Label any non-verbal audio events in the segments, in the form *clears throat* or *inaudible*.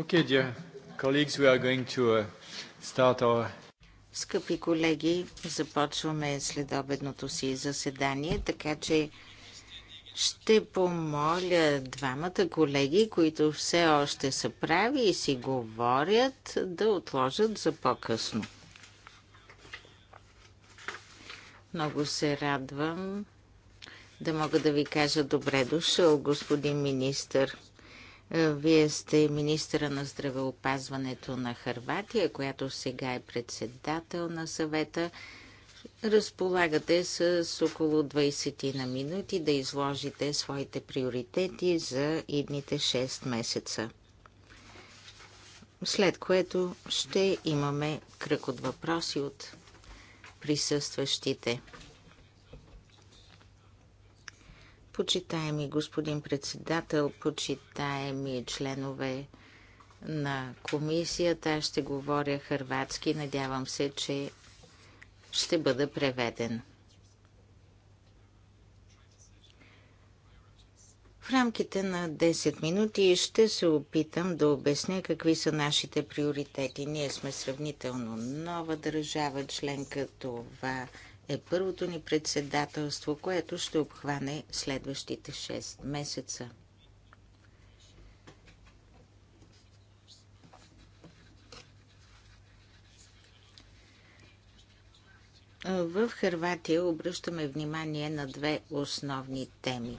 Okay, dear colleagues, we are going to uh, start our... Скъпи колеги, започваме следобедното си заседание, така че ще помоля двамата колеги, които все още са прави и си говорят, да отложат за по-късно. Много се радвам да мога да ви кажа добре дошъл, господин министър. Е, вие сте министра на здравеопазването на Харватия, която сега е председател на съвета. Разполагате с около 20 на минути да изложите своите приоритети за идните 6 месеца. След което ще имаме кръг от въпроси от присъстващите. Почитаеми господин председател, почитаеми членове на комисията, ще говоря хърватски. Надявам се, че ще бъда преведен. В рамките на 10 минути ще се опитам да обясня какви са нашите приоритети. Ние сме сравнително нова държава, член като това е първото ни председателство, което ще обхване следващите 6 месеца. В Хърватия обръщаме внимание на две основни теми.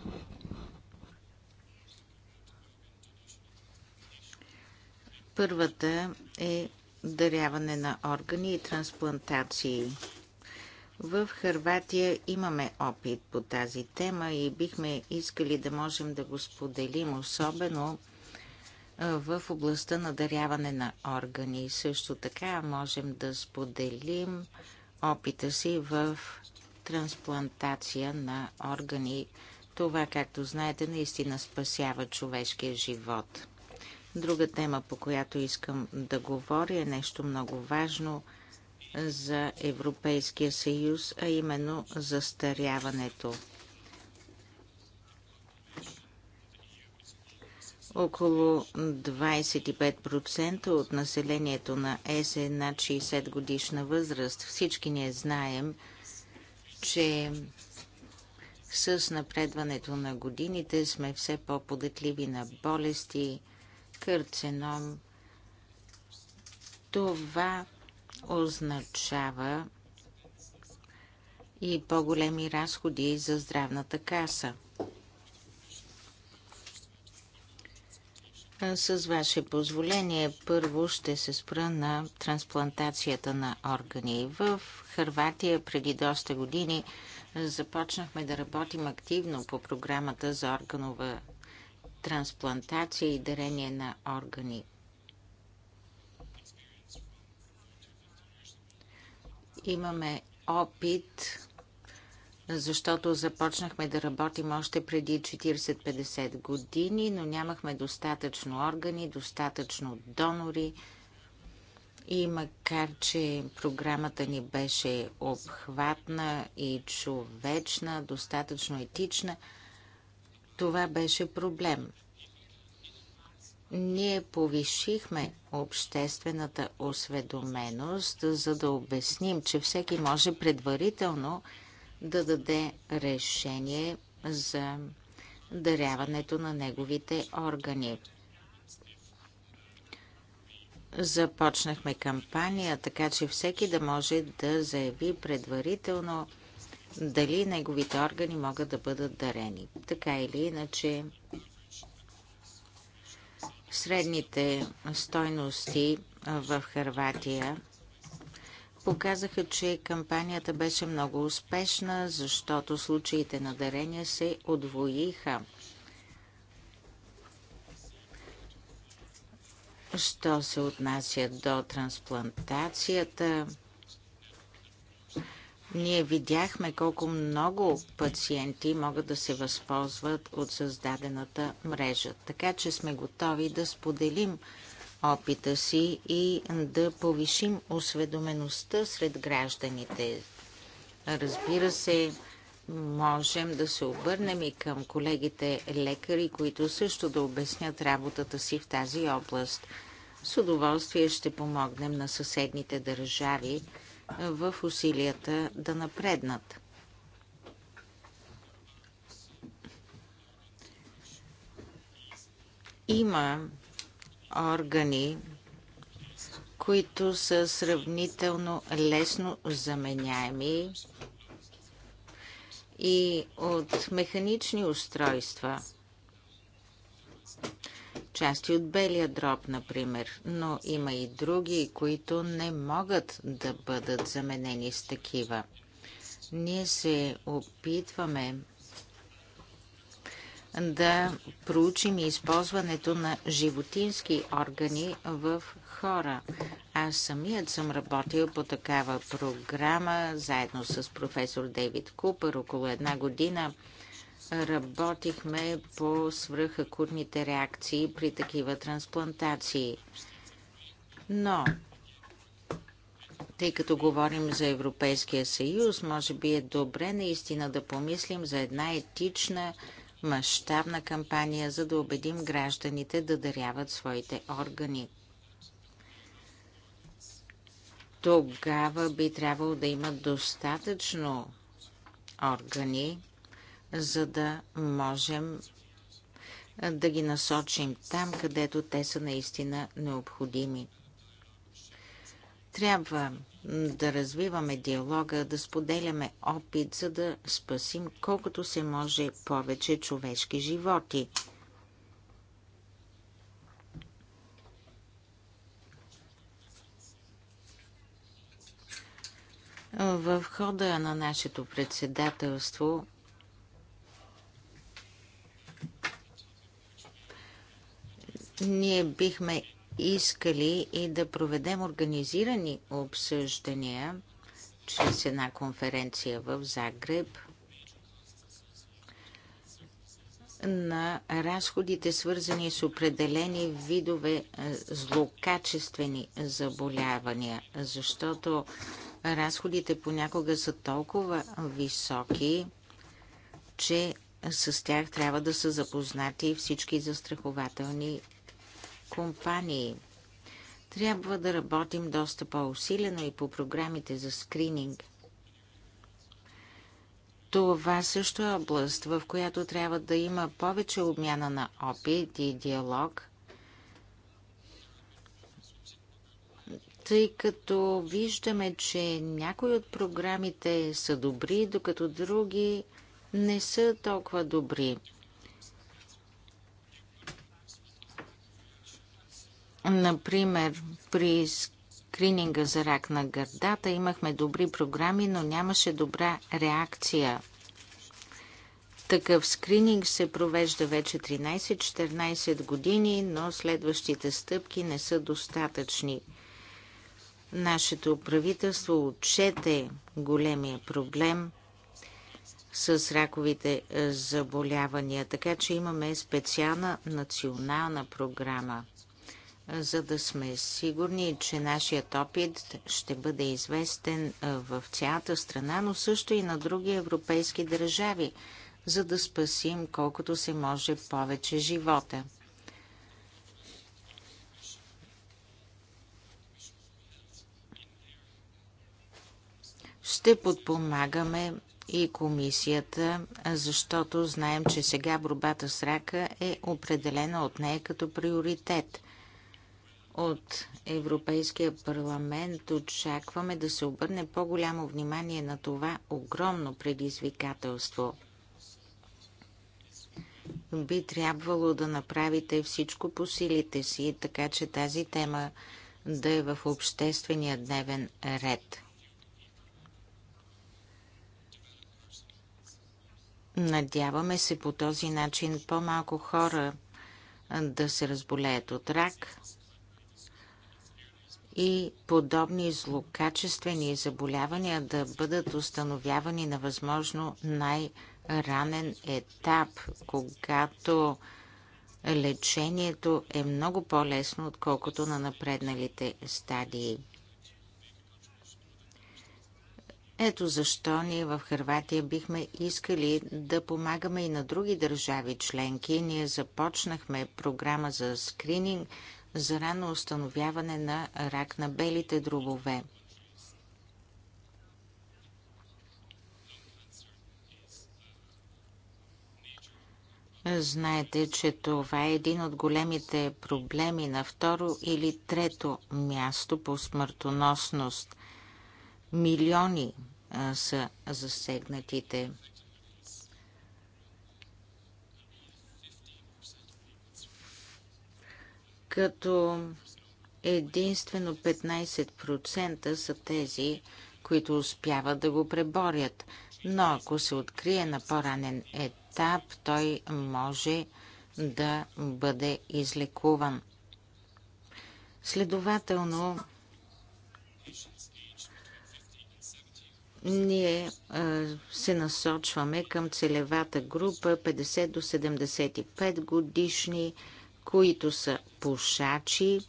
Първата е даряване на органи и трансплантации. В Харватия имаме опит по тази тема и бихме искали да можем да го споделим, особено в областта на даряване на органи. Също така можем да споделим опита си в трансплантация на органи. Това, както знаете, наистина спасява човешкия живот. Друга тема, по която искам да говоря, е нещо много важно – за Европейския съюз, а именно застаряването. Около 25% от населението на ЕС е над 60 годишна възраст. Всички ние знаем, че с напредването на годините сме все по-податливи на болести, карценом. Това означава и по-големи разходи за здравната каса. С ваше позволение, първо ще се спра на трансплантацията на органи. В Харватия преди доста години започнахме да работим активно по програмата за органова трансплантация и дарение на органи. Имаме опит, защото започнахме да работим още преди 40-50 години, но нямахме достатъчно органи, достатъчно донори. И макар, че програмата ни беше обхватна и човечна, достатъчно етична, това беше проблем ние повишихме обществената осведоменост, за да обясним, че всеки може предварително да даде решение за даряването на неговите органи. Започнахме кампания, така че всеки да може да заяви предварително дали неговите органи могат да бъдат дарени. Така или иначе, Средните стойности в Харватия показаха, че кампанията беше много успешна, защото случаите на дарения се отвоиха. Що се отнася до трансплантацията, ние видяхме колко много пациенти могат да се възползват от създадената мрежа. Така че сме готови да споделим опита си и да повишим осведомеността сред гражданите. Разбира се, можем да се обърнем и към колегите лекари, които също да обяснят работата си в тази област. С удоволствие ще помогнем на съседните държави в усилията да напреднат. Има органи, които са сравнително лесно заменяеми и от механични устройства – части от белия дроб, например, но има и други, които не могат да бъдат заменени с такива. Ние се опитваме да проучим използването на животински органи в хора. Аз самият съм работил по такава програма, заедно с професор Дейвид Купер около една година – работихме по свръхакутните реакции при такива трансплантации. Но, тъй като говорим за Европейския съюз, може би е добре наистина да помислим за една етична, мащабна кампания, за да убедим гражданите да даряват своите органи. Тогава би трябвало да имат достатъчно органи, за да можем да ги насочим там, където те са наистина необходими. Трябва да развиваме диалога, да споделяме опит, за да спасим колкото се може повече човешки животи. В хода на нашето председателство Ние бихме искали и да проведем организирани обсъждания чрез една конференция в Загреб на разходите, свързани с определени видове е, злокачествени заболявания, защото разходите понякога са толкова високи, че с тях трябва да са запознати всички застрахователни компании. Трябва да работим доста по-усилено и по програмите за скрининг. Това също е област, в която трябва да има повече обмяна на опит и диалог, тъй като виждаме, че някои от програмите са добри, докато други не са толкова добри. Например, при скрининга за рак на гърдата имахме добри програми, но нямаше добра реакция. Такъв скрининг се провежда вече 13-14 години, но следващите стъпки не са достатъчни. Нашето правителство отчете големия проблем с раковите е, заболявания, така че имаме специална национална програма – за да сме сигурни, че нашият опит ще бъде известен в цялата страна, но също и на други европейски държави, за да спасим колкото се може повече живота. Ще подпомагаме и комисията, защото знаем, че сега борбата с рака е определена от нея като приоритет – от Европейския парламент очакваме да се обърне по-голямо внимание на това огромно предизвикателство. Би трябвало да направите всичко по силите си, така че тази тема да е в обществения дневен ред. Надяваме се по този начин по-малко хора да се разболеят от рак, и подобни злокачествени заболявания да бъдат установявани на възможно най-ранен етап, когато лечението е много по-лесно, отколкото на напредналите стадии. Ето защо ние в Харватия бихме искали да помагаме и на други държави членки. Ние започнахме програма за скрининг за рано установяване на рак на белите дробове. Знаете, че това е един от големите проблеми на второ или трето място по смъртоносност. Милиони а, са засегнатите. като единствено 15% са тези, които успяват да го преборят. Но ако се открие на по-ранен етап, той може да бъде излекуван. Следователно, ние а, се насочваме към целевата група 50 до 75 годишни, които са пушачи.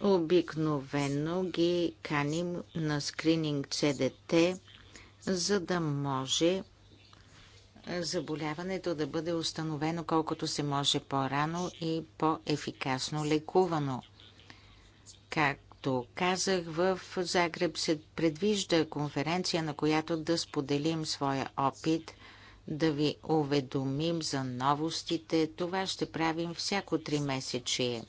Обикновено ги каним на скрининг ЦДТ, за да може заболяването да бъде установено колкото се може по-рано и по-ефикасно лекувано. Както казах, в Загреб се предвижда конференция, на която да споделим своя опит да ви уведомим за новостите. Това ще правим всяко три месечие.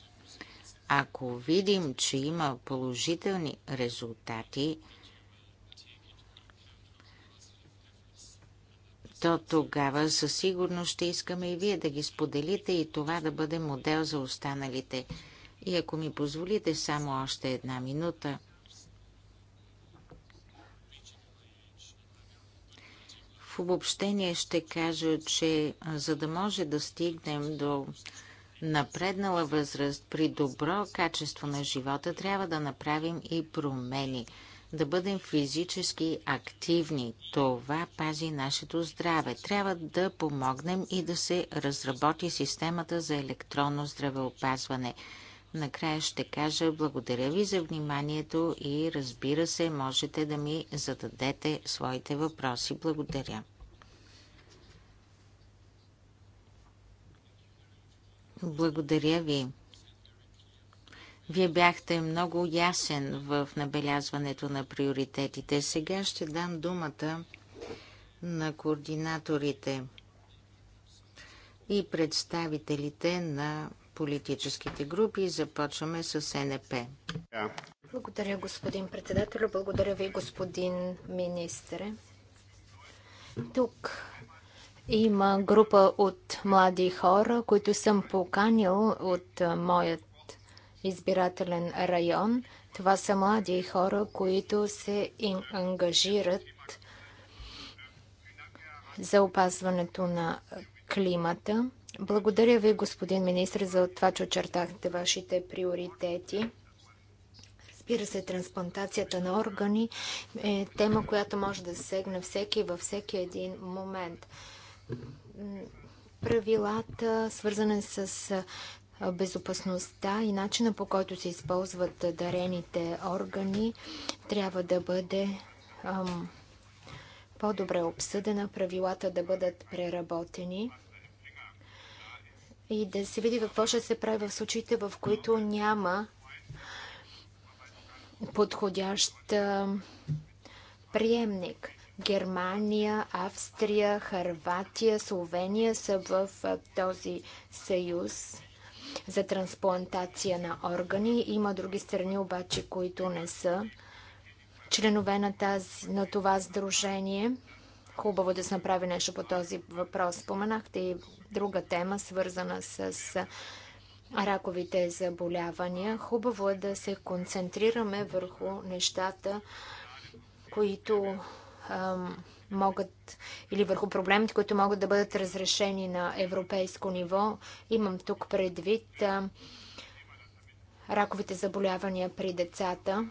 Ако видим, че има положителни резултати, то тогава със сигурност ще искаме и вие да ги споделите и това да бъде модел за останалите. И ако ми позволите само още една минута, обобщение ще кажа, че за да може да стигнем до напреднала възраст при добро качество на живота, трябва да направим и промени. Да бъдем физически активни. Това пази нашето здраве. Трябва да помогнем и да се разработи системата за електронно здравеопазване – Накрая ще кажа благодаря ви за вниманието и разбира се, можете да ми зададете своите въпроси. Благодаря. Благодаря ви. Вие бяхте много ясен в набелязването на приоритетите. Сега ще дам думата на координаторите и представителите на политическите групи. Започваме с НП. Благодаря, господин председател. Благодаря ви, господин министре. Тук има група от млади хора, които съм поканил от моят избирателен район. Това са млади хора, които се ангажират за опазването на климата. Благодаря ви, господин министр, за това, че очертахте вашите приоритети. Разбира се, трансплантацията на органи е тема, която може да сегне всеки във всеки един момент. Правилата, свързани с безопасността и начина по който се използват дарените органи, трябва да бъде по-добре обсъдена, правилата да бъдат преработени и да се види какво ще се прави в случаите, в които няма подходящ приемник. Германия, Австрия, Харватия, Словения са в този съюз за трансплантация на органи. Има други страни обаче, които не са членове на, тази, на това сдружение хубаво да се направи нещо по този въпрос. Споменахте и друга тема, свързана с раковите заболявания. Хубаво е да се концентрираме върху нещата, които ам, могат или върху проблемите, които могат да бъдат разрешени на европейско ниво. Имам тук предвид ам, раковите заболявания при децата.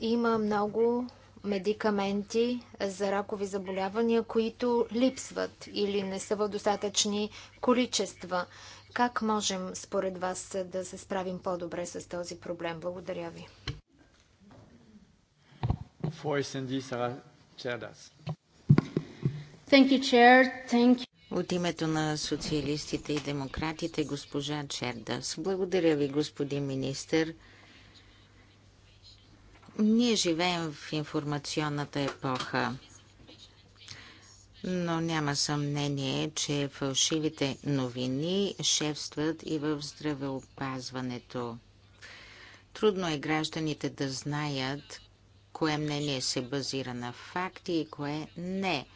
Има много медикаменти за ракови заболявания, които липсват или не са в достатъчни количества. Как можем, според вас, да се справим по-добре с този проблем? Благодаря ви. От името на социалистите и демократите, госпожа Чердас. Благодаря ви, господин министър. Ние живеем в информационната епоха, но няма съмнение, че фалшивите новини шефстват и в здравеопазването. Трудно е гражданите да знаят кое мнение се базира на факти и кое не.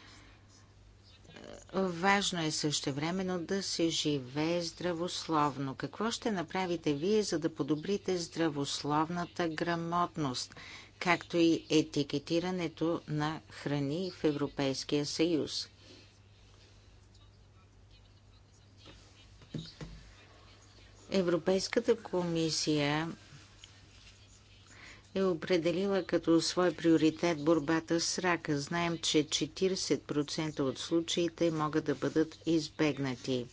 Важно е също времено да се живее здравословно. Какво ще направите вие, за да подобрите здравословната грамотност, както и етикетирането на храни в Европейския съюз? Европейската комисия е определила като свой приоритет борбата с рака. Знаем, че 40% от случаите могат да бъдат избегнати.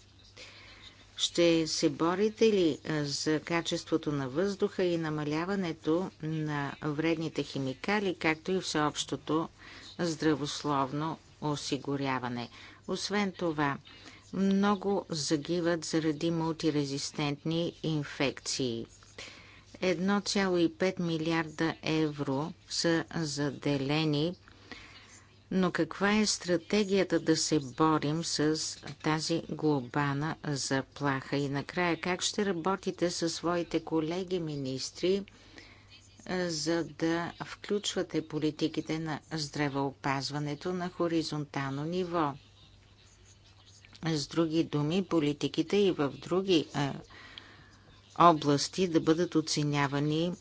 Ще се борите ли за качеството на въздуха и намаляването на вредните химикали, както и всеобщото здравословно осигуряване? Освен това, много загиват заради мултирезистентни инфекции. 1,5 милиарда евро са заделени, но каква е стратегията да се борим с тази глобална заплаха? И накрая, как ще работите със своите колеги министри, за да включвате политиките на здравеопазването на хоризонтално ниво? С други думи, политиките и в други области да бъдат оценявани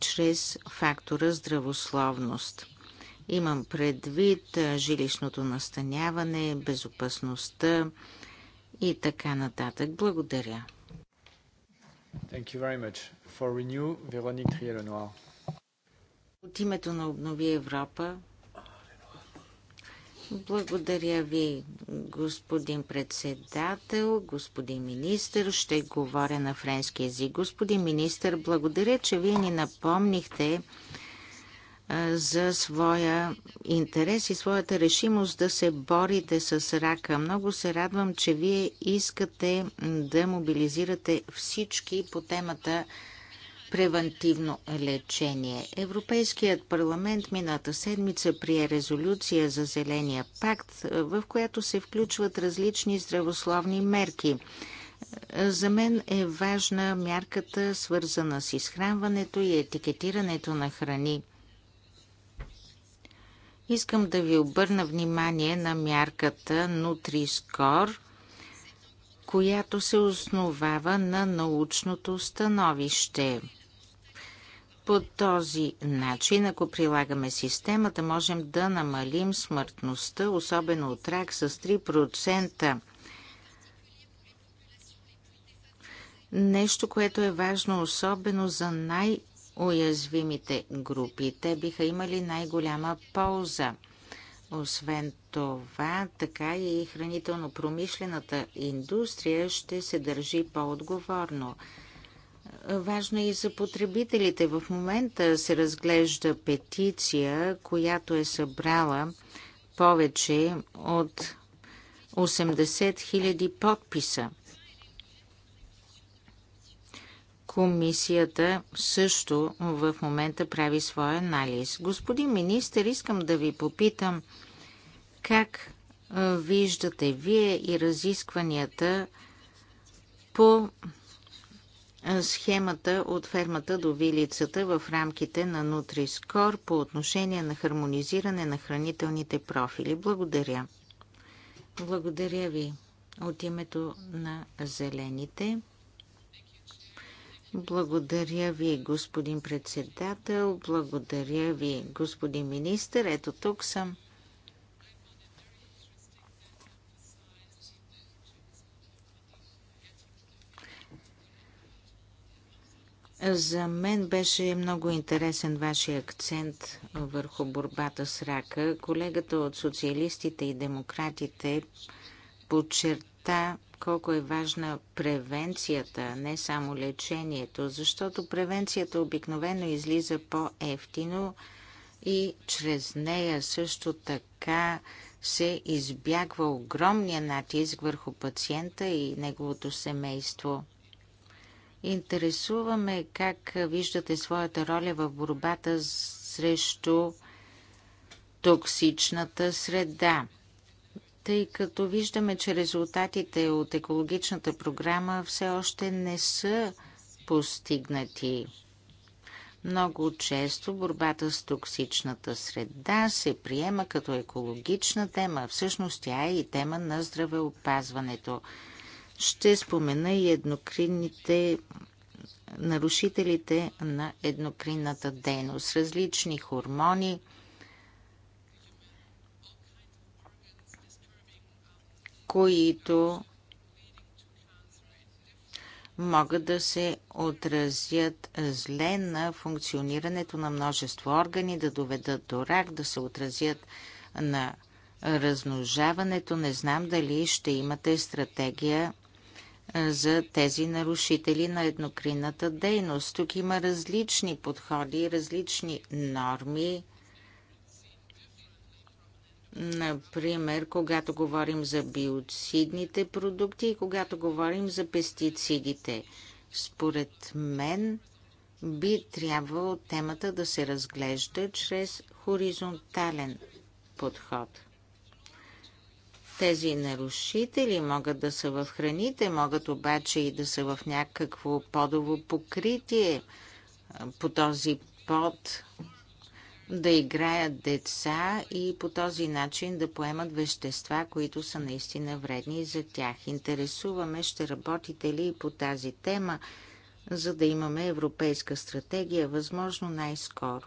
чрез фактора здравословност. Имам предвид жилищното настаняване, безопасността и така нататък. Благодаря. Thank you very much. For Renew, От името на Обнови Европа, благодаря ви, господин председател, господин министр. Ще говоря на френски язик. Господин министр, благодаря, че вие ни напомнихте за своя интерес и своята решимост да се борите с рака. Много се радвам, че вие искате да мобилизирате всички по темата превентивно лечение. Европейският парламент мината седмица прие резолюция за Зеления пакт, в която се включват различни здравословни мерки. За мен е важна мярката, свързана с изхранването и етикетирането на храни. Искам да ви обърна внимание на мярката Nutri-Score, която се основава на научното становище. По този начин, ако прилагаме системата, можем да намалим смъртността, особено от рак, с 3%. Нещо, което е важно особено за най-уязвимите групи. Те биха имали най-голяма полза. Освен това, така и хранително-промишлената индустрия ще се държи по-отговорно е и за потребителите. В момента се разглежда петиция, която е събрала повече от 80 000 подписа. Комисията също в момента прави своя анализ. Господин министр, искам да ви попитам как виждате вие и разискванията по схемата от фермата до вилицата в рамките на Nutri-Score по отношение на хармонизиране на хранителните профили. Благодаря. Благодаря ви от името на зелените. Благодаря ви, господин председател. Благодаря ви, господин министр. Ето тук съм. За мен беше много интересен вашия акцент върху борбата с рака. Колегата от социалистите и демократите подчерта колко е важна превенцията, не само лечението, защото превенцията обикновено излиза по-ефтино и чрез нея също така се избягва огромния натиск върху пациента и неговото семейство интересуваме как виждате своята роля в борбата срещу токсичната среда. Тъй като виждаме, че резултатите от екологичната програма все още не са постигнати. Много често борбата с токсичната среда се приема като екологична тема. Всъщност тя е и тема на здравеопазването. Ще спомена и еднокринните нарушителите на еднокринната дейност, различни хормони, които могат да се отразят зле на функционирането на множество органи, да доведат до рак, да се отразят на размножаването. Не знам дали ще имате стратегия за тези нарушители на еднокринната дейност. Тук има различни подходи, различни норми. Например, когато говорим за биоцидните продукти и когато говорим за пестицидите. Според мен би трябвало темата да се разглежда чрез хоризонтален подход – тези нарушители могат да са в храните, могат обаче и да са в някакво подово покритие по този под, да играят деца и по този начин да поемат вещества, които са наистина вредни за тях. Интересуваме, ще работите ли по тази тема, за да имаме европейска стратегия, възможно най-скоро.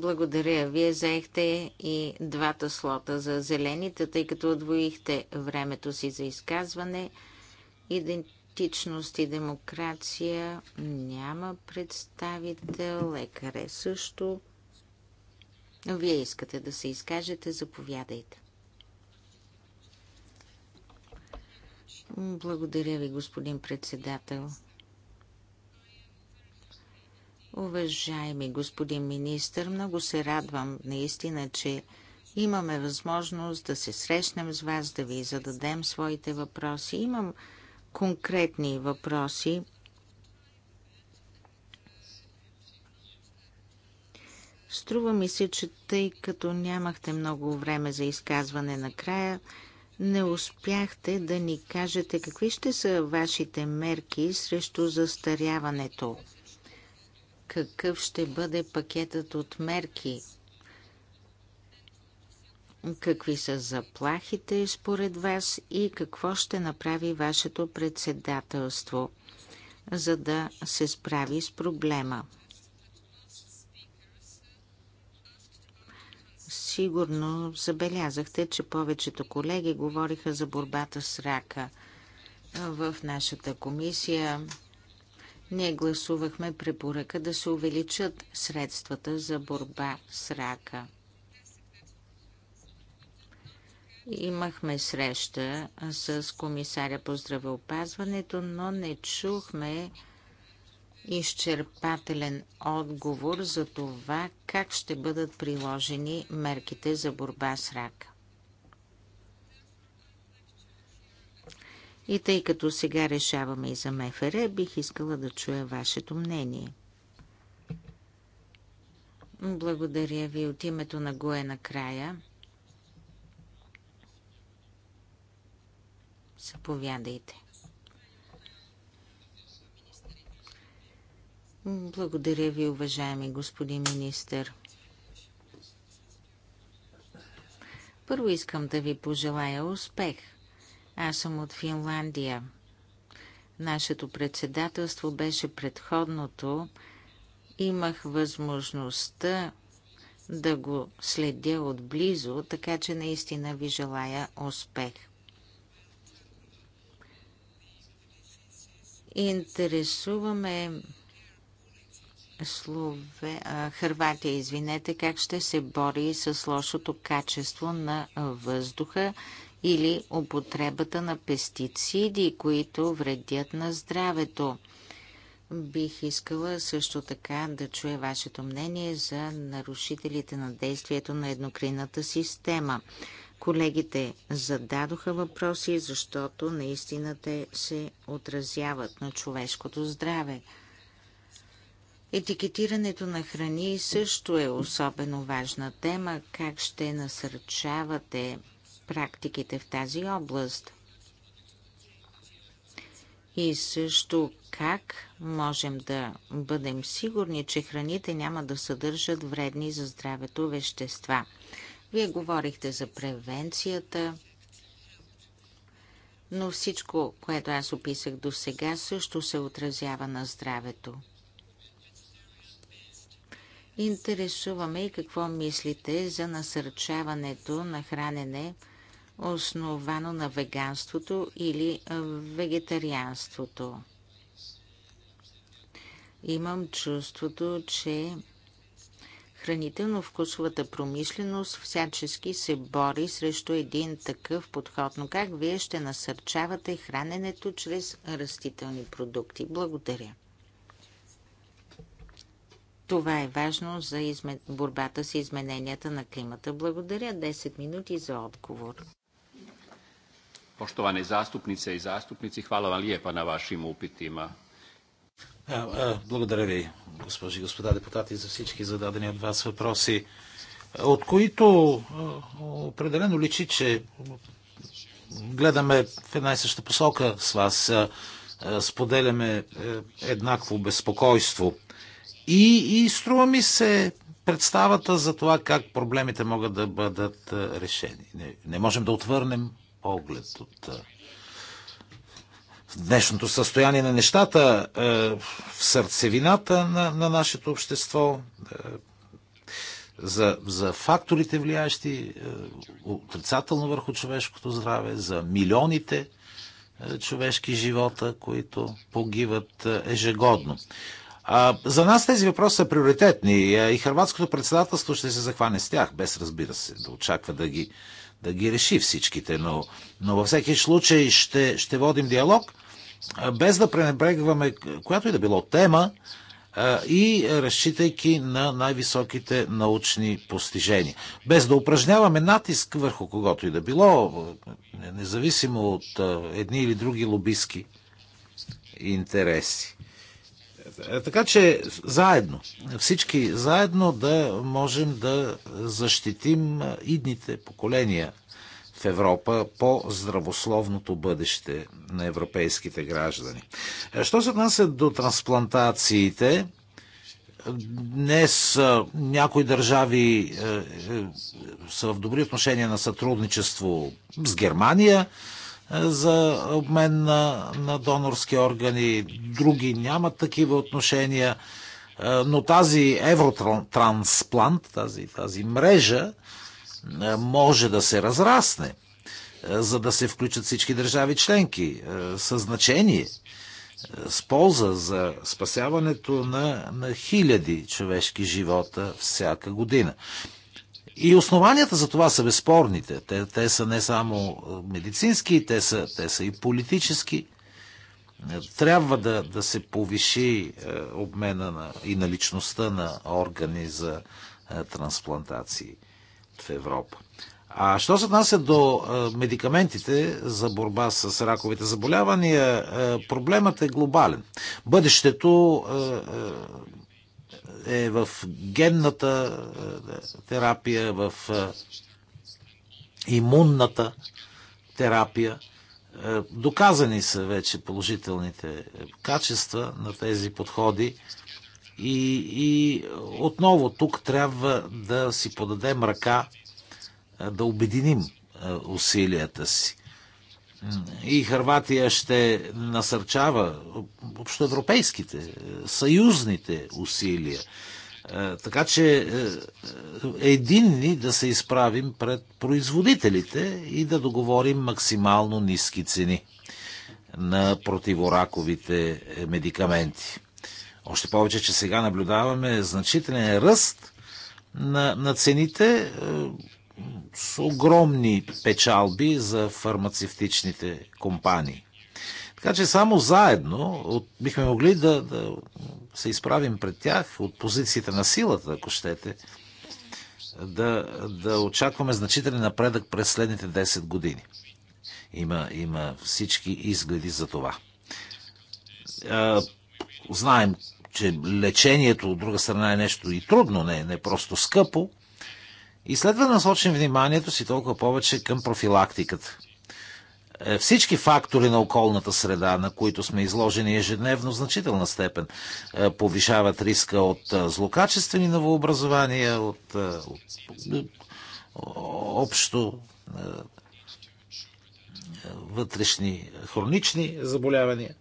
Благодаря. Вие заехте и двата слота за зелените, тъй като отвоихте времето си за изказване. Идентичност и демокрация няма представител, лекар е също. Вие искате да се изкажете, заповядайте. Благодаря ви, господин председател. Уважаеми господин министр, много се радвам наистина, че имаме възможност да се срещнем с вас, да ви зададем своите въпроси. Имам конкретни въпроси. Струва ми се, че тъй като нямахте много време за изказване накрая, не успяхте да ни кажете какви ще са вашите мерки срещу застаряването какъв ще бъде пакетът от мерки, какви са заплахите според вас и какво ще направи вашето председателство, за да се справи с проблема. Сигурно забелязахте, че повечето колеги говориха за борбата с рака. В нашата комисия ние гласувахме препоръка да се увеличат средствата за борба с рака. Имахме среща с комисаря по здравеопазването, но не чухме изчерпателен отговор за това как ще бъдат приложени мерките за борба с рака. И тъй като сега решаваме и за МФР, бих искала да чуя вашето мнение. Благодаря ви от името на Гое накрая. Съповядайте. Благодаря ви, уважаеми господин министър. Първо искам да ви пожелая успех аз съм от Финландия. Нашето председателство беше предходното. Имах възможността да го следя отблизо, така че наистина ви желая успех. Интересуваме Слове... Хърватия, извинете, как ще се бори с лошото качество на въздуха или употребата на пестициди, които вредят на здравето. Бих искала също така да чуя вашето мнение за нарушителите на действието на еднокринната система. Колегите зададоха въпроси, защото наистина те се отразяват на човешкото здраве. Етикетирането на храни също е особено важна тема. Как ще насърчавате практиките в тази област. И също как можем да бъдем сигурни, че храните няма да съдържат вредни за здравето вещества. Вие говорихте за превенцията, но всичко, което аз описах до сега, също се отразява на здравето. Интересуваме и какво мислите за насърчаването на хранене основано на веганството или вегетарианството. Имам чувството, че хранително-вкусовата промишленост всячески се бори срещу един такъв подход. Но как вие ще насърчавате храненето чрез растителни продукти? Благодаря. Това е важно за изме... борбата с измененията на климата. Благодаря. 10 минути за отговор. Poštovane zastupnice i zastupnici, hvala vam lijepa na vašim upitima. E, благодаря ви, госпожи и господа депутати, за всички зададени от вас въпроси, от които е, определено личи, че гледаме в една и съща посока с вас, е, е, споделяме еднакво безпокойство. И, и струва ми се представата за това как проблемите могат да бъдат решени. Не, не можем да отвърнем поглед от в е, днешното състояние на нещата, е, в сърцевината на, на нашето общество, е, за, за факторите, влияещи отрицателно върху човешкото здраве, за милионите човешки живота, които погиват ежегодно. За нас тези въпроси са приоритетни и хрватското председателство ще се захване с тях, без разбира се да очаква да ги, да ги реши всичките, но, но във всеки случай ще, ще водим диалог, без да пренебрегваме която и да било тема и разчитайки на най-високите научни постижения. Без да упражняваме натиск върху когото и да било, независимо от едни или други лобистки интереси. Е, така че заедно, всички заедно да можем да защитим идните поколения в Европа по здравословното бъдеще на европейските граждани. Е, що се отнася до трансплантациите, Днес е, някои държави са в добри отношения на сътрудничество с Германия, за обмен на, на донорски органи, други нямат такива отношения, но тази евротрансплант, тази, тази мрежа може да се разрасне, за да се включат всички държави членки. Със значение, с полза за спасяването на, на хиляди човешки живота всяка година. И основанията за това са безспорните. Те, те са не само медицински, те са, те са и политически. Трябва да, да се повиши обмена на, и наличността на органи за трансплантации в Европа. А що се отнася до медикаментите за борба с раковите заболявания, проблемът е глобален. Бъдещето е в генната е, терапия, в е, имунната терапия. Е, доказани са вече положителните качества на тези подходи. И, и отново тук трябва да си подадем ръка, да обединим усилията си и Харватия ще насърчава общоевропейските, съюзните усилия. Е, така че е, единни да се изправим пред производителите и да договорим максимално ниски цени на противораковите е, медикаменти. Още повече, че сега наблюдаваме значителен ръст на, на цените с огромни печалби за фармацевтичните компании. Така че само заедно от, бихме могли да, да се изправим пред тях от позицията на силата, ако щете, да, да очакваме значителен напредък през следните 10 години. Има, има всички изгледи за това. А, знаем, че лечението от друга страна е нещо и трудно, не, не просто скъпо, и следва да насочим вниманието си толкова повече към профилактиката. Е, всички фактори на околната среда, на които сме изложени ежедневно, в значителна степен е, повишават риска от е, злокачествени новообразования, от, от, от общо вътрешни хронични заболявания.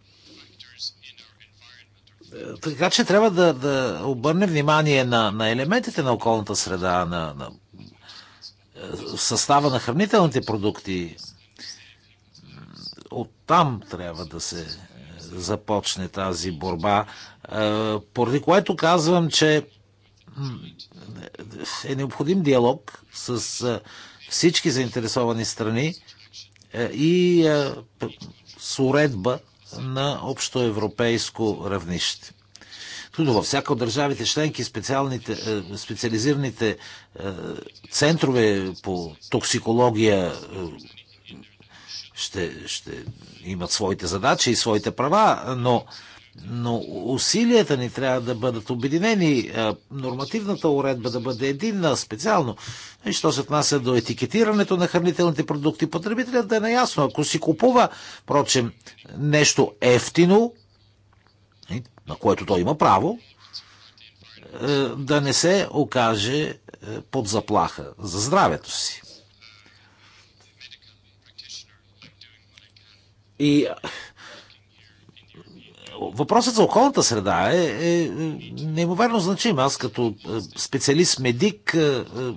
Така че трябва да, да обърнем внимание на, на елементите на околната среда, на, на състава на хранителните продукти. Оттам трябва да се е, започне тази борба, е, поради което казвам, че е необходим диалог с е, всички заинтересовани страни и с уредба на общоевропейско равнище. Във всяка от държавите членки специалните, е, специализираните е, центрове по токсикология е, ще, ще имат своите задачи и своите права, но, но усилията ни трябва да бъдат обединени, нормативната уредба да бъде единна специално. И що се отнася до етикетирането на хранителните продукти, потребителят да е наясно. Ако си купува, прочем, нещо ефтино, Нали? на което той има право, е, да не се окаже е, под заплаха за здравето си. И е, въпросът за околната среда е, е неимоверно значим. Аз като специалист-медик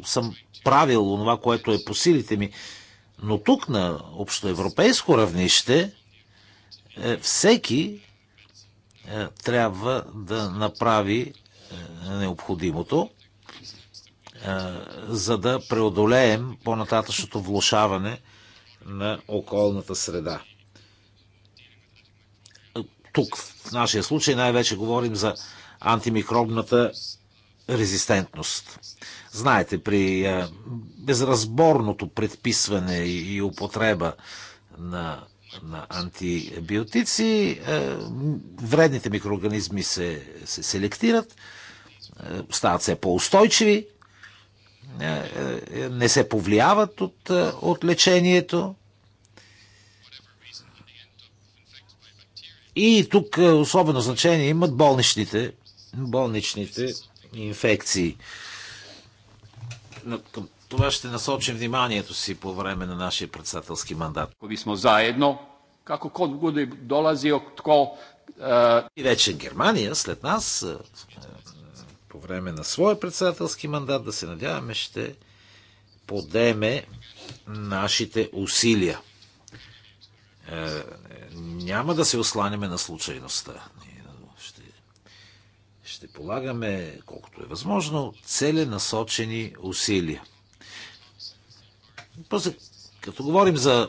съм правил това, което е по силите ми. Но тук на общоевропейско равнище всеки е, трябва да направи е, необходимото, е, за да преодолеем по-нататъчното влушаване на околната среда. Тук, в нашия случай, най-вече говорим за антимикробната резистентност. Знаете, при безразборното предписване и употреба на на антибиотици. Е, вредните микроорганизми се, се селектират, е, стават все по-устойчиви, е, не се повлияват от, от лечението. И тук особено значение имат болничните, болничните инфекции. Към това ще насочим вниманието си по време на нашия председателски мандат. Ви сме заедно, како код буде долазио, тко... Е, И вече Германия след нас, е, е, по време на своя председателски мандат, да се надяваме, ще подеме нашите усилия. няма да се осланяме на случайността. Ще, ще полагаме, колкото е възможно, целенасочени усилия. После, като говорим за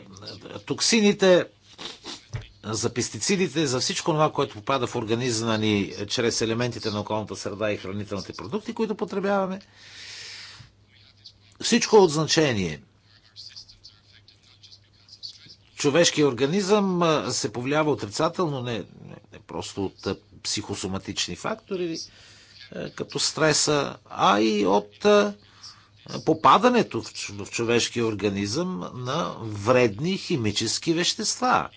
токсините, за пестицидите, за всичко това, което попада в организма ни чрез елементите на околната среда и хранителните продукти, които потребяваме, всичко е от значение. Човешкият организъм се повлиява отрицателно не, не просто от психосоматични фактори, като стреса, а и от попадането в човешкия организъм на вредни химически вещества, е,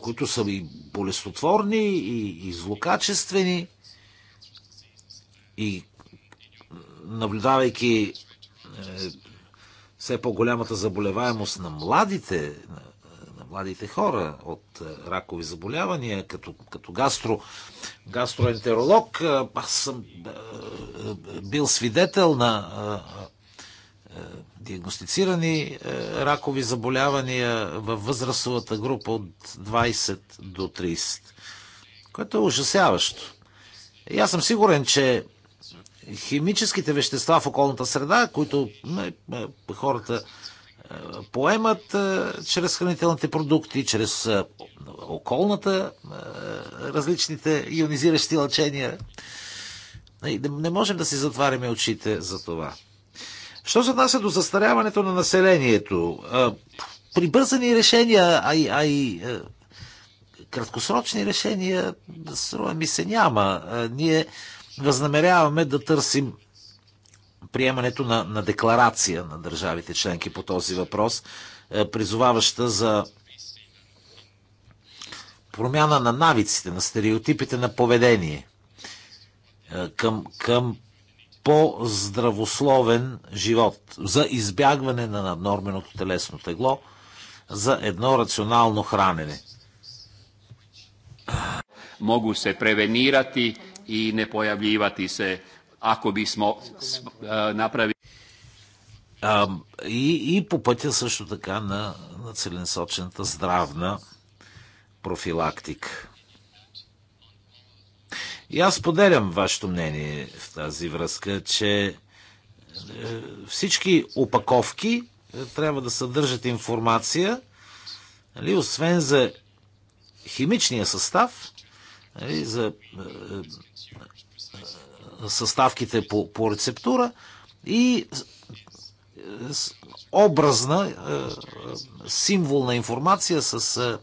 които са и болестотворни, и, и злокачествени. И наблюдавайки е, все по-голямата заболеваемост на младите, младите хора от е, ракови заболявания, като, като гастро, гастроентеролог. Е, аз съм е, бил свидетел на диагностицирани ракови заболявания във възрастовата група от 20 до 30, което е ужасяващо. И аз съм сигурен, че химическите вещества в околната среда, които хората поемат чрез хранителните продукти, чрез околната, различните ионизиращи лъчения. Не можем да си затваряме очите за това. Що се отнася до застаряването на населението? Прибързани решения, а и, а и краткосрочни решения, струва ми се, няма. Ние възнамеряваме да търсим приемането на, на декларация на държавите членки по този въпрос, е, призоваваща за промяна на навиците, на стереотипите на поведение е, към, към по-здравословен живот, за избягване на наднорменото телесно тегло, за едно рационално хранене. Могу се превенирати и не pojavljivati се ако направи. А, И, и по пътя също така на, на целенсочената здравна профилактика. И аз поделям вашето мнение в тази връзка, че е, всички опаковки е, трябва да съдържат информация, нали, освен за химичния състав, нали, за е, съставките по, по рецептура и образна, е, символна информация с е, е,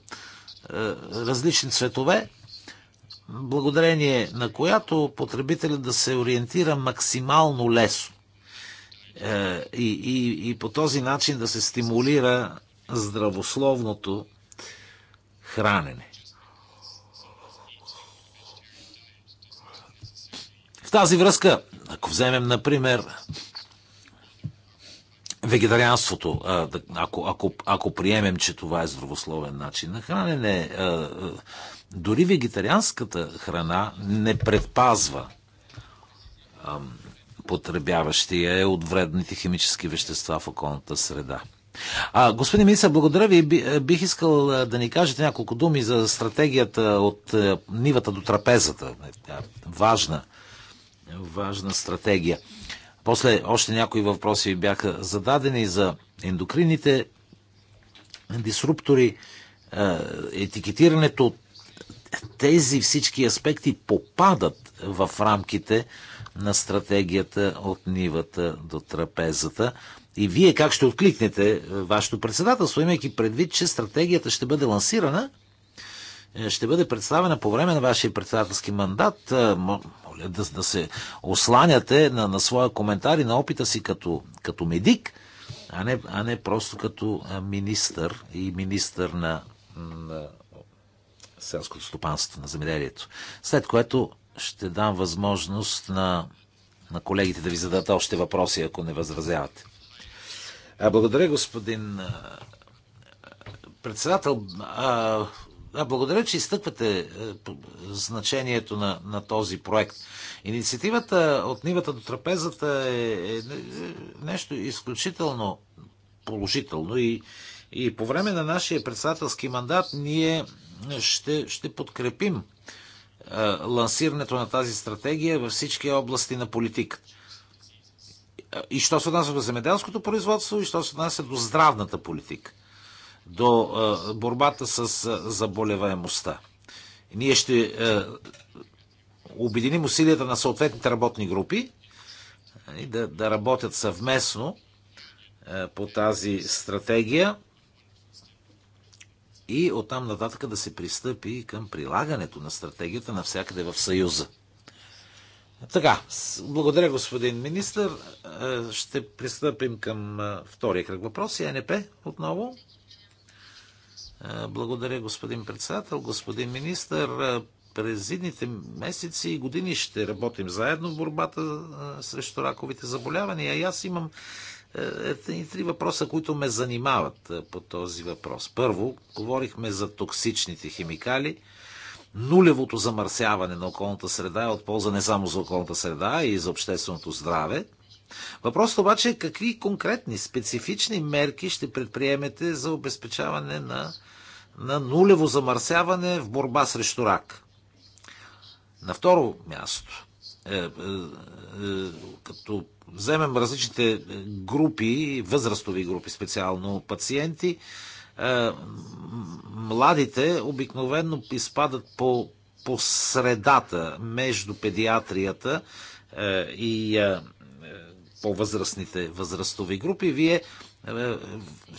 различни цветове, благодарение на която потребителят да се ориентира максимално лесно. И, и, и по този начин да се стимулира здравословното хранене. тази връзка, ако вземем, например, вегетарианството, ако, ако, ако приемем, че това е здравословен начин на хранене, дори вегетарианската храна не предпазва потребяващия е от вредните химически вещества в околната среда. А, господин министър, благодаря ви. Бих искал да ни кажете няколко думи за стратегията от нивата до трапезата. Е важна важна стратегия. После още някои въпроси бяха зададени за ендокрините дисруптори, е, етикетирането. Тези всички аспекти попадат в рамките на стратегията от нивата до трапезата. И вие как ще откликнете е, вашето председателство, имайки предвид, че стратегията ще бъде лансирана ще бъде представена по време на вашия председателски мандат. Е, моля да, да се осланяте на, на своя коментар и на опита си като, като медик, а не, а не просто като е, министър и министър на, на селското стопанство, на земеделието. След което ще дам възможност на, на колегите да ви зададат още въпроси, ако не възразявате. А, благодаря, господин е, председател. А, да, благодаря, че изтъквате е, значението на, на този проект. Инициативата от нивата до трапезата е, е, е нещо изключително положително и, и по време на нашия председателски мандат ние ще, ще подкрепим е, лансирането на тази стратегия във всички области на политиката. И що се отнася до земеделското производство, и що се отнася до здравната политика до борбата с заболеваемостта. Ние ще обединим усилията на съответните работни групи и да, да работят съвместно по тази стратегия и оттам нататък да се пристъпи към прилагането на стратегията навсякъде в Съюза. Така, благодаря господин министр. Ще пристъпим към втория кръг въпроси. Е НП отново. Благодаря, господин председател, господин министър, През идните месеци и години ще работим заедно в борбата срещу раковите заболявания. И аз имам и три въпроса, които ме занимават по този въпрос. Първо, говорихме за токсичните химикали. Нулевото замърсяване на околната среда е от полза не само за околната среда, а и за общественото здраве. Въпросът обаче е какви конкретни, специфични мерки ще предприемете за обезпечаване на на нулево замърсяване в борба срещу рак. На второ място, е, е, е, като вземем различните групи, възрастови групи специално пациенти, е, младите обикновено изпадат по, по средата между педиатрията е, и е, по-възрастните възрастови групи. Вие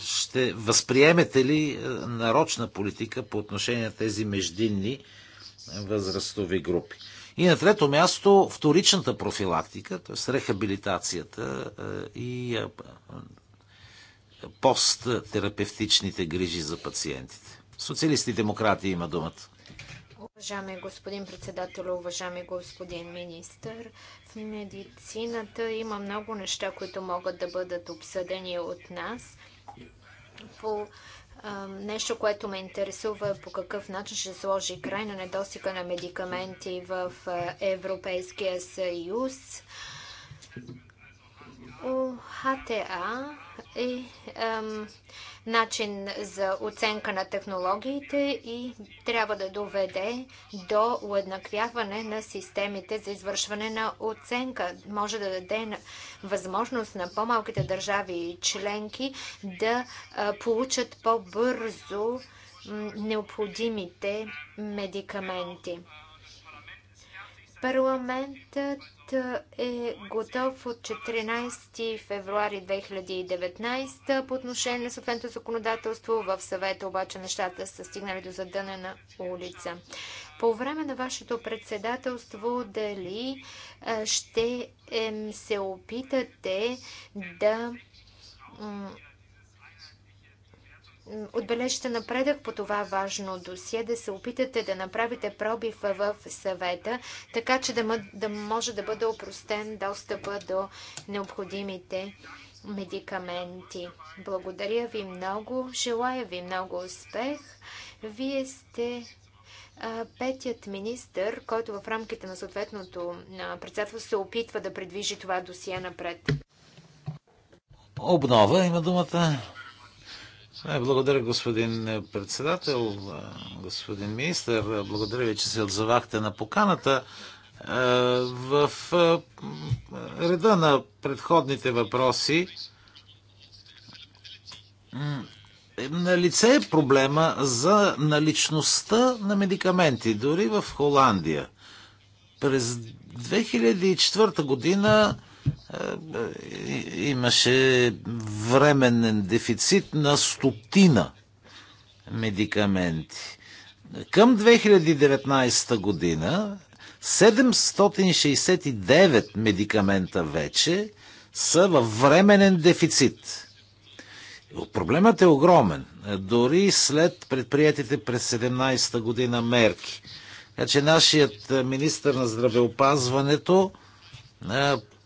ще възприемете ли е, нарочна политика по отношение на тези междинни възрастови групи? И на трето място вторичната профилактика, т.е. рехабилитацията е, и е, посттерапевтичните грижи за пациентите. Социалисти и демократи има думата. Уважаеми господин председател, уважаеми господин министр, в медицината има много неща, които могат да бъдат обсъдени от нас. По а, нещо, което ме интересува е по какъв начин ще сложи край на недостига на медикаменти в Европейския съюз. ХТА е начин за оценка на технологиите и трябва да доведе до уеднаквяване на системите за извършване на оценка. Може да даде възможност на по-малките държави и членки да получат по-бързо необходимите медикаменти. Парламентът е готов от 14 февруари 2019 по отношение на съответното законодателство. В съвета обаче нещата са стигнали до задънена улица. По време на вашето председателство дали ще се опитате да отбележите напредък по това важно досие, да се опитате да направите пробив в съвета, така че да, може да бъде опростен достъпа до необходимите медикаменти. Благодаря ви много, желая ви много успех. Вие сте петият министр, който в рамките на съответното председателство се опитва да предвижи това досие напред. Обнова има думата. Е, благодаря, господин председател, господин министър, Благодаря ви, че се отзовахте на поканата. Е, в е, реда на предходните въпроси на лице е проблема за наличността на медикаменти, дори в Холандия. През 2004 година е, е, имаше временен дефицит на стотина медикаменти. Към 2019 година 769 медикамента вече са във временен дефицит. Проблемът е огромен. Дори след предприятите през 17 година мерки. Така че нашият министр на здравеопазването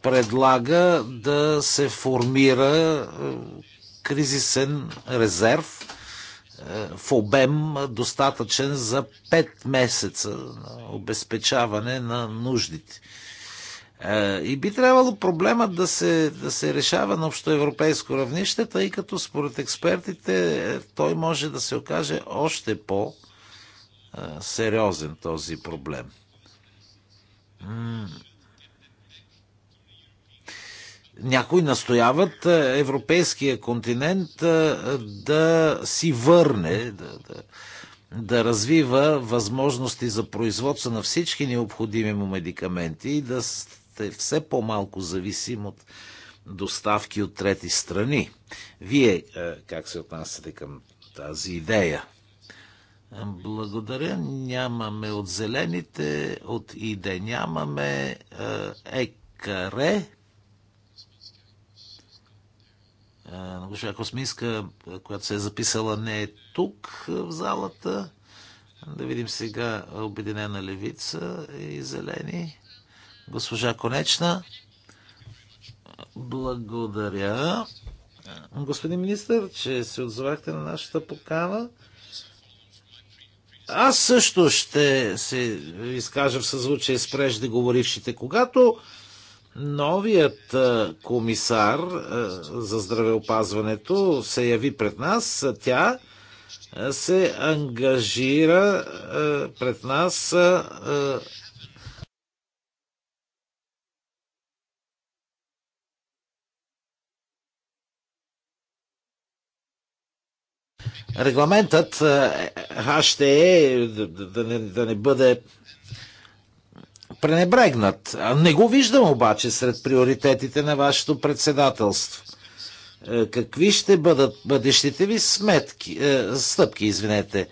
предлага да се формира е, кризисен резерв е, в обем е, достатъчен за 5 месеца на обезпечаване на нуждите. И би трябвало проблема да се, да се решава на общоевропейско равнище, тъй като според експертите той може да се окаже още по-сериозен този проблем. Някои настояват е, европейския континент е, да си върне, да, да, да развива възможности за производство на всички необходими му медикаменти и да сте все по-малко зависим от доставки от трети страни. Вие е, как се отнасяте към тази идея? Благодаря. Нямаме от зелените, от иде нямаме. Екаре. На е, Госпожа Космиска, е, която се е записала, не е тук е, в залата. Да видим сега Обединена левица и зелени. Госпожа Конечна. Благодаря. Господин министр, че се отзовахте на нашата покана. Аз също ще се изкажа в съзвучие с преждеговорившите. Когато Новият комисар за здравеопазването се яви пред нас. Тя се ангажира пред нас Регламентът ще е, е e да не, да не бъде пренебрегнат. Не го виждам обаче сред приоритетите на вашето председателство. Е, какви ще бъдат бъдещите ви сметки, е, стъпки, извинете?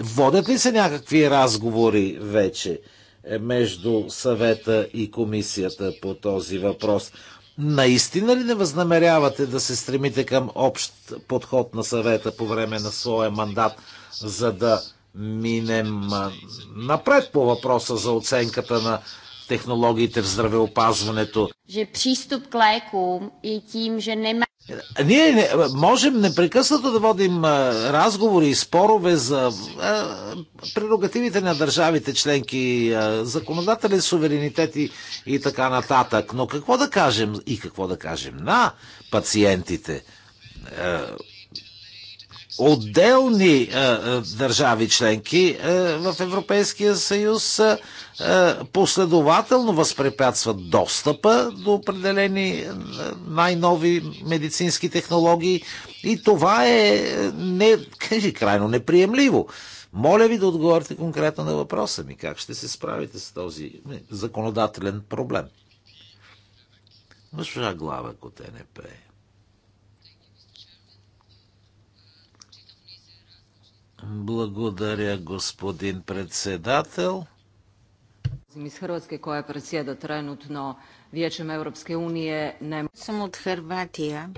Водят ли се някакви разговори вече е, между съвета и комисията по този въпрос? Наистина ли не възнамерявате да се стремите към общ подход на съвета по време на своя мандат, за да минем напред по въпроса за оценката на технологиите в здравеопазването. Že přístup k lékům je tím, že nemá... Ние не, можем непрекъснато да водим разговори и спорове за прерогативите на държавите членки, законодателен суверенитет и, и така нататък. Но какво да кажем и какво да кажем на пациентите? Е, отделни а, а, държави членки а, в Европейския съюз а, последователно възпрепятстват достъпа до определени най-нови медицински технологии и това е не, кажи, крайно неприемливо. Моля ви да отговорите конкретно на въпроса ми. Как ще се справите с този законодателен проблем? Госпожа Глава, ако те не пее. Благодаря, господин председател. Из Хрватske koja predsjeda trenutno Vijećem Europske unije ne Sam od Hrvatija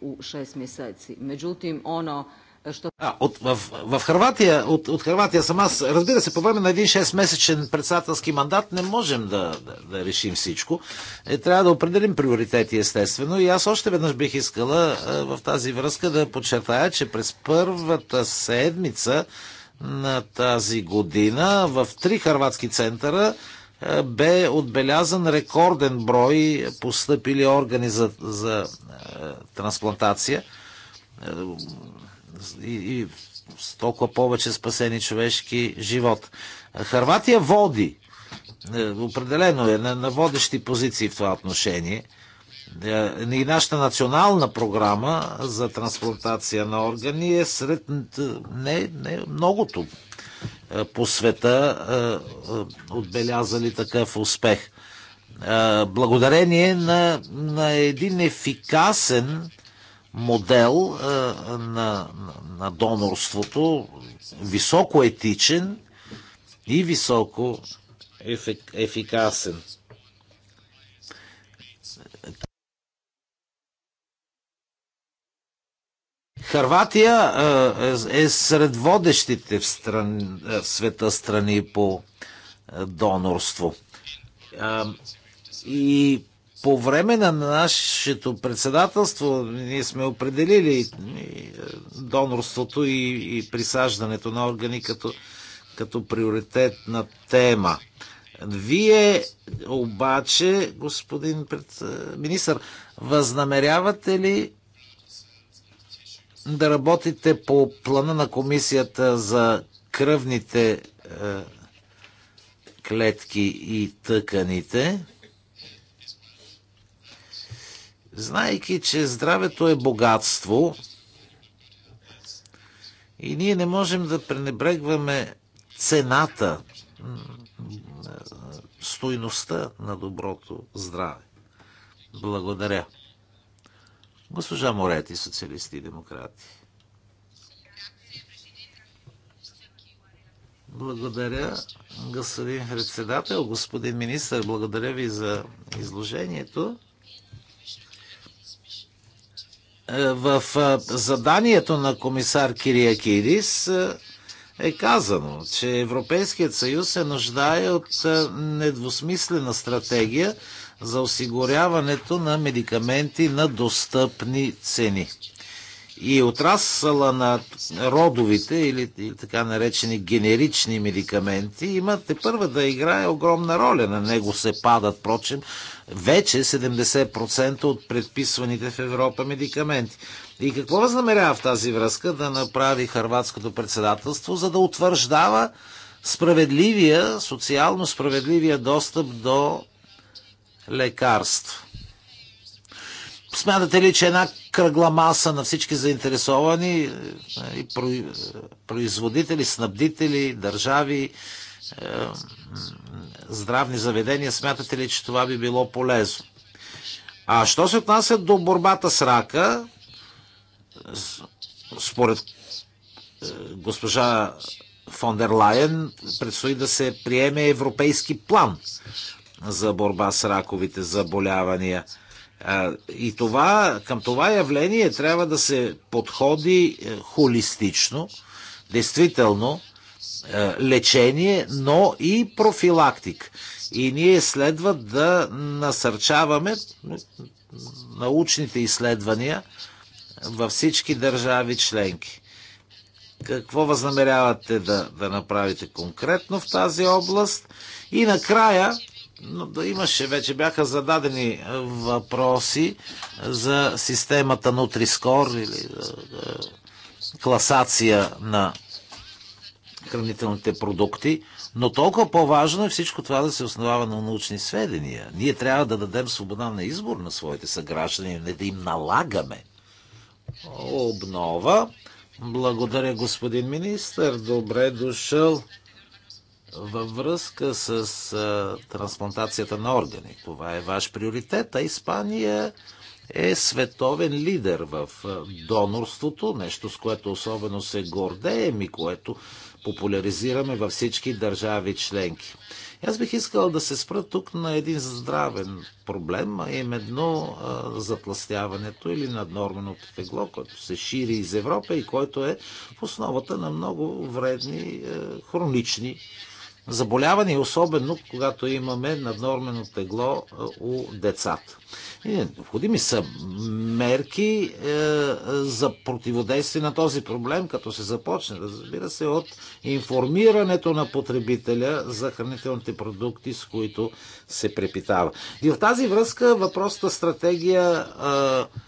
u šest mjeseci. Međutim, ono Що... А, от, в, в Харватия, от, от Харватия съм аз, разбира се, по време на един 6-месечен председателски мандат не можем да, да, да решим всичко. Е, трябва да определим приоритети, естествено. И аз още веднъж бих искала в тази връзка да подчертая, че през първата седмица на тази година в три харватски центъра бе отбелязан рекорден брой постъпили органи за, за трансплантация и, и с толкова повече спасени човешки живот. Харватия води, е, определено е на, на водещи позиции в това отношение. Е, и нашата национална програма за трансплантация на органи е сред е, не, не многото по света отбелязали такъв успех. Благодарение на, на един ефикасен модел е, на, на донорството, високо етичен и високо ефик, ефикасен. Харватия е, е сред водещите в, стран, е, в света страни по донорство. И по време на нашето председателство ние сме определили донорството и, и присаждането на органи като, като приоритетна тема. Вие обаче, господин пред... министър, възнамерявате ли да работите по плана на комисията за кръвните е, клетки и тъканите? Знайки, че здравето е богатство и ние не можем да пренебрегваме цената, стойността на доброто здраве. Благодаря. Госпожа Морети, социалисти и демократи. Благодаря, господин председател, господин министр, благодаря ви за изложението в заданието на комисар Кирис е казано, че Европейският съюз се нуждае от недвусмислена стратегия за осигуряването на медикаменти на достъпни цени. И отрасъла на родовите или, или така наречени генерични медикаменти имат те първа да играе огромна роля. На него се падат, прочим, вече 70% от предписваните в Европа медикаменти. И какво възнамерява в тази връзка да направи хърватското председателство, за да утвърждава справедливия, социално справедливия достъп до лекарства? Смятате ли, че една кръгла маса на всички заинтересовани е, производители, снабдители, държави, е, здравни заведения. Смятате ли, че това би било полезно? А що се отнася до борбата с рака, според е, госпожа фон дер Лайен предстои да се приеме европейски план за борба с раковите заболявания. Е, и това, към това явление трябва да се подходи холистично, действително, е, лечение, но и профилактик. И ние следва да насърчаваме научните изследвания във всички държави членки. Какво възнамерявате да, да направите конкретно в тази област? И накрая, но да имаше, вече бяха зададени въпроси за системата Nutri-Score или е, е, класация на хранителните продукти, но толкова по-важно е всичко това да се основава на научни сведения. Ние трябва да дадем свобода на избор на своите съграждани, не да им налагаме. Обнова. Благодаря, господин министр. Добре дошъл във връзка с а, трансплантацията на органи. Това е ваш приоритет, а Испания е световен лидер в донорството, нещо с което особено се гордеем и което популяризираме във всички държави членки. Аз бих искал да се спра тук на един здравен проблем, а именно а, затластяването или наднорменото тегло, което се шири из Европа и което е в основата на много вредни а, е, хронични заболявания, особено когато имаме наднормено тегло е, у децата. Е, необходими са мерки е, за противодействие на този проблем, като се започне, разбира се, от информирането на потребителя за хранителните продукти, с които се препитава. И в тази връзка въпросната стратегия е,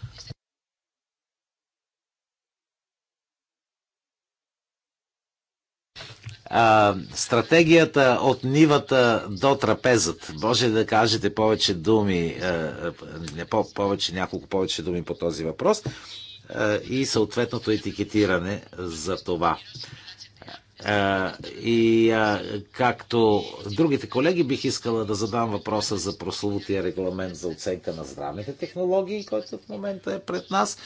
А, стратегията от нивата до трапезът. Може да кажете повече думи, не по, повече, няколко повече думи по този въпрос и съответното етикетиране за това. И както другите колеги, бих искала да задам въпроса за прословутия регламент за оценка на здравните технологии, който в момента е пред нас.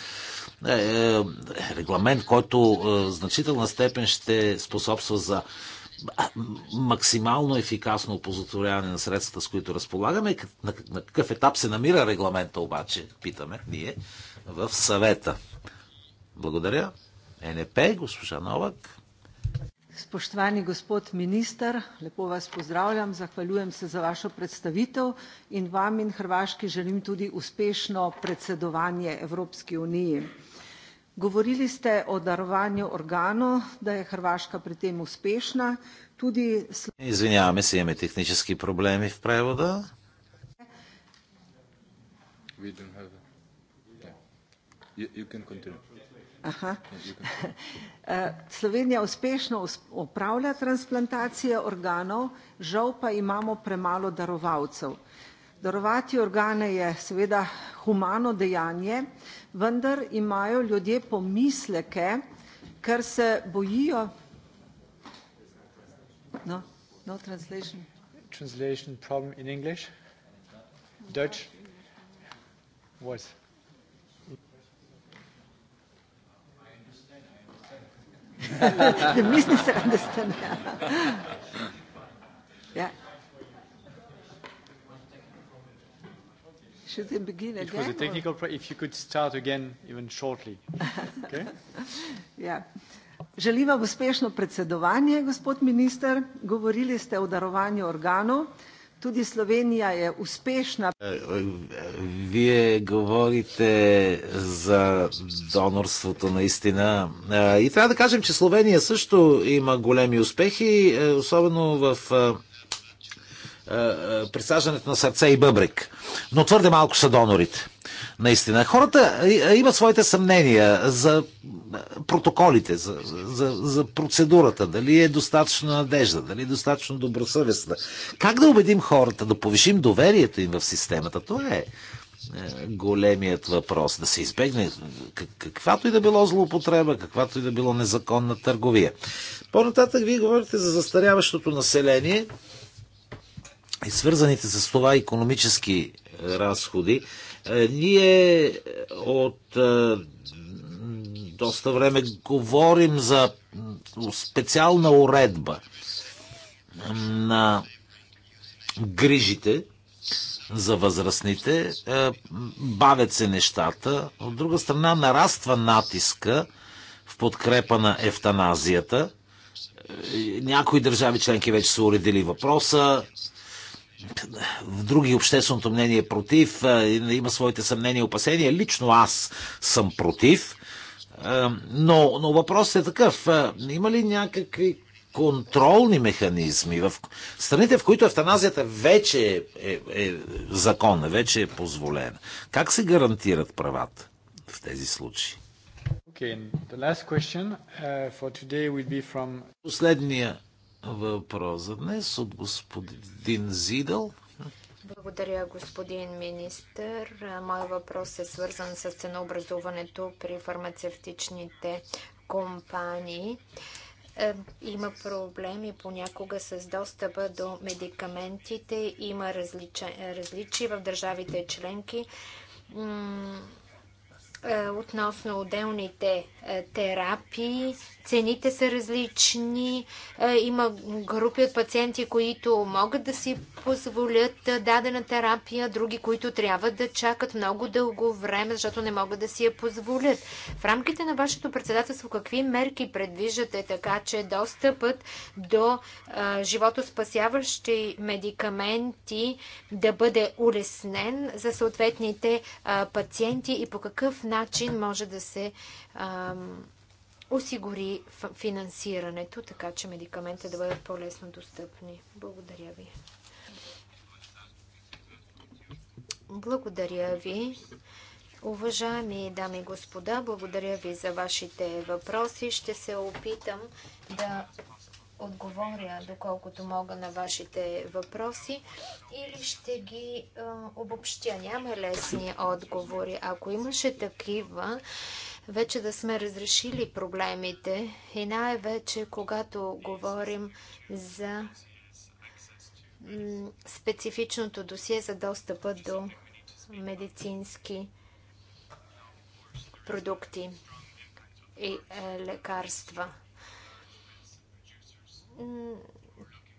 Е, е, регламент, който в е, значителна степен ще способства за максимално ефикасно опозотворяване на средствата, с които разполагаме. На, какъв етап се намира регламента обаче, питаме ние, в съвета. Благодаря. НП, госпожа Новак. Spoštovani gospod minister, lepo vas pozdravljam, zahvaljujem se za vašo predstavitev in vam in Hrvaški želim tudi uspešno predsedovanje Evropski uniji. Govorili ste o darovanju organov, da je Hrvaška pri tem uspešna. Tudi... Извиняваме se, imamo технически problem v prevodu. Slovenija uspešno opravlja transplantacije organov, žal pa imamo premalo darovalcev. Darovati organe je seveda humano dejanje, vendar imajo ljudje pomisleke, ker se bojijo. No, no translation. Translation problem in English. Dutch was. I understand, I understand. the minister understand. Should then begin again? It was a technical problem. If you could start again, even shortly. Okay? yeah. Želim vam uspešno predsedovanje, gospod minister. Govorili ste o darovanju organov. Tudi Slovenija je uspešna. Вие говорите за донорството наистина. И трябва да кажем, че Словения също има големи успехи, особено в е, е, присаждането на сърце и Бъбрик. Но твърде малко са донорите. Наистина. Хората е, имат своите съмнения за протоколите, за, за, за процедурата, дали е достатъчно надежда, дали е достатъчно добросъвестна. Как да убедим хората да повишим доверието им в системата? Това е големият въпрос. Да се избегне каквато и да било злоупотреба, каквато и да било незаконна търговия. По-нататък вие говорите за застаряващото население и свързаните с това економически е, разходи, е, ние от е, доста време говорим за специална уредба на грижите за възрастните, бавят се нещата, от друга страна нараства натиска в подкрепа на ефтаназията. Някои държави членки вече са уредили въпроса, в други общественото мнение е против, има своите съмнения и опасения. Лично аз съм против. Но, но въпросът е такъв. Има ли някакви контролни механизми в страните, в които евтаназията вече е, е, е законна, вече е позволена? Как се гарантират правата в тези случаи? Okay, the last question, uh, for today will be from... Последния въпрос за днес от господин Зидъл. Благодаря, господин министр. Моят въпрос е свързан с ценообразуването при фармацевтичните компании. Е, има проблеми понякога с достъпа до медикаментите. Има различия различи в държавите членки е, относно отделните е, терапии. Цените са различни. Е, има групи от пациенти, които могат да си позволят е, дадена терапия, други, които трябва да чакат много дълго време, защото не могат да си я позволят. В рамките на вашето председателство, какви мерки предвиждате така, че достъпът до животоспасяващи медикаменти да бъде улеснен за съответните пациенти и по какъв начин може да се осигури финансирането, така че медикаментите да бъдат по-лесно достъпни. Благодаря ви. Благодаря ви. Уважаеми дами и господа, благодаря ви за вашите въпроси. Ще се опитам да отговоря доколкото мога на вашите въпроси или ще ги обобщя. Няма лесни отговори. Ако имаше такива, вече да сме разрешили проблемите и най-вече когато говорим за специфичното досие за достъпа до медицински продукти и е, лекарства.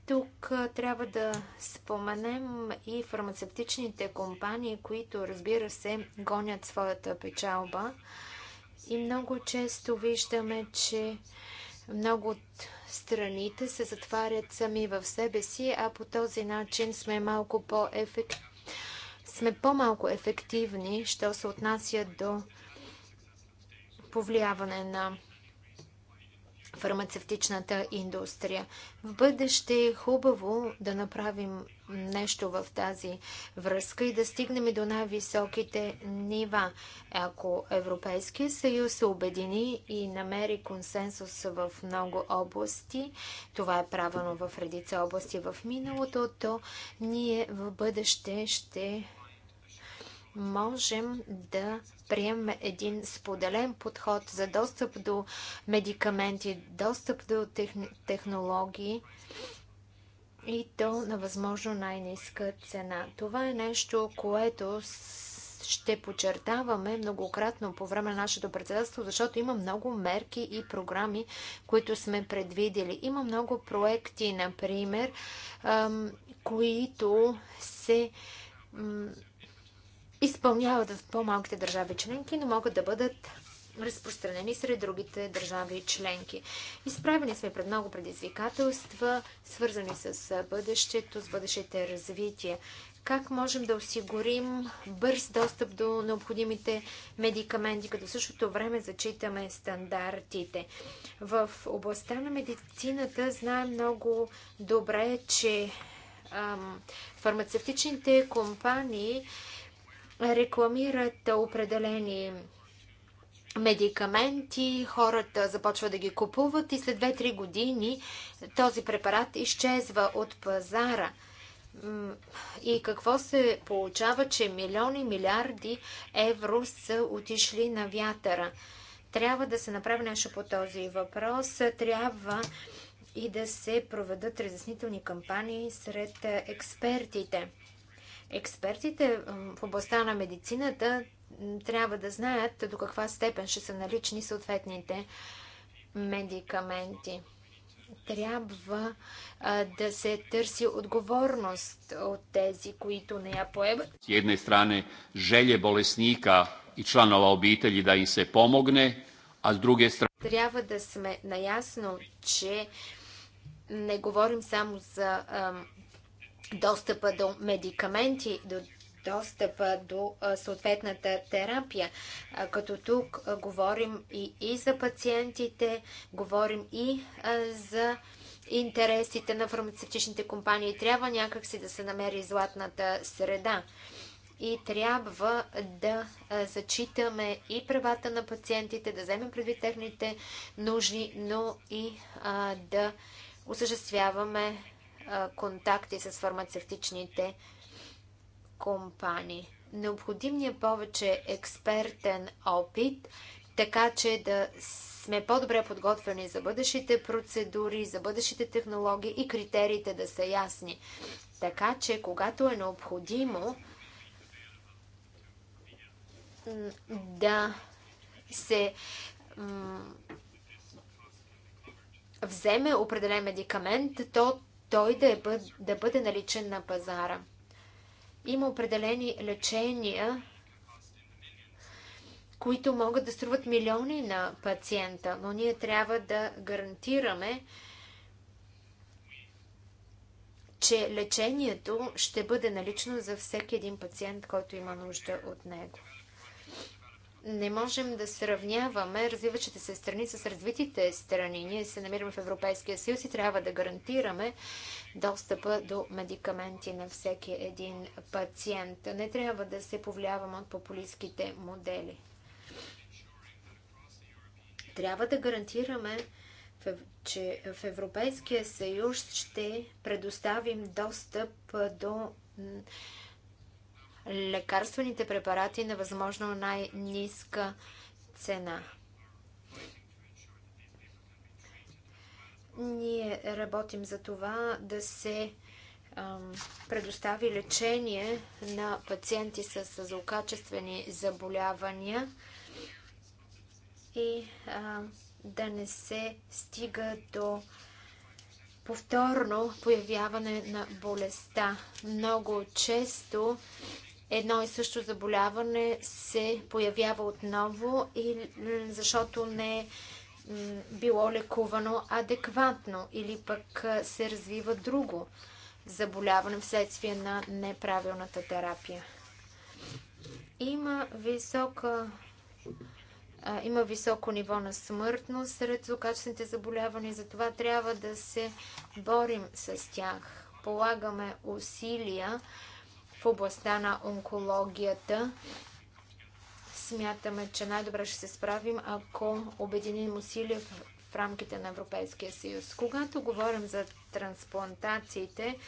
Тук е, трябва да споменем и фармацевтичните компании, които, разбира се, гонят своята печалба. И много често виждаме, че много от страните се затварят сами в себе си, а по този начин сме малко по-ефективни сме по-малко ефективни, що се отнася до повлияване на фармацевтичната индустрия. В бъдеще е хубаво да направим нещо в тази връзка и да стигнем до най-високите нива. Ако Европейския съюз се обедини и намери консенсус в много области, това е правено в редица области в миналото, то ние в бъдеще ще можем да приемем един споделен подход за достъп до медикаменти, достъп до технологии и то на възможно най-низка цена. Това е нещо, което ще подчертаваме многократно по време на нашето председателство, защото има много мерки и програми, които сме предвидели. Има много проекти, например, които се изпълняват в по-малките държави членки, но могат да бъдат разпространени сред другите държави членки. Изправени сме пред много предизвикателства, свързани с бъдещето, с бъдещите развитие. Как можем да осигурим бърз достъп до необходимите медикаменти, като в същото време зачитаме стандартите? В областта на медицината знаем много добре, че ам, фармацевтичните компании рекламират определени медикаменти, хората започват да ги купуват и след 2-3 години този препарат изчезва от пазара. И какво се получава, че милиони, милиарди евро са отишли на вятъра. Трябва да се направи нещо по този въпрос. Трябва и да се проведат разяснителни кампании сред експертите. Експертите в областта на медицината трябва да знаят до каква степен ще са налични съответните медикаменти. Трябва а, да се търси отговорност от тези, които не я поебат. С една страна желе болесника и членове обители да им се помогне, а с друга страна... Трябва да сме наясно, че не говорим само за достъпа до медикаменти, до достъпа до съответната терапия. Като тук говорим и, и за пациентите, говорим и за интересите на фармацевтичните компании. Трябва някакси да се намери златната среда. И трябва да зачитаме и правата на пациентите, да вземем предвид техните нужни, но и а, да осъществяваме контакти с фармацевтичните компании. Необходим ни е повече експертен опит, така че да сме по-добре подготвени за бъдещите процедури, за бъдещите технологии и критериите да са ясни. Така че, когато е необходимо да се вземе определен медикамент, то той да, е, да бъде наличен на пазара. Има определени лечения, които могат да струват милиони на пациента, но ние трябва да гарантираме, че лечението ще бъде налично за всеки един пациент, който има нужда от него не можем да сравняваме развиващите се страни с развитите страни. Ние се намираме в Европейския съюз и трябва да гарантираме достъпа до медикаменти на всеки един пациент. Не трябва да се повлияваме от популистските модели. Трябва да гарантираме, че в Европейския съюз ще предоставим достъп до лекарствените препарати на възможно най-ниска цена. Ние работим за това да се предостави лечение на пациенти с злокачествени заболявания и да не се стига до повторно появяване на болестта. Много често едно и също заболяване се появява отново, и, защото не е било лекувано адекватно или пък се развива друго заболяване вследствие на неправилната терапия. Има висока има високо ниво на смъртност сред злокачествените заболявания, затова трябва да се борим с тях. Полагаме усилия в областта на онкологията. Смятаме, че най-добре ще се справим, ако обединим усилия в, в рамките на Европейския съюз. Когато говорим за трансплантациите,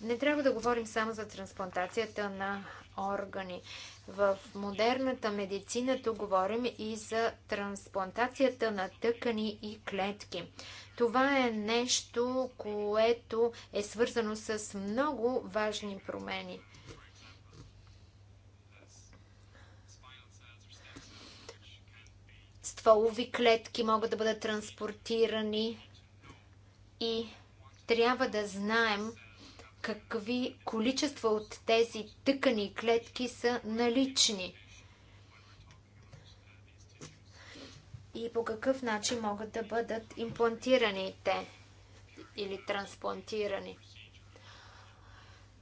не трябва да говорим само за трансплантацията на органи. В модерната медицина тук говорим и за трансплантацията на тъкани и клетки. Това е нещо, което е свързано с много важни промени. стволови клетки могат да бъдат транспортирани и трябва да знаем какви количества от тези тъкани клетки са налични и по какъв начин могат да бъдат имплантирани те или трансплантирани.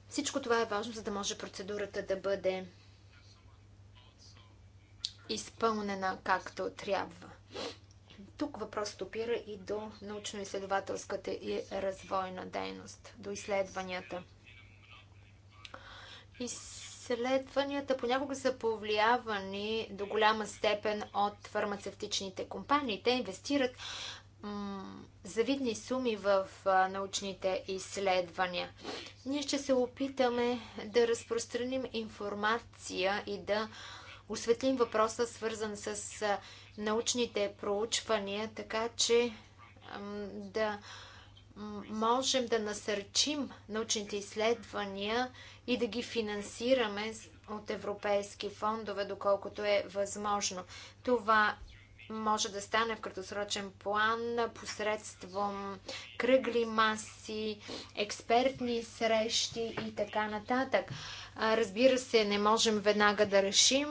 Всичко това е важно, за да може процедурата да бъде изпълнена както трябва. Тук въпрос опира и до научно-изследователската и развойна дейност, до изследванията. Изследванията понякога са повлиявани до голяма степен от фармацевтичните компании. Те инвестират завидни суми в а, научните изследвания. Ние ще се опитаме да разпространим информация и да осветлим въпроса, свързан с научните проучвания, така че да можем да насърчим научните изследвания и да ги финансираме от европейски фондове, доколкото е възможно. Това може да стане в краткосрочен план посредством кръгли маси, експертни срещи и така нататък. Разбира се, не можем веднага да решим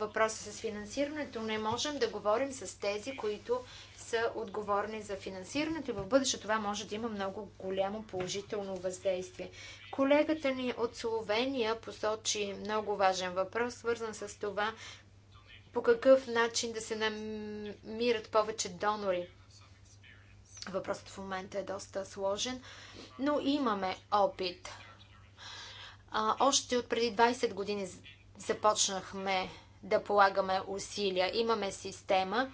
въпроса с финансирането, не можем да говорим с тези, които са отговорни за финансирането и в бъдеще това може да има много голямо положително въздействие. Колегата ни от Словения посочи много важен въпрос, свързан с това по какъв начин да се намират повече донори. Въпросът в момента е доста сложен, но имаме опит. А, още от преди 20 години започнахме да полагаме усилия. Имаме система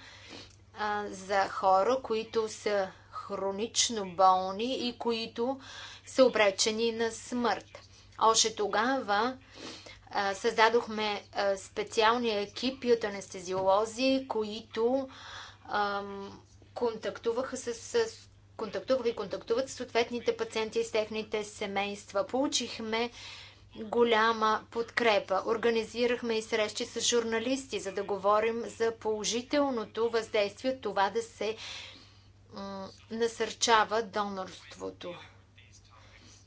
а, за хора, които са хронично болни и които са обречени на смърт. Още тогава Създадохме специални екипи от анестезиолози, които контактуваха с, контактуваха и контактуват с съответните пациенти и с техните семейства. Получихме голяма подкрепа. Организирахме и срещи с журналисти, за да говорим за положителното въздействие това да се насърчава донорството.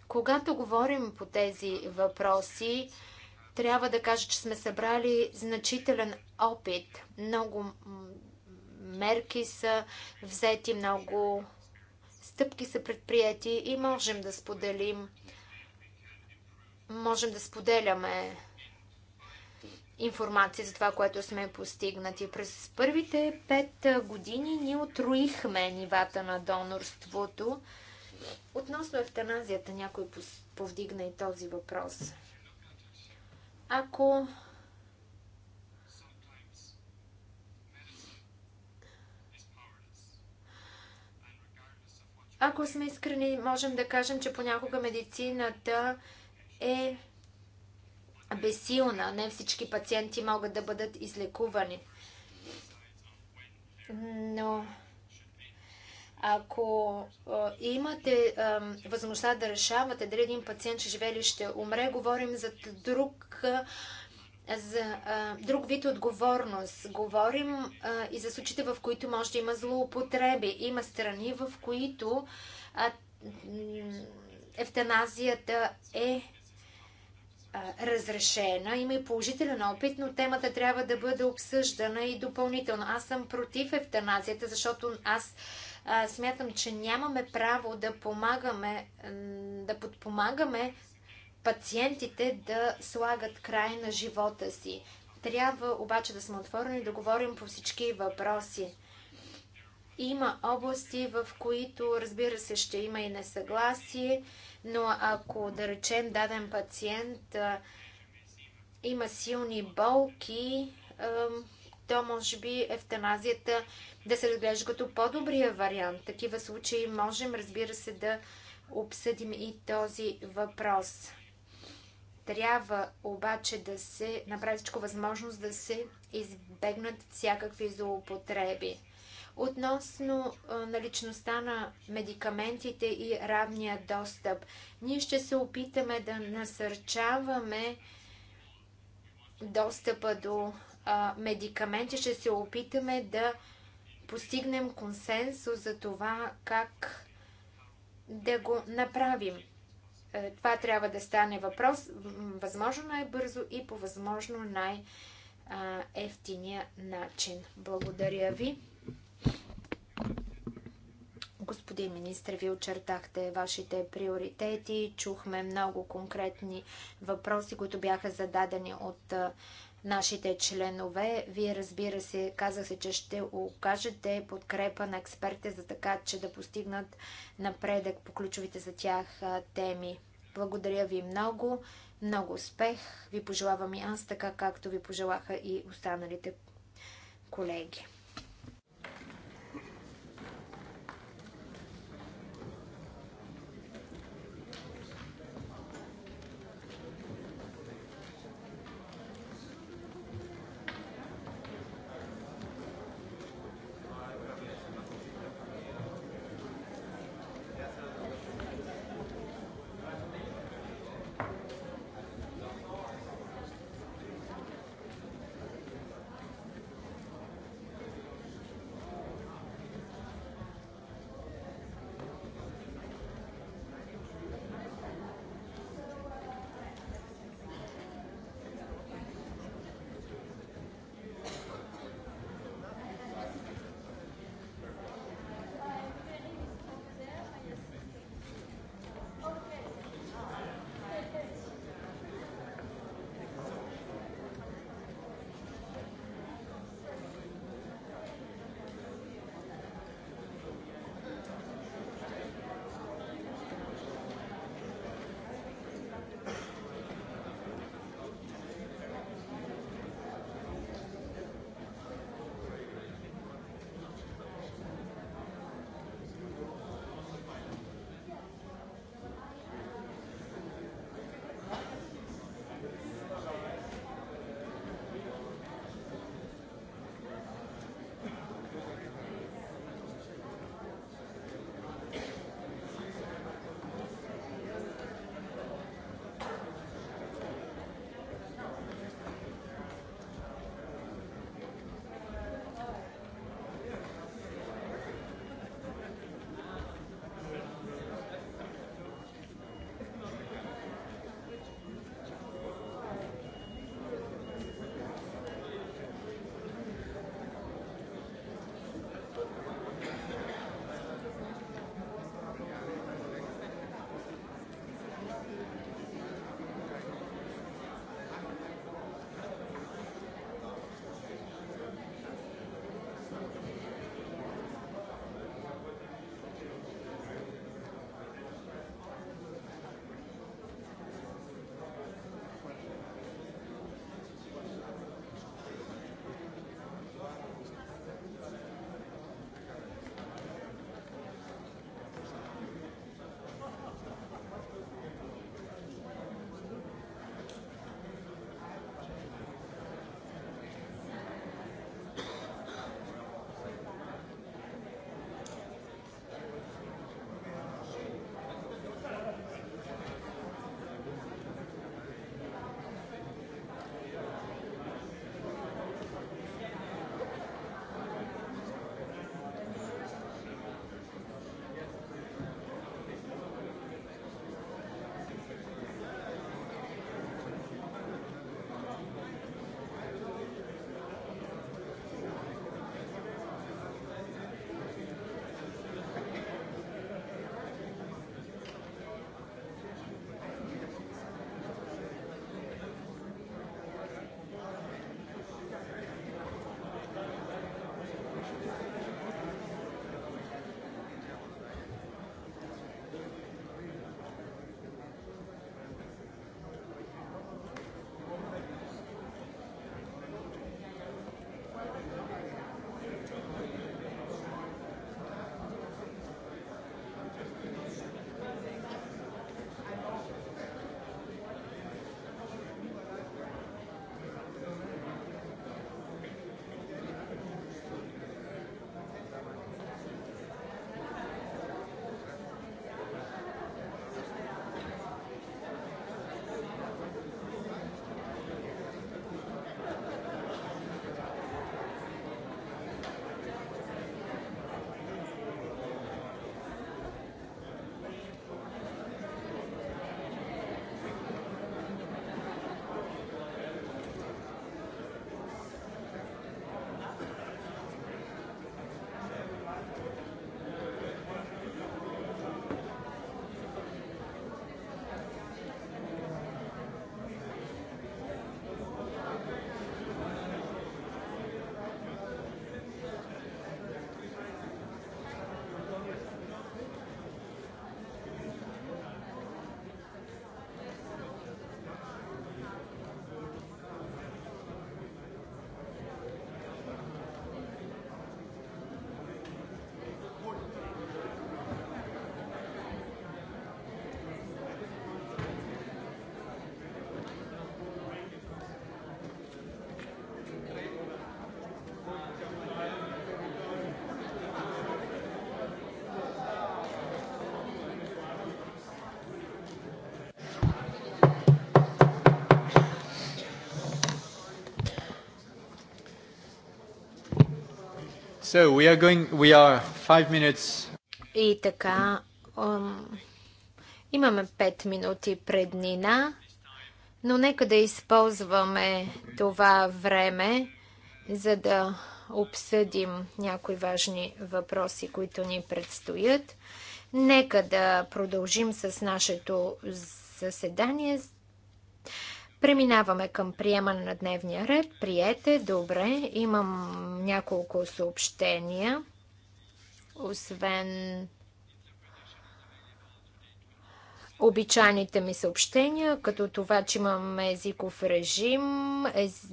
Когато говорим по тези въпроси, трябва да кажа, че сме събрали значителен опит. Много мерки са взети, много стъпки са предприяти и можем да споделим, можем да споделяме информация за това, което сме постигнати. През първите пет години ние отроихме нивата на донорството. Относно евтаназията някой повдигна и този въпрос. Ако Ако сме искрени, можем да кажем, че понякога медицината е безсилна. Не всички пациенти могат да бъдат излекувани. Но ако а, имате а, възможността да решавате дали един пациент ще живее или ще умре, говорим за друг, а, за, а, друг вид отговорност. Говорим а, и за случаите, в които може да има злоупотреби. Има страни, в които а, ефтаназията е разрешена, има и положителен опит, но темата трябва да бъде обсъждана и допълнително. Аз съм против ефтаназията, защото аз смятам, че нямаме право да помагаме, да подпомагаме пациентите да слагат край на живота си. Трябва обаче да сме отворени да говорим по всички въпроси. Има области, в които, разбира се, ще има и несъгласие, но ако, да речем, даден пациент има силни болки, то може би евтаназията да се разглежда като по-добрия вариант. такива случаи можем, разбира се, да обсъдим и този въпрос. Трябва обаче да се направи всичко възможност да се избегнат всякакви злоупотреби. Относно наличността на медикаментите и равния достъп, ние ще се опитаме да насърчаваме достъпа до медикаменти. Ще се опитаме да постигнем консенсус за това как да го направим. Е, това трябва да стане въпрос възможно най-бързо и по възможно най-ефтиния начин. Благодаря ви. Господин министр, ви очертахте вашите приоритети, чухме много конкретни въпроси, които бяха зададени от нашите членове. Вие, разбира се, казах се, че ще окажете подкрепа на експертите, за така, че да постигнат напредък по ключовите за тях теми. Благодаря ви много. Много успех. Ви пожелавам и аз, така както ви пожелаха и останалите колеги. So we are going, we are five minutes. И така, имаме 5 минути преднина, но нека да използваме това време, за да обсъдим някои важни въпроси, които ни предстоят. Нека да продължим с нашето заседание. Преминаваме към приемане на дневния ред. Приете, добре. Имам няколко съобщения, освен обичайните ми съобщения, като това, че имам езиков режим, ез...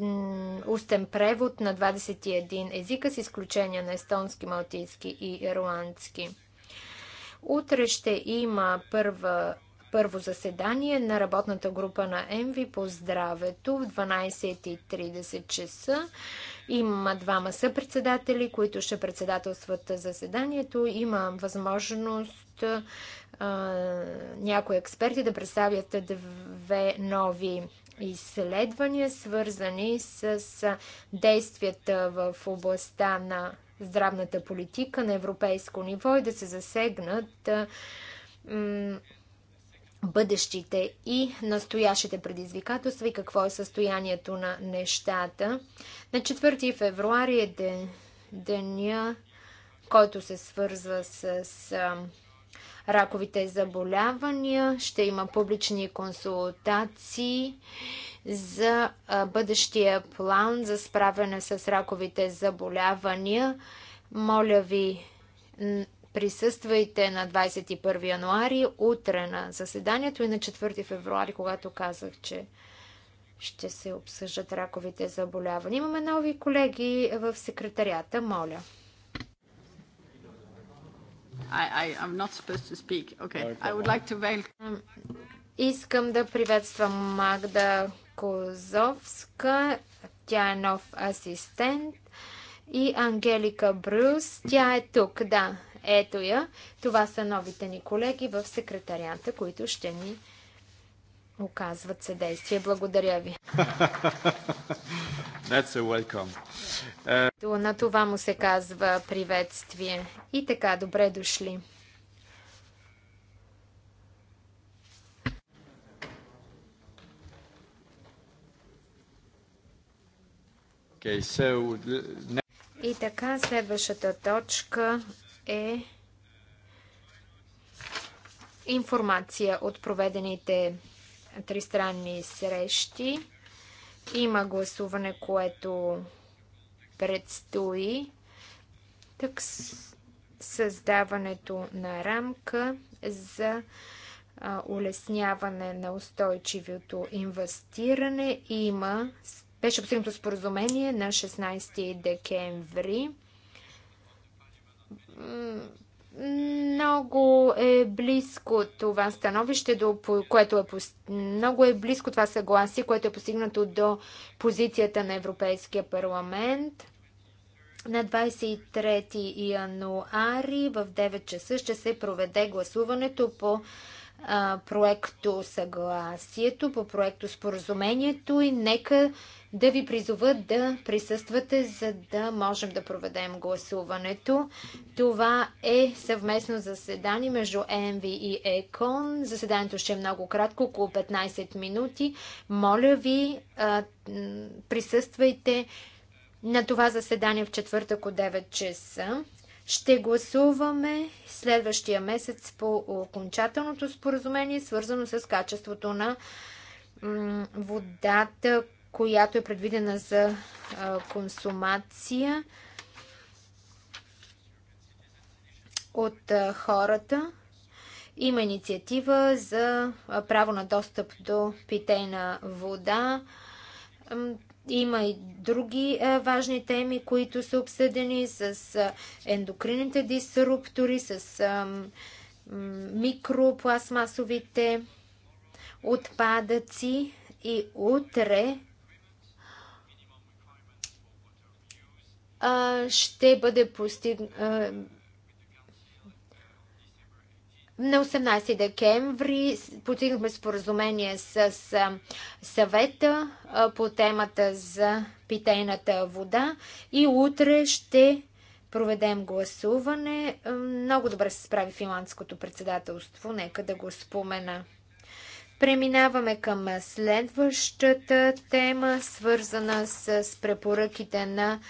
устен превод на 21 езика, с изключение на естонски, малтийски и ирландски. Утре ще има първа, първо заседание на работната група на ЕМВИ по здравето в 12.30 часа. Има двама съпредседатели, които ще председателстват заседанието. Има възможност а, някои експерти да представят две нови изследвания, свързани с действията в областта на здравната политика на европейско ниво и да се засегнат бъдещите и настоящите предизвикателства и какво е състоянието на нещата. На 4 февруари е ден, деня, който се свързва с, с раковите заболявания. Ще има публични консултации за бъдещия план за справяне с раковите заболявания. Моля ви, Присъствайте на 21 януари, утре на заседанието и на 4 февруари, когато казах, че ще се обсъждат раковите заболявания. Имаме нови колеги в секретарията, моля. I, I, okay. like to... Искам да приветствам Магда Козовска. Тя е нов асистент. И Ангелика Брюс. Тя е тук, да. Ето я. Това са новите ни колеги в секретарианта, които ще ни оказват съдействие. Благодаря ви. *laughs* That's a welcome. Uh... На това му се казва приветствие. И така, добре дошли. Okay, so... И така, следващата точка е информация от проведените тристранни срещи. Има гласуване, което предстои. Так създаването на рамка за улесняване на устойчивото инвестиране има беше постигнато споразумение на 16 декември. Много е близко това становище, до, което е, много е близко това съгласие, което е постигнато до позицията на Европейския парламент. На 23 януари в 9 часа ще се проведе гласуването по проекто съгласието, по проекто споразумението и нека да ви призова да присъствате, за да можем да проведем гласуването. Това е съвместно заседание между ЕМВ и ЕКОН. Заседанието ще е много кратко, около 15 минути. Моля ви, присъствайте на това заседание в четвъртък от 9 часа. Ще гласуваме следващия месец по окончателното споразумение, свързано с качеството на водата, която е предвидена за консумация от хората. Има инициатива за право на достъп до питейна вода. Има и други а, е, важни теми, които са обсъдени с а, е, ендокрините дисруптори, с а, е, микропластмасовите отпадъци и утре ще бъде постиг... На 18 декември постигнахме споразумение с съвета по темата за питейната вода и утре ще проведем гласуване. Много добре се справи финландското председателство, нека да го спомена. Преминаваме към следващата тема, свързана с препоръките на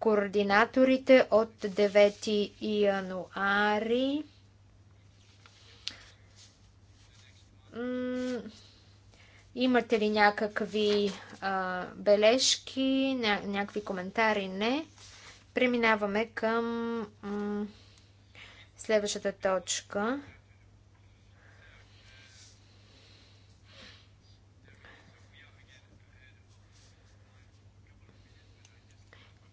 координаторите от 9 януари. Имате ли някакви а, бележки, ня някакви коментари? Не. Преминаваме към следващата точка.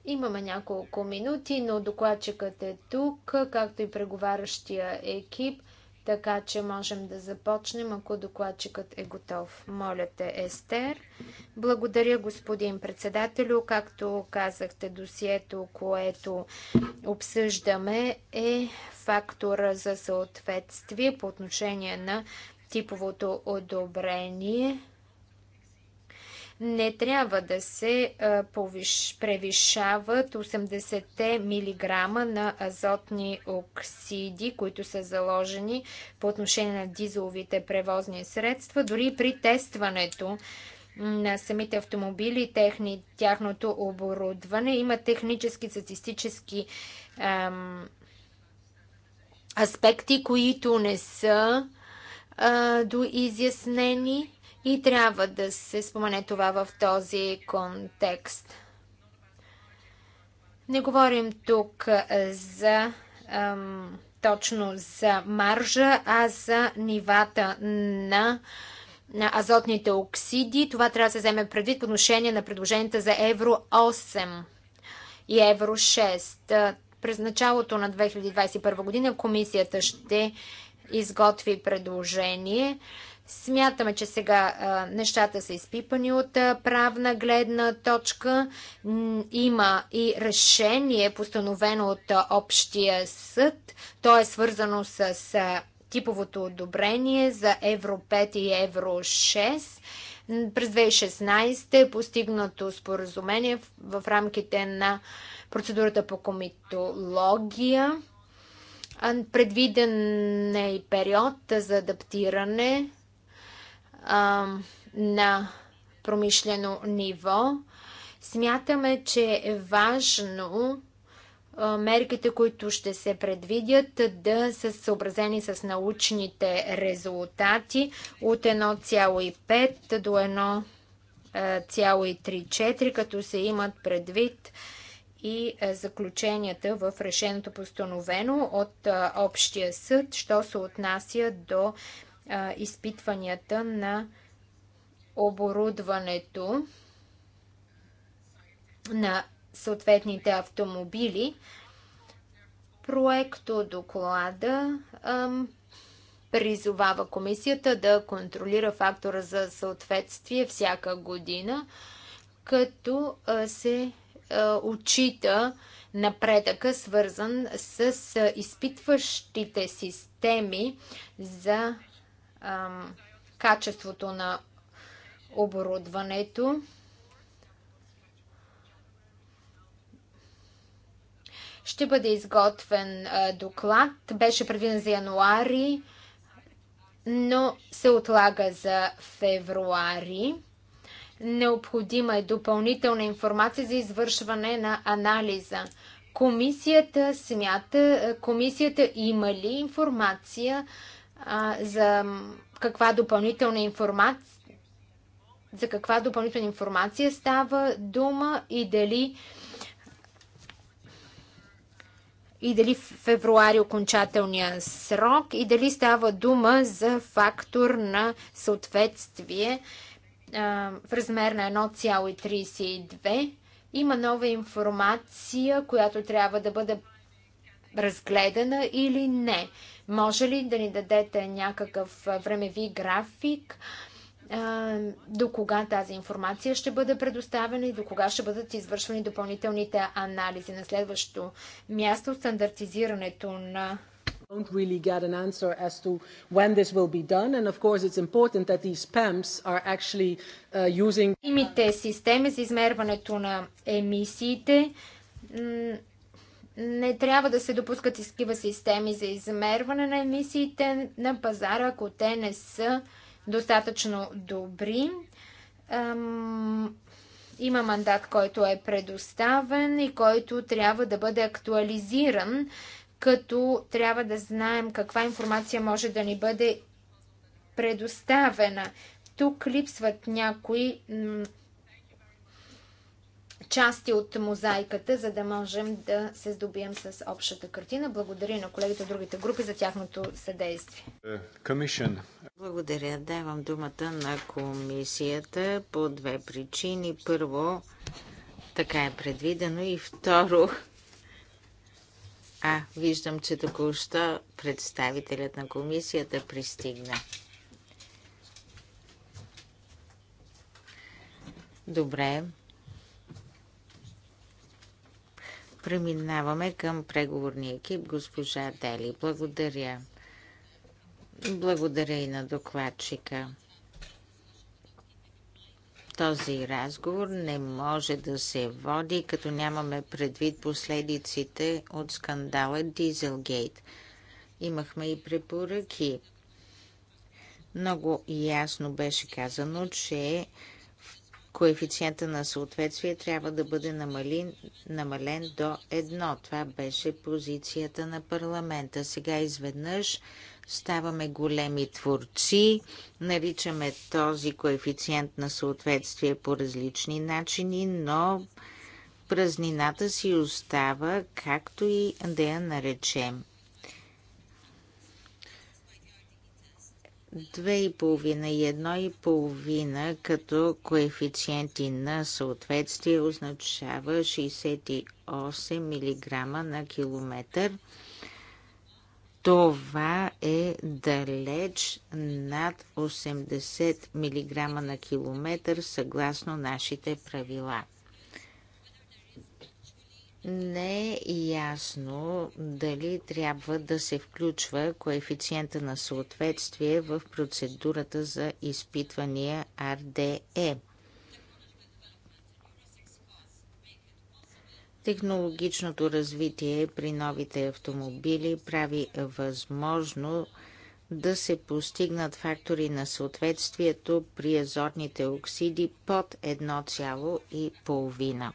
Имаме няколко минути, но докладчикът е тук, както и преговарящия екип – така че можем да започнем, ако докладчикът е готов. Моля те, Естер. Благодаря, господин председателю. Както казахте, досието, което обсъждаме, е фактора за съответствие по отношение на типовото одобрение не трябва да се превишават 80 мг на азотни оксиди, които са заложени по отношение на дизеловите превозни средства. Дори при тестването на самите автомобили и техни, тяхното оборудване. Има технически, статистически ам, аспекти, които не са а, доизяснени. И трябва да се спомене това в този контекст. Не говорим тук за ем, точно за маржа, а за нивата на на азотните оксиди. Това трябва да се вземе предвид по отношение на предложенията за Евро 8 и Евро 6. През началото на 2021 година комисията ще изготви предложение. Смятаме, че сега а, нещата са изпипани от а, правна гледна точка. Има и решение, постановено от а, Общия съд. То е свързано с типовото одобрение за Евро 5 и Евро 6. През 2016 е постигнато споразумение в, в рамките на процедурата по комитология. Предвиден е и период за адаптиране на промишлено ниво. Смятаме, че е важно мерките, които ще се предвидят, да са съобразени с научните резултати от 1,5 до 1,34, като се имат предвид и заключенията в решеното постановено от Общия съд, що се отнася до а, изпитванията на оборудването на съответните автомобили. Проекто доклада призовава комисията да контролира фактора за съответствие всяка година, като а, се а, отчита напредъка, свързан с изпитващите системи за качеството на оборудването. Ще бъде изготвен доклад. Беше предвиден за януари, но се отлага за февруари. Необходима е допълнителна информация за извършване на анализа. Комисията смята, комисията има ли информация а, за каква допълнителна информация за каква допълнителна информация става дума и дали и дали в февруари окончателния срок и дали става дума за фактор на съответствие а, в размер на 1,32. Има нова информация, която трябва да бъде разгледана или не. Може ли да ни дадете някакъв времеви график? до кога тази информация ще бъде предоставена и до кога ще бъдат извършвани допълнителните анализи. На следващото място стандартизирането на don't really get an answer as to when this will be done. And of course, it's important that these PEMs are actually uh, using... Имите системи за измерването на емисиите не трябва да се допускат такива системи за измерване на емисиите на пазара, ако те не са достатъчно добри. Има мандат, който е предоставен и който трябва да бъде актуализиран, като трябва да знаем каква информация може да ни бъде предоставена. Тук липсват някои части от мозайката, за да можем да се здобием с общата картина. Благодаря на колегите от другите групи за тяхното съдействие. Благодаря. Давам думата на комисията по две причини. Първо, така е предвидено и второ, а, виждам, че току-що представителят на комисията пристигна. Добре, Преминаваме към преговорния екип. Госпожа Дели, благодаря. Благодаря и на докладчика. Този разговор не може да се води, като нямаме предвид последиците от скандала Дизелгейт. Имахме и препоръки. Много ясно беше казано, че Коефициента на съответствие трябва да бъде намален, намален до едно. Това беше позицията на парламента. Сега изведнъж ставаме големи творци, наричаме този коефициент на съответствие по различни начини, но празнината си остава, както и да я наречем. 2,5 и 1,5 като коефициенти на съответствие означава 68 мг на километър. Това е далеч над 80 мг на километър съгласно нашите правила не е ясно дали трябва да се включва коефициента на съответствие в процедурата за изпитвания RDE. Е. Технологичното развитие при новите автомобили прави възможно да се постигнат фактори на съответствието при азотните оксиди под 1,5.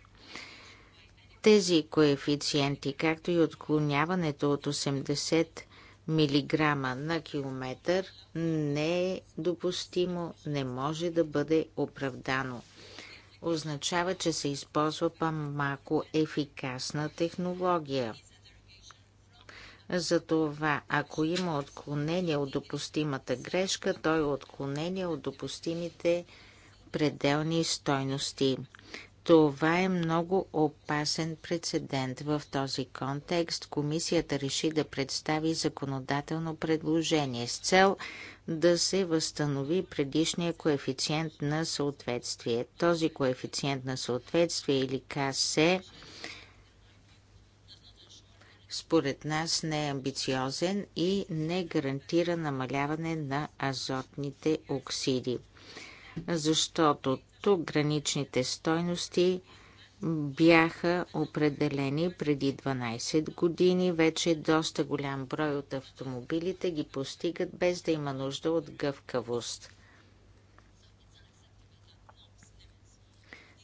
Тези коефициенти, както и отклоняването от 80 мг на километър не е допустимо, не може да бъде оправдано. Означава, че се използва по-малко ефикасна технология. Затова, ако има отклонение от допустимата грешка, то е отклонение от допустимите пределни стойности. Това е много опасен прецедент. В този контекст комисията реши да представи законодателно предложение с цел да се възстанови предишния коефициент на съответствие. Този коефициент на съответствие или КС според нас не е амбициозен и не гарантира намаляване на азотните оксиди защото тук граничните стойности бяха определени преди 12 години. Вече доста голям брой от автомобилите ги постигат без да има нужда от гъвкавост.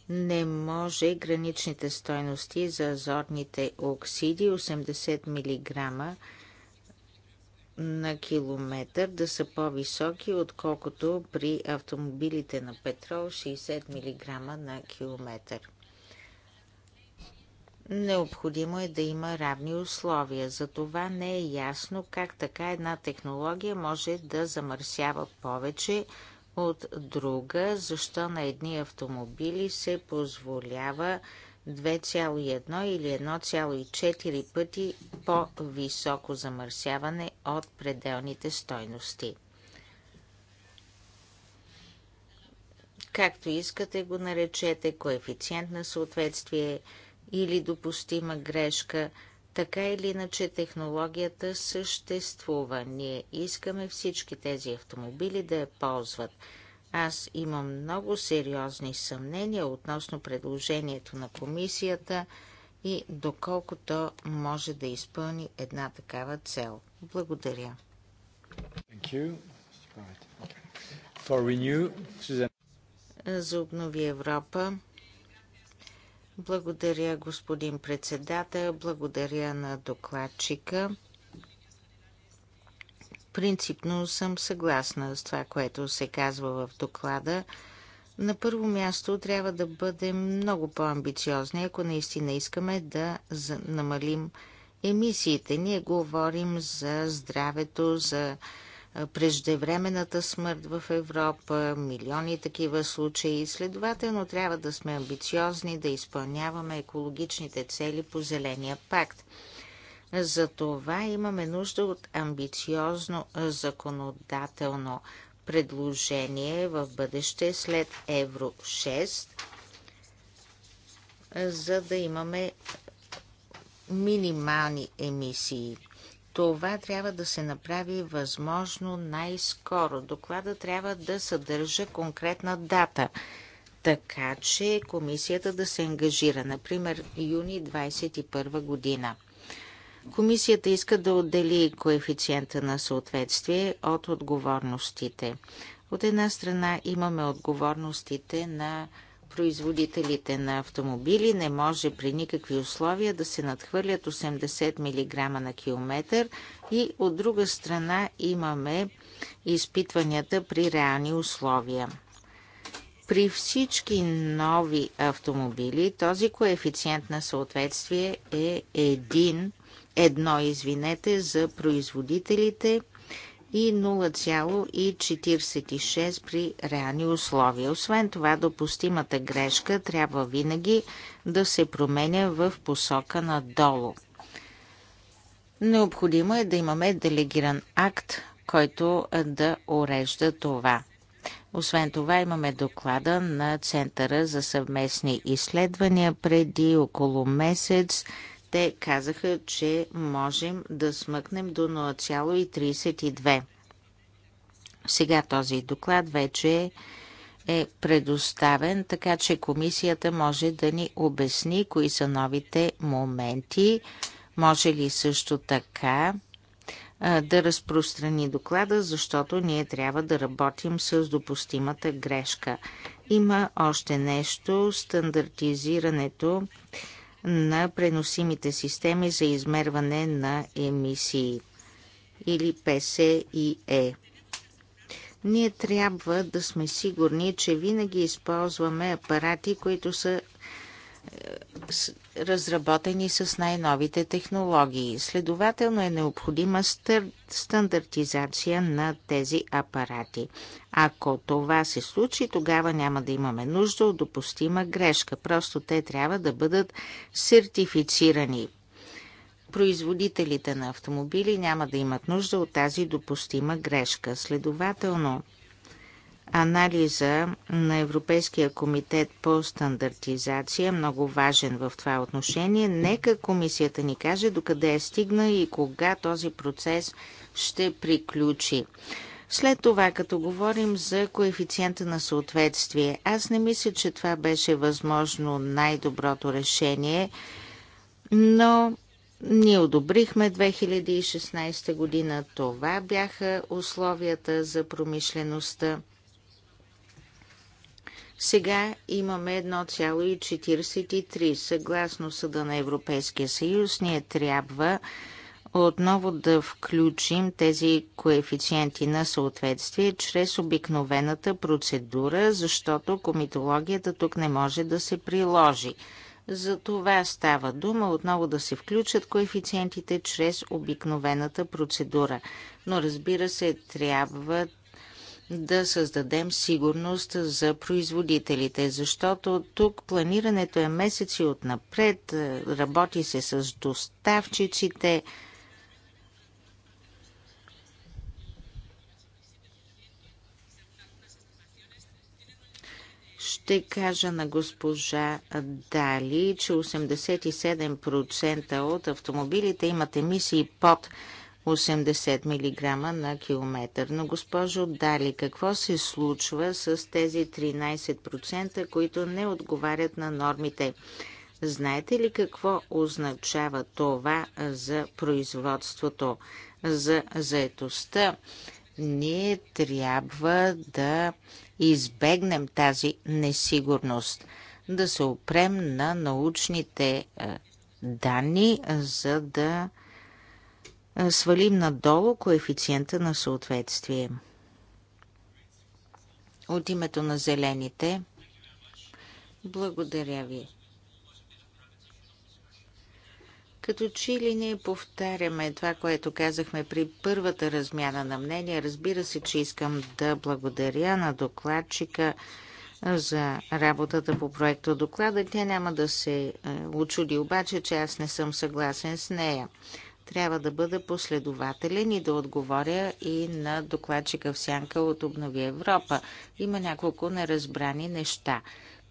Не може граничните стойности за азотните оксиди 80 мг на километър да са по-високи, отколкото при автомобилите на петрол 60 мг на километър. Необходимо е да има равни условия. Затова не е ясно как така една технология може да замърсява повече от друга, защо на едни автомобили се позволява 2,1 или 1,4 пъти по-високо замърсяване от пределните стойности. Както искате го наречете, коефициент на съответствие или допустима грешка, така или иначе технологията съществува. Ние искаме всички тези автомобили да я ползват – аз имам много сериозни съмнения относно предложението на комисията и доколкото може да изпълни една такава цел. Благодаря. За обнови Европа. Благодаря, господин председател. Благодаря на докладчика. Принципно съм съгласна с това, което се казва в доклада. На първо място трябва да бъдем много по-амбициозни, ако наистина искаме да намалим емисиите. Ние говорим за здравето, за преждевременната смърт в Европа, милиони такива случаи. Следователно трябва да сме амбициозни, да изпълняваме екологичните цели по Зеления пакт. Затова имаме нужда от амбициозно законодателно предложение в бъдеще след Евро 6, за да имаме минимални емисии. Това трябва да се направи възможно най-скоро. Доклада трябва да съдържа конкретна дата, така че комисията да се ангажира, например, юни 2021 година. Комисията иска да отдели коефициента на съответствие от отговорностите. От една страна имаме отговорностите на производителите на автомобили. Не може при никакви условия да се надхвърлят 80 мг на километър. И от друга страна имаме изпитванията при реални условия. При всички нови автомобили този коефициент на съответствие е 1 едно, извинете, за производителите и 0,46 при реални условия. Освен това, допустимата грешка трябва винаги да се променя в посока надолу. Необходимо е да имаме делегиран акт, който да урежда това. Освен това имаме доклада на Центъра за съвместни изследвания преди около месец. Те казаха, че можем да смъкнем до 0,32. Сега този доклад вече е предоставен, така че комисията може да ни обясни кои са новите моменти. Може ли също така да разпространи доклада, защото ние трябва да работим с допустимата грешка. Има още нещо стандартизирането на преносимите системи за измерване на емисии или ПСИЕ. Ние трябва да сме сигурни, че винаги използваме апарати, които са разработени с най-новите технологии. Следователно е необходима стандартизация на тези апарати. Ако това се случи, тогава няма да имаме нужда от допустима грешка. Просто те трябва да бъдат сертифицирани. Производителите на автомобили няма да имат нужда от тази допустима грешка. Следователно, Анализа на Европейския комитет по стандартизация е много важен в това отношение. Нека комисията ни каже докъде е стигна и кога този процес ще приключи. След това, като говорим за коефициента на съответствие, аз не мисля, че това беше възможно най-доброто решение, но ние одобрихме 2016 година. Това бяха условията за промишлеността. Сега имаме 1,43. Съгласно Съда на Европейския съюз, ние трябва отново да включим тези коефициенти на съответствие чрез обикновената процедура, защото комитологията тук не може да се приложи. За това става дума отново да се включат коефициентите чрез обикновената процедура. Но разбира се, трябва да създадем сигурност за производителите, защото тук планирането е месеци отнапред, е, работи се с доставчиците. Ще кажа на госпожа Дали, че 87% от автомобилите имат емисии под 80 мг на километър. Но госпожо Дали, какво се случва с тези 13%, които не отговарят на нормите? Знаете ли какво означава това за производството, за заетостта? Ние трябва да избегнем тази несигурност, да се опрем на научните данни, за да е, свалим надолу коефициента на съответствие. От името на зелените, благодаря ви. Като че ли ние повтаряме това, което казахме при първата размяна на мнение, разбира се, че искам да благодаря на докладчика за работата по проекта доклада. Тя няма да се очуди е, обаче, че аз не съм съгласен с нея. Трябва да бъда последователен и да отговоря и на докладчика в сянка от Обнови Европа. Има няколко неразбрани неща.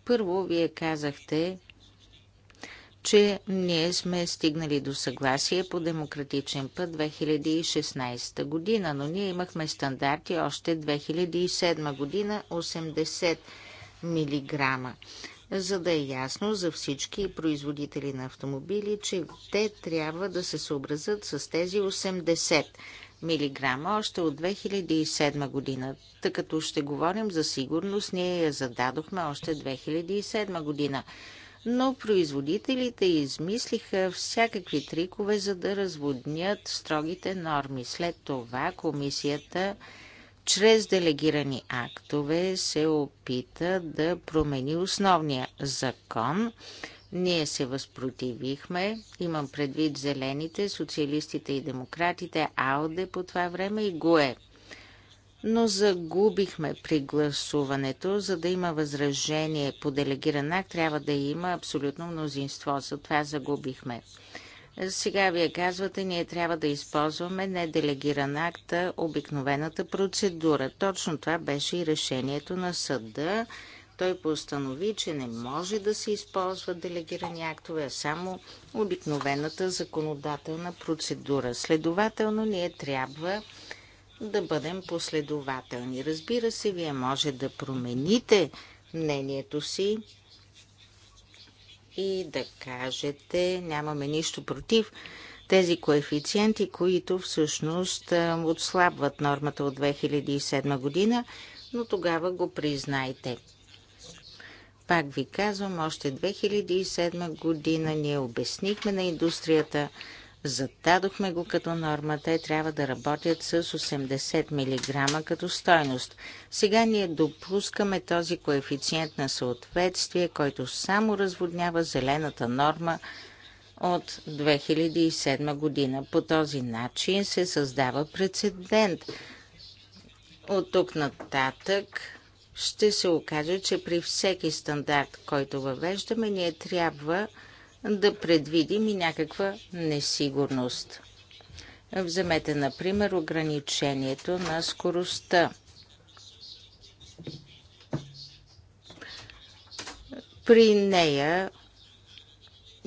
Първо, вие казахте, че ние сме стигнали до съгласие по демократичен път 2016 година, но ние имахме стандарти още 2007 година 80 милиграма за да е ясно за всички производители на автомобили, че те трябва да се съобразят с тези 80 милиграма още от 2007 година. Тъй като ще говорим за сигурност, ние я зададохме още 2007 година. Но производителите измислиха всякакви трикове, за да разводнят строгите норми. След това комисията чрез делегирани актове се опита да промени основния закон. Ние се възпротивихме, имам предвид зелените, социалистите и демократите, АОДЕ по това време и ГУЕ. Но загубихме при гласуването, за да има възражение по делегиран акт, трябва да има абсолютно мнозинство, За това загубихме. Сега вие казвате, ние трябва да използваме неделегиран акт, обикновената процедура. Точно това беше и решението на съда. Той постанови, че не може да се използват делегирани актове, а само обикновената законодателна процедура. Следователно, ние трябва да бъдем последователни. Разбира се, вие може да промените мнението си и да кажете, нямаме нищо против тези коефициенти, които всъщност отслабват нормата от 2007 година, но тогава го признайте. Пак ви казвам, още 2007 година ние обяснихме на индустрията, Зададохме го като норма. Те трябва да работят с 80 мг като стойност. Сега ние допускаме този коефициент на съответствие, който само разводнява зелената норма от 2007 година. По този начин се създава прецедент. От тук нататък ще се окаже, че при всеки стандарт, който въвеждаме, ние трябва да да предвидим и някаква несигурност. Вземете, например, ограничението на скоростта. При нея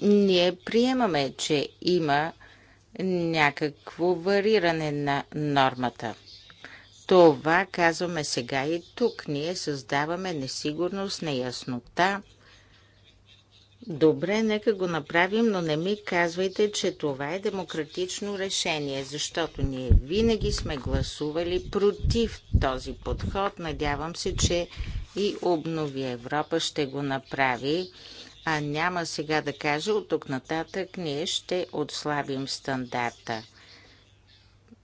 ние приемаме, че има някакво вариране на нормата. Това казваме сега и тук. Ние създаваме несигурност, неяснота Добре, нека го направим, но не ми казвайте, че това е демократично решение, защото ние винаги сме гласували против този подход. Надявам се, че и Обнови Европа ще го направи. А няма сега да кажа, от тук нататък ние ще отслабим стандарта.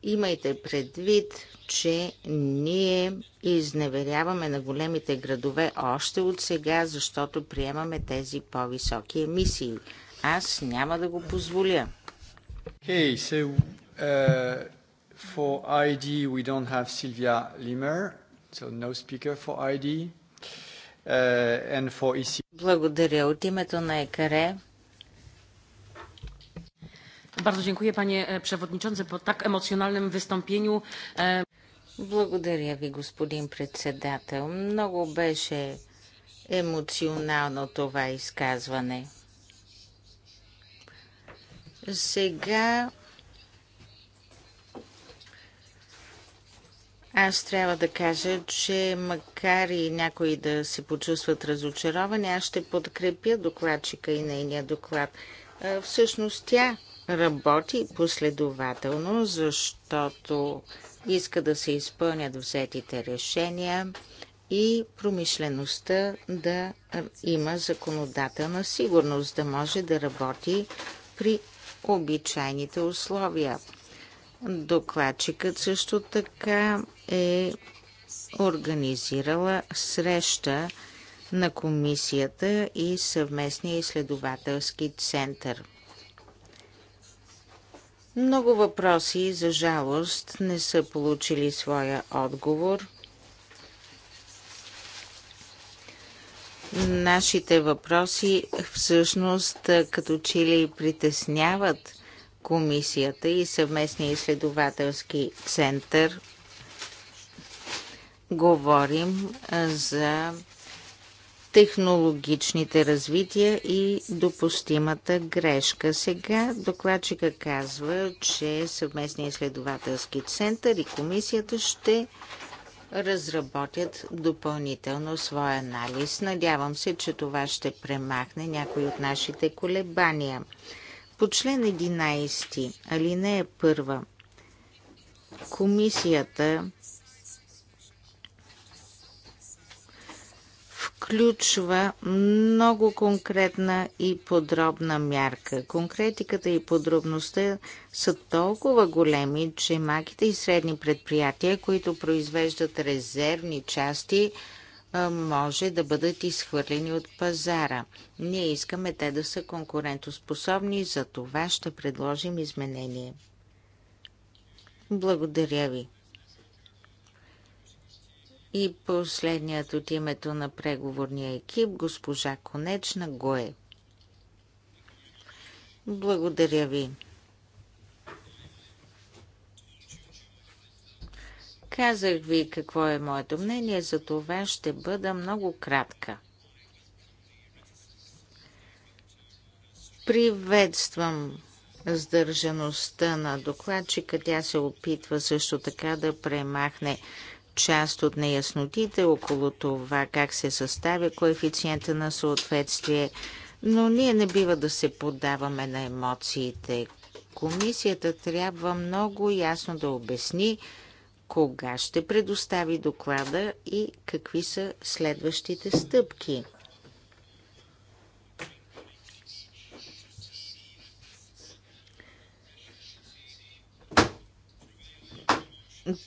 Имайте предвид, че ние изневеряваме на големите градове още от сега, защото приемаме тези по-високи емисии. Аз няма да го позволя. Okay, so, uh, for ID we don't have Sylvia Limer, so no speaker for ID. Uh, and for EC. Благодаря. От името на ЕКРЕ Bardzo dziękuję panie przewodniczący po tak emocjonalnym wystąpieniu. Благодаря ви, господин председател. Много беше емоционално това изказване. Сега Аз трябва да кажа, че макар и някои да се почувстват разочаровани, аз ще подкрепя докладчика и нейния доклад. Всъщност тя работи последователно, защото иска да се изпълнят взетите решения и промишлеността да има законодателна сигурност, да може да работи при обичайните условия. Докладчикът също така е организирала среща на комисията и съвместния изследователски център. Много въпроси, за жалост, не са получили своя отговор. Нашите въпроси всъщност като че ли притесняват комисията и съвместния изследователски център. Говорим за технологичните развития и допустимата грешка. Сега докладчика казва, че съвместния изследователски център и комисията ще разработят допълнително своя анализ. Надявам се, че това ще премахне някои от нашите колебания. По член 11, алинея 1, комисията включва много конкретна и подробна мярка. Конкретиката и подробността са толкова големи, че маките и средни предприятия, които произвеждат резервни части, може да бъдат изхвърлени от пазара. Ние искаме те да са конкурентоспособни, за това ще предложим изменение. Благодаря ви. И последният от името на преговорния екип, госпожа Конечна Гое. Благодаря ви. Казах ви какво е моето мнение, за това ще бъда много кратка. Приветствам сдържаността на докладчика. Тя се опитва също така да премахне част от неяснотите около това как се съставя коефициента на съответствие, но ние не бива да се поддаваме на емоциите. Комисията трябва много ясно да обясни кога ще предостави доклада и какви са следващите стъпки.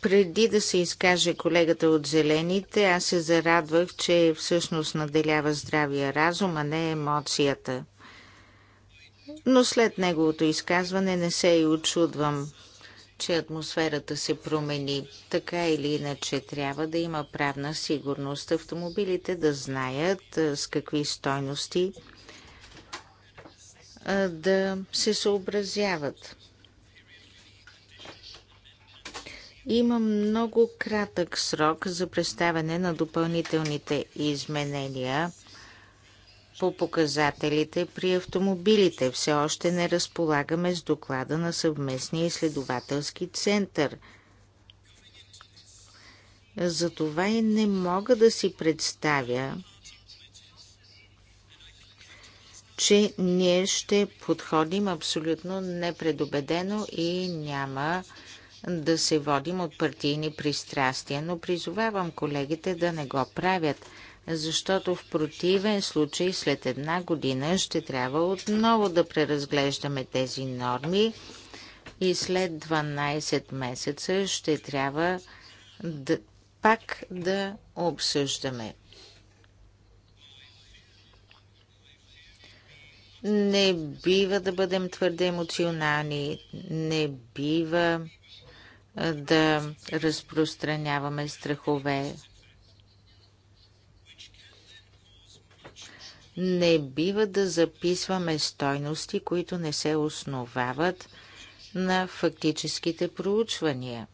Преди да се изкаже колегата от Зелените, аз се зарадвах, че всъщност наделява здравия разум, а не емоцията. Но след неговото изказване не се и очудвам, че атмосферата се промени. Така или иначе трябва да има правна сигурност. Автомобилите да знаят с какви стойности да се съобразяват. Има много кратък срок за представяне на допълнителните изменения по показателите при автомобилите. Все още не разполагаме с доклада на съвместния изследователски център. Затова и не мога да си представя, че ние ще подходим абсолютно непредобедено и няма да се водим от партийни пристрастия, но призовавам колегите да не го правят, защото в противен случай след една година ще трябва отново да преразглеждаме тези норми и след 12 месеца ще трябва да, пак да обсъждаме. Не бива да бъдем твърде емоционални, не бива да разпространяваме страхове. Не бива да записваме стойности, които не се основават на фактическите проучвания.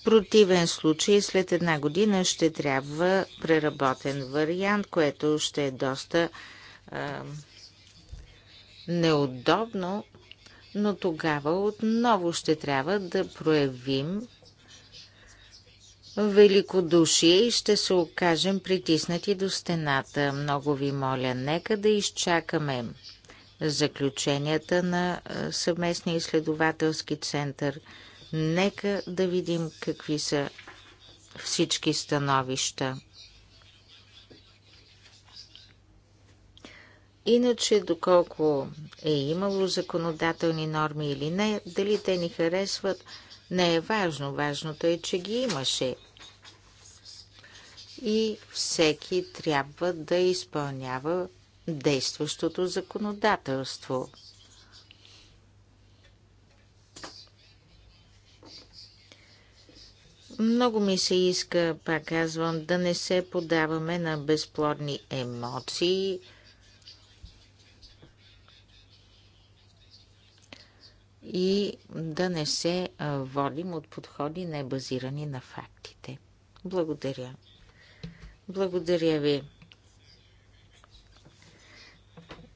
В противен случай след една година ще трябва преработен вариант, което ще е доста а, неудобно но тогава отново ще трябва да проявим великодушие и ще се окажем притиснати до стената. Много ви моля, нека да изчакаме заключенията на съвместния изследователски център. Нека да видим какви са всички становища. Иначе, доколко е имало законодателни норми или не, дали те ни харесват, не е важно. Важното е, че ги имаше. И всеки трябва да изпълнява действащото законодателство. Много ми се иска, пак казвам, да не се подаваме на безплодни емоции – и да не се водим от подходи не базирани на фактите. Благодаря. Благодаря ви.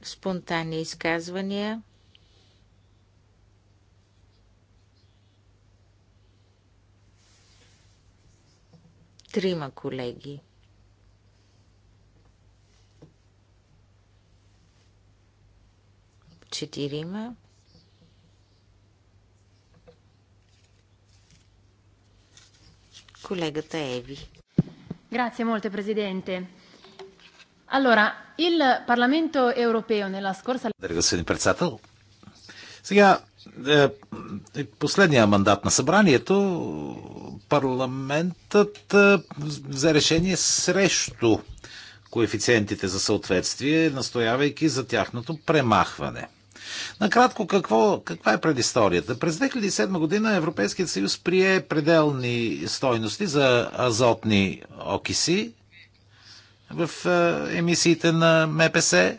Спонтанни изказвания. Трима колеги. Четирима. колегата Еви. Grazie molte, Presidente. Allora, il Parlamento europeo nella scorsa... Благодаря, господин председател. Сега, е, е, последния мандат на събранието, парламентът е, взе решение срещу коефициентите за съответствие, настоявайки за тяхното премахване – Накратко, какво, каква е предисторията? През 2007 година Европейският съюз прие пределни стойности за азотни окиси в е, емисиите на МПС.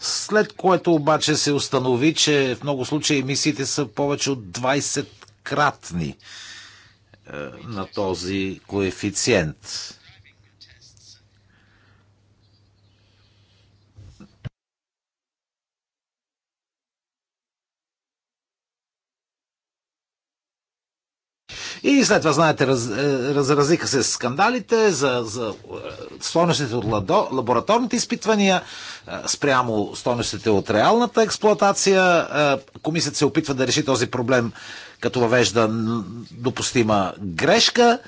След което обаче се установи, че в много случаи емисиите са повече от 20 кратни е, на този коефициент. И след това, знаете, раз, е, разразиха се скандалите за, за е, стойностите от ладо, лабораторните изпитвания е, спрямо стойностите от реалната експлоатация. Комисията се опитва да реши този проблем, като въвежда допустима грешка.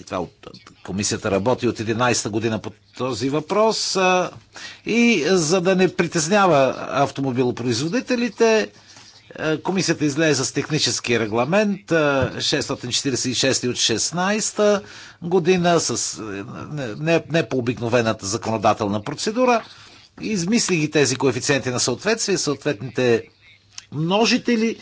И това от, комисията работи от 11-та година по този въпрос. И за да не притеснява автомобилопроизводителите, е, комисията излезе с технически регламент 646 е, от 16 година с е, не, не по обикновената законодателна процедура. Измисли ги тези коефициенти на съответствие, съответните множители.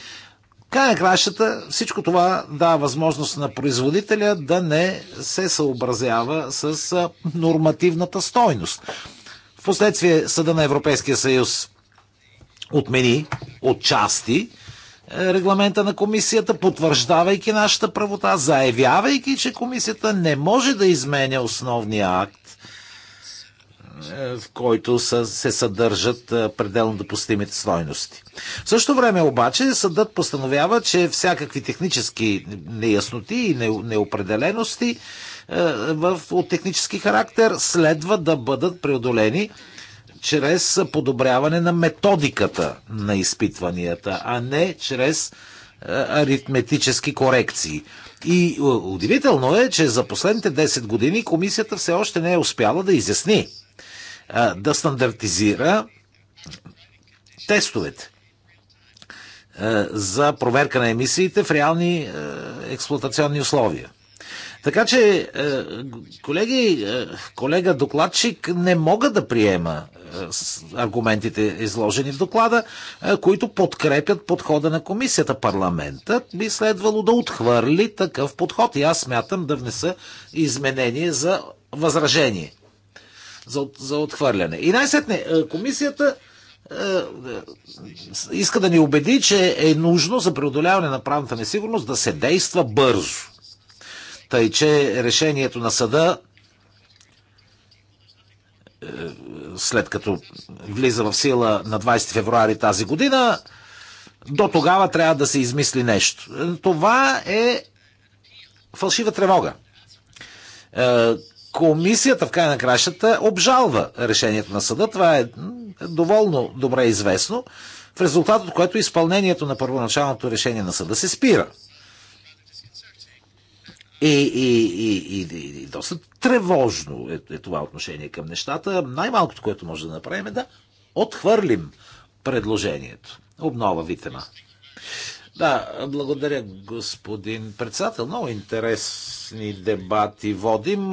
Кая на кращата всичко това дава възможност на производителя да не се съобразява с нормативната стойност. Впоследствие Съда на Европейския съюз отмени от части е, регламента на комисията, потвърждавайки нашата правота, заявявайки, че комисията не може да изменя основния акт, е, в който се съдържат е, пределно допустимите стойности. В същото време обаче съдът постановява, че всякакви технически неясноти и неопределености от технически характер следва да бъдат преодолени чрез подобряване на методиката на изпитванията, а не чрез е, аритметически корекции. И е, удивително е, че за последните 10 години комисията все още не е успяла да изясни, е, да стандартизира тестовете за проверка на емисиите в реални експлуатационни условия. Така че, колеги, колега докладчик, не мога да приема е, аргументите изложени в доклада, е, които подкрепят подхода на комисията. Парламентът би следвало да отхвърли такъв подход и аз смятам да внеса изменение за възражение, за, за отхвърляне. И най-сетне, е, комисията иска да ни убеди, че е нужно за преодоляване на правната несигурност да се действа бързо. Тъй, че решението на съда след като влиза в сила на 20 февруари тази година, до тогава трябва да се измисли нещо. Това е фалшива тревога. Е, комисията в край на кращата обжалва решението на съда. Това е доволно добре известно, в резултат от което изпълнението на първоначалното решение на съда се спира. И, и, и, и, и доста Тревожно е, е това отношение към нещата. Най-малкото, което може да направим е да отхвърлим предложението. Обнова Витема. Да, благодаря, господин председател. Много интересни дебати водим.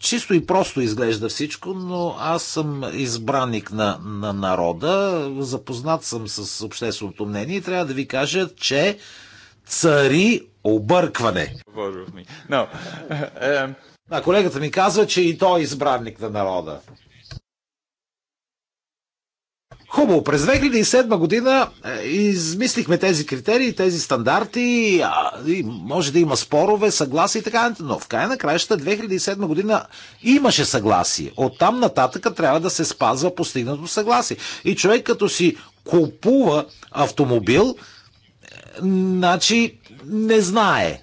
Чисто и просто изглежда всичко, но аз съм избранник на, на народа, запознат съм с общественото мнение и трябва да ви кажа, че цари объркване. No. *laughs* А колегата ми казва, че и той е избранник на народа. Хубаво, през 2007 година е, измислихме тези критерии, тези стандарти, може да има спорове, съгласие и така, но в края на краищата 2007 година имаше съгласие. Оттам нататък трябва да се спазва постигнато съгласие. И човек като си купува автомобил, е, значи не знае е,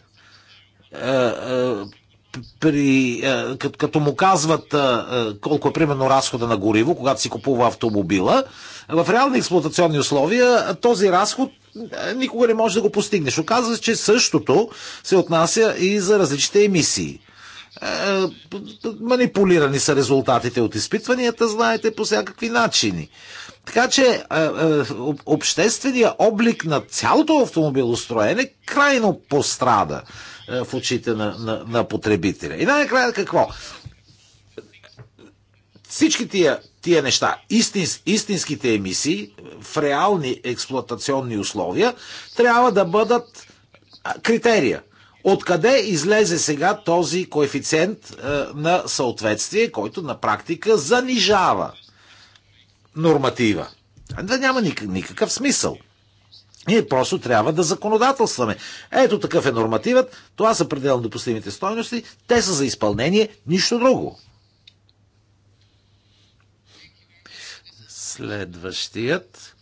при, е, като, като му казват е, е, колко е примерно разхода на гориво, когато си купува автомобила, в реални експлуатационни условия този разход никога не може да го постигнеш. Оказва се, че същото се отнася и за различните емисии. Манипулирани са резултатите от изпитванията, знаете, по всякакви начини. Така че общественият облик на цялото автомобилостроене крайно пострада е, в очите на, на, на потребителя. И най-накрая какво? Всички тия, тия неща, истин, истинските емисии в реални експлуатационни условия, трябва да бъдат критерия. Откъде излезе сега този коефициент е, на съответствие, който на практика занижава норматива? Да няма никакъв смисъл. Ние просто трябва да законодателстваме. Ето такъв е нормативът, това са пределно допустимите стойности, те са за изпълнение, нищо друго. Следващият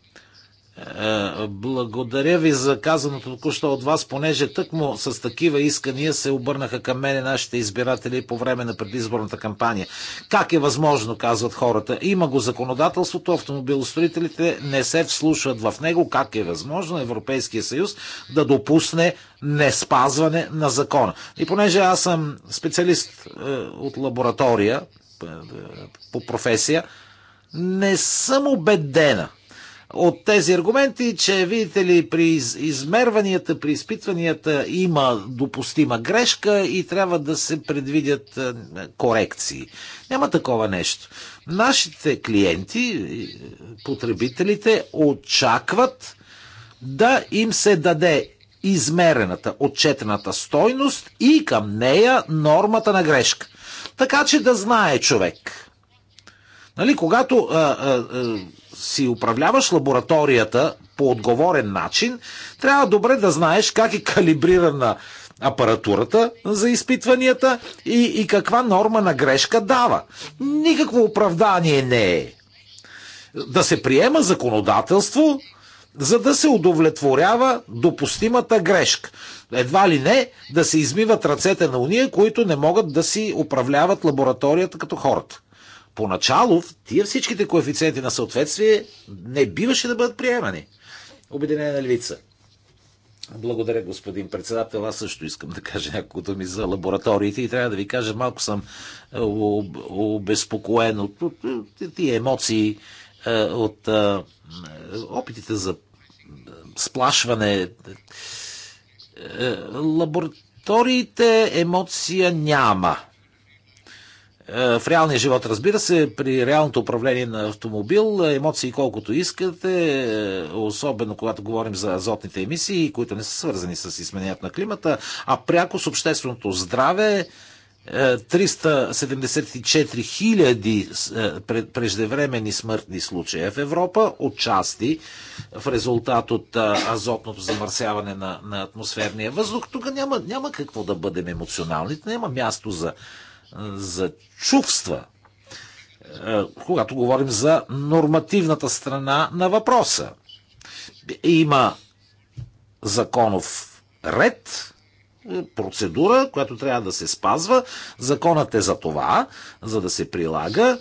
е, благодаря ви за казаното току-що от вас, понеже тъкмо с такива искания се обърнаха към мене нашите избиратели по време на предизборната кампания. Как е възможно, казват хората. Има го законодателството, автомобилостроителите не се вслушват в него. Как е възможно Европейския съюз да допусне не спазване на закона? И понеже аз съм специалист е, от лаборатория е, по професия, не съм убедена – от тези аргументи, че видите ли, при измерванията, при изпитванията има допустима грешка и трябва да се предвидят е, корекции. Няма такова нещо. Нашите клиенти, е, потребителите, очакват да им се даде измерената, отчетената стойност и към нея нормата на грешка. Така че да знае човек. Нали, когато а, е, а, си управляваш лабораторията по отговорен начин, трябва добре да знаеш как е калибрирана апаратурата за изпитванията и, и каква норма на грешка дава. Никакво оправдание не е. Да се приема законодателство, за да се удовлетворява допустимата грешка. Едва ли не да се измиват ръцете на уния, които не могат да си управляват лабораторията като хората поначало тия всичките коефициенти на съответствие не биваше да бъдат приемани. Обединена левица. Благодаря, господин председател. Аз също искам да кажа няколко думи за лабораториите и трябва да ви кажа, малко съм е, обезпокоен от тия емоции, е, от е, опитите за сплашване. Лабораториите емоция няма. Е, в реалния живот, разбира се, при реалното управление на автомобил, емоции колкото искате, е, особено когато говорим за азотните емисии, които не са свързани с изменението на климата, а пряко с общественото здраве, 374 е, хиляди преждевременни смъртни случая в Европа, отчасти в резултат от азотното замърсяване на, на атмосферния въздух. Тук няма, няма какво да бъдем емоционални, няма място за за чувства, е, когато говорим за нормативната страна на въпроса. Има законов ред, е, процедура, която трябва да се спазва. Законът е за това, за да се прилага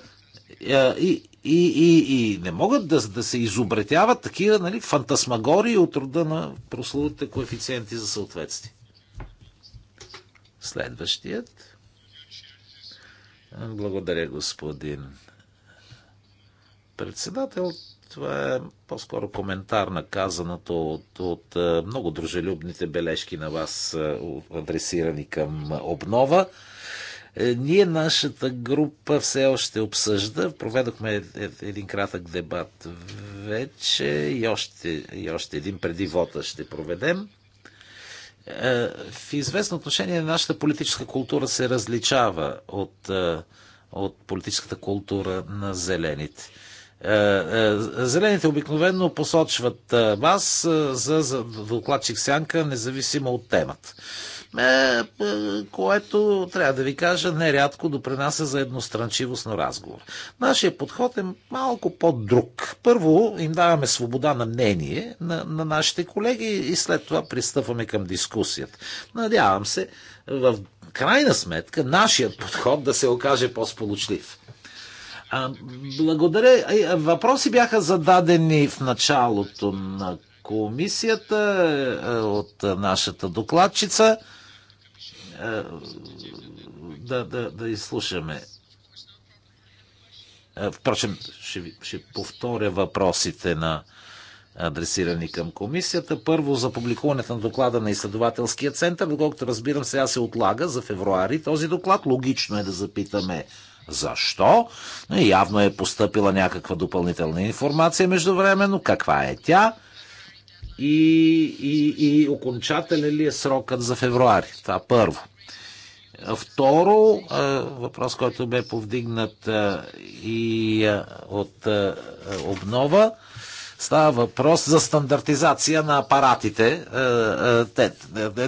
е, и, и, и, и не могат да, да се изобретяват такива нали, фантасмагории от рода на прословутите коефициенти за съответствие. Следващият. Благодаря, господин председател. Това е по-скоро коментар на казаното от, от е, много дружелюбните бележки на вас, е, адресирани към обнова. Е, ние, нашата група, все още обсъжда. Проведохме един кратък дебат вече и още, и още един преди ще проведем. Е, в известно отношение нашата политическа култура се различава от, е, от политическата култура на зелените. Е, зелените обикновено посочват вас за докладчик сянка, независимо от темата. Е, което, трябва да ви кажа, нерядко допринася за едностранчивост на разговор. Нашия подход е малко по-друг. Първо им даваме свобода на мнение на, на нашите колеги и след това пристъпваме към дискусията. Надявам се, в крайна сметка, нашият подход да се окаже по-сполучлив. благодаря. Въпроси бяха зададени в началото на комисията е, от нашата докладчица. Е, да, да, да изслушаме. Е, впрочем, ще, ще повторя въпросите на адресирани към комисията. Първо за публикуването на доклада на изследователския център. Доколкото разбирам, сега се отлага за февруари този доклад. Логично е да запитаме защо. Но явно е поступила някаква допълнителна информация междувременно. Каква е тя? И, и, и окончателен ли е срокът за февруари? Това първо. Второ, въпрос, който бе повдигнат и от обнова, става въпрос за стандартизация на апаратите.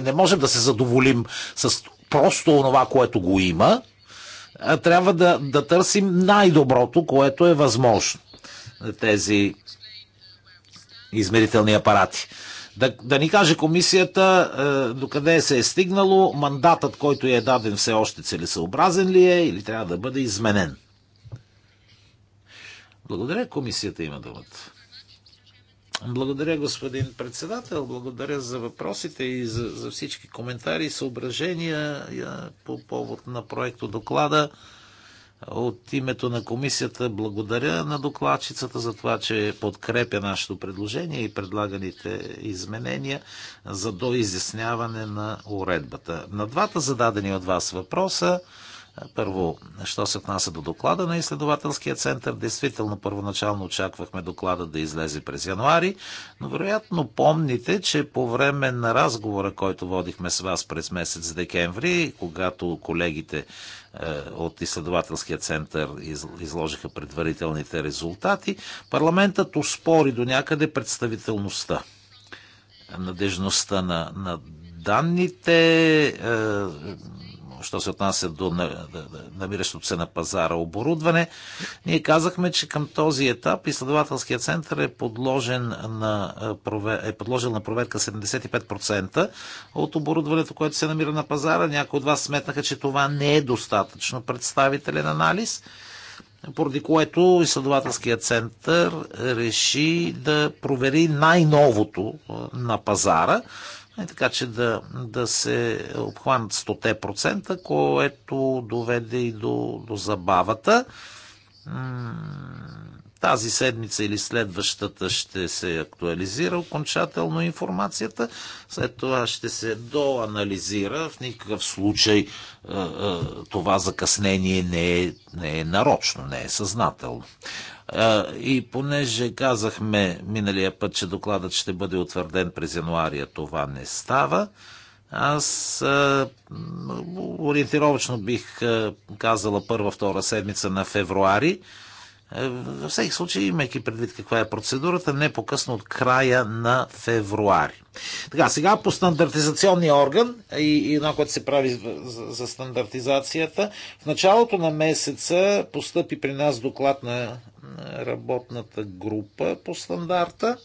не можем да се задоволим с просто онова, което го има. Трябва да, да търсим най-доброто, което е възможно. Тези измерителни апарати. Да, да ни каже комисията е, докъде се е стигнало, мандатът, който е даден все още целесъобразен ли е или трябва да бъде изменен. Благодаря, комисията има думата. Благодаря, господин председател. Благодаря за въпросите и за, за всички коментари и съображения е, по повод на проекто доклада. От името на комисията благодаря на докладчицата за това, че подкрепя нашето предложение и предлаганите изменения за доизясняване на уредбата. На двата зададени от вас въпроса първо, що се отнася до доклада на изследователския център, действително първоначално очаквахме доклада да излезе през януари, но вероятно помните, че по време на разговора, който водихме с вас през месец декември, когато колегите е, от изследователския център изложиха предварителните резултати, парламентът успори до някъде представителността, надежността на, на данните, е, що се отнася до намиращото се на пазара оборудване, ние казахме, че към този етап изследователският център е, подложен на, е подложил на проверка 75% от оборудването, което се намира на пазара. Някои от вас сметнаха, че това не е достатъчно представителен анализ поради което изследователският център реши да провери най-новото на пазара, е, така че да, да се обхванат 100%, което доведе и до, до забавата. Тази седмица или следващата ще се актуализира окончателно информацията, след това ще се доанализира. В никакъв случай е, е, това закъснение не е, не е нарочно, не е съзнателно. Е, и понеже казахме миналия път, че докладът ще бъде утвърден през януария, това не става. Аз а, ориентировачно бих а, казала първа-втора седмица на февруари. Във всеки случай, имайки предвид каква е процедурата, не по-късно от края на февруари. Така, сега по стандартизационния орган и, и едно, което се прави за, за стандартизацията. В началото на месеца постъпи при нас доклад на работната група по стандарта.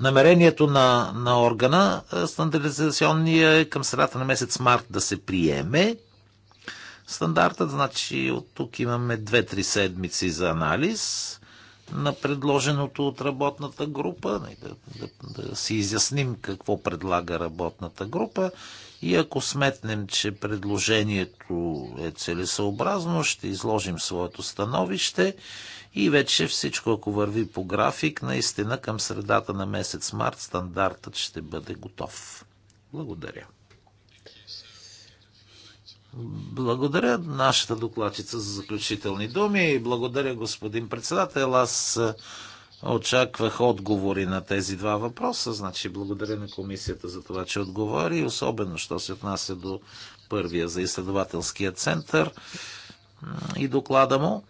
Намерението на, на органа е, стандартизационния е към средата на месец март да се приеме стандартът. Значи от тук имаме 2-3 седмици за анализ на предложеното от работната група, нали, да, да, да си изясним какво предлага работната група и ако сметнем, че предложението е целесъобразно, ще изложим своето становище и вече всичко, ако върви по график, наистина към средата на месец март стандартът ще бъде готов. Благодаря. Благодаря нашата докладчица за заключителни думи и благодаря господин председател. Аз е, очаквах отговори на тези два въпроса. Значи благодаря на комисията за това, че отговори, особено що се отнася до първия за изследователския център и доклада му.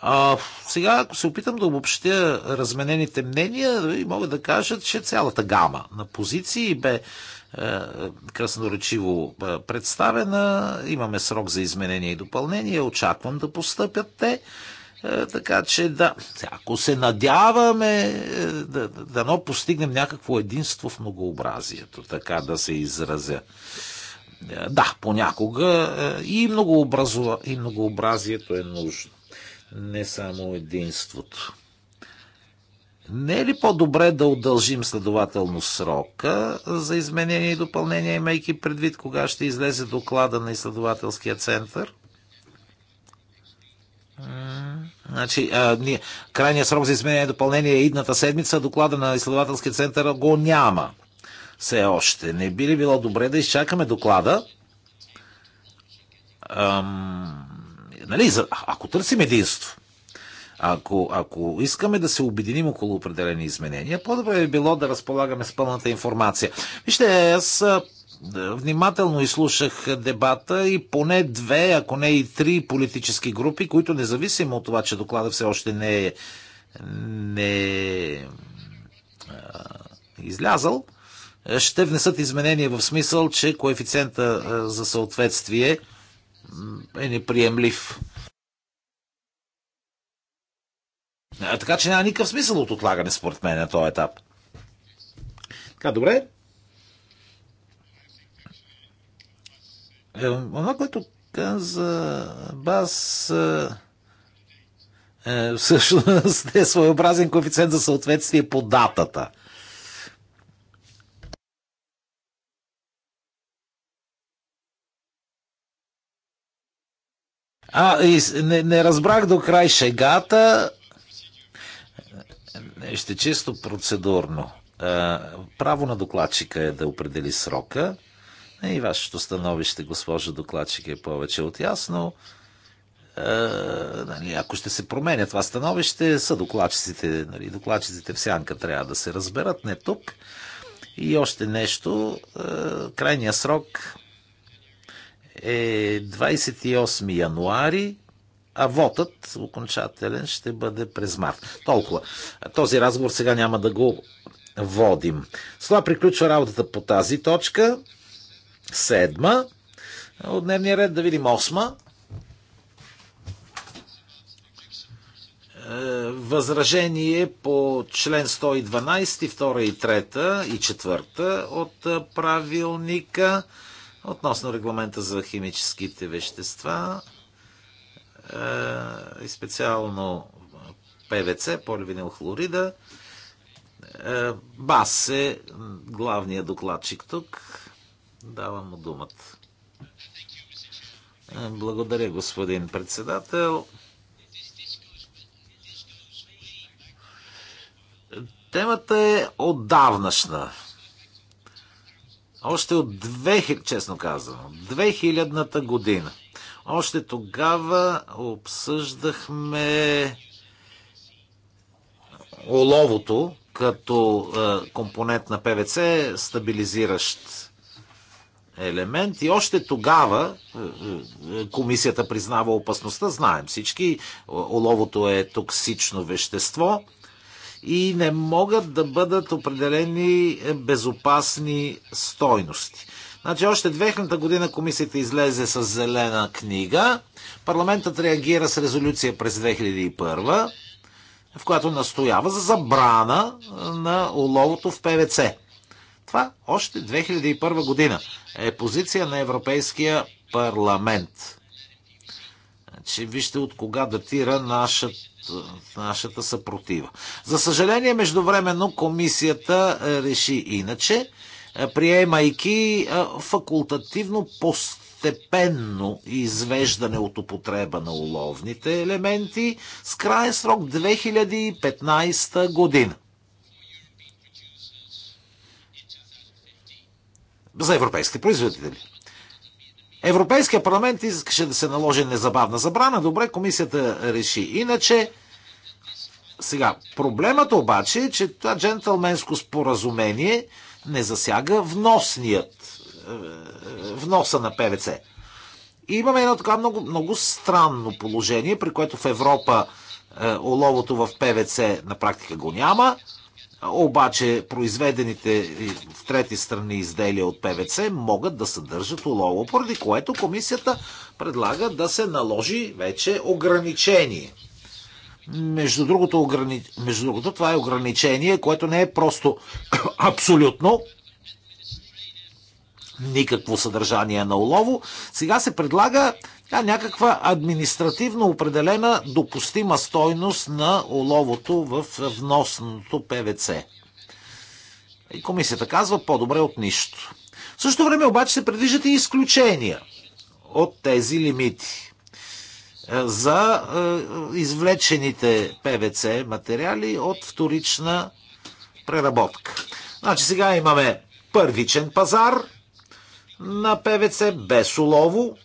А, сега, ако се опитам да обобщя разменените мнения, мога да кажа, че цялата гама на позиции бе е, красноречиво е, представена. Имаме срок за изменение и допълнение. Очаквам да постъпят те. Е, така че да, ако се надяваме да, дано да постигнем някакво единство в многообразието, така да се изразя. Да, понякога и, многообразова, и многообразието е нужно, не само единството. Не е ли по-добре да удължим следователно срока за изменение и допълнение, имайки предвид кога ще излезе доклада на изследователския център? Значи, а, ние, крайният срок за изменение и допълнение е идната седмица, доклада на изследователския център го няма все още. Не би ли било добре да изчакаме доклада? Ам, нали, за, ако търсим единство, ако, ако искаме да се обединим около определени изменения, по-добре би било да разполагаме с пълната информация. Вижте, аз внимателно изслушах дебата и поне две, ако не и три политически групи, които независимо от това, че доклада все още не е не а, ще внесат изменения в смисъл, че коефициента за съответствие е неприемлив Така че няма никакъв смисъл от отлагане, според мен, на този етап. Така, добре. Това, е, което каза Бас, е, е всъщност *laughs* е своеобразен коефициент за съответствие по датата. А, и не, не разбрах до край шегата. Нещо чисто процедурно. Право на докладчика е да определи срока. Е, и вашето становище, госпожа докладчик, е повече от ясно. Нали, ако ще се променя това становище, са докладчиците, нали, докладчиците в сянка трябва да се разберат, не тук. И още нещо, Крайният крайния срок е 28 януари а вотът окончателен ще бъде през март. Толкова. Този разговор сега няма да го водим. С това приключва работата по тази точка. Седма. От дневния ред да видим осма. Е, възражение по член 112, 2 и 3 и 4 от е, правилника относно регламента за химическите вещества. Е, и специално ПВЦ, поливинилхлорида. Е, Бас е главният докладчик тук. Давам му думата. Е, благодаря, господин председател. Темата е отдавнашна. Още от 2000, честно казано, 2000-та година – още тогава обсъждахме оловото като е, компонент на ПВЦ, стабилизиращ елемент. И още тогава е, е, комисията признава опасността, знаем всички, оловото е токсично вещество и не могат да бъдат определени безопасни стойности. Значи още 2000 година комисията излезе с зелена книга. Парламентът реагира с резолюция през 2001, в която настоява за забрана на уловото в ПВЦ. Това още 2001 година е позиция на Европейския парламент. Значи, вижте от кога датира нашата, нашата съпротива. За съжаление, междувременно комисията е, реши иначе е, приемайки е, факултативно постепенно извеждане от употреба на уловните елементи с крайен срок 2015 година. За европейски производители. Европейския парламент искаше да се наложи незабавна забрана. Добре, комисията реши. Иначе, сега, проблемът обаче е, че това джентълменско споразумение не засяга вносният, е, вноса на ПВЦ. И имаме едно така много, много странно положение, при което в Европа е, оловото в ПВЦ на практика го няма, обаче произведените в трети страни изделия от ПВЦ могат да съдържат олово, поради което комисията предлага да се наложи вече ограничение – между другото, ограни... Между другото, това е ограничение, което не е просто *clears throat* абсолютно никакво съдържание на улово. Сега се предлага да, някаква административно определена допустима стойност на уловото в вносното ПВЦ. И комисията казва по-добре от нищо. В същото време обаче се предвиждат и изключения от тези лимити за е, извлечените ПВЦ материали от вторична преработка. Значи сега имаме първичен пазар на ПВЦ без олово,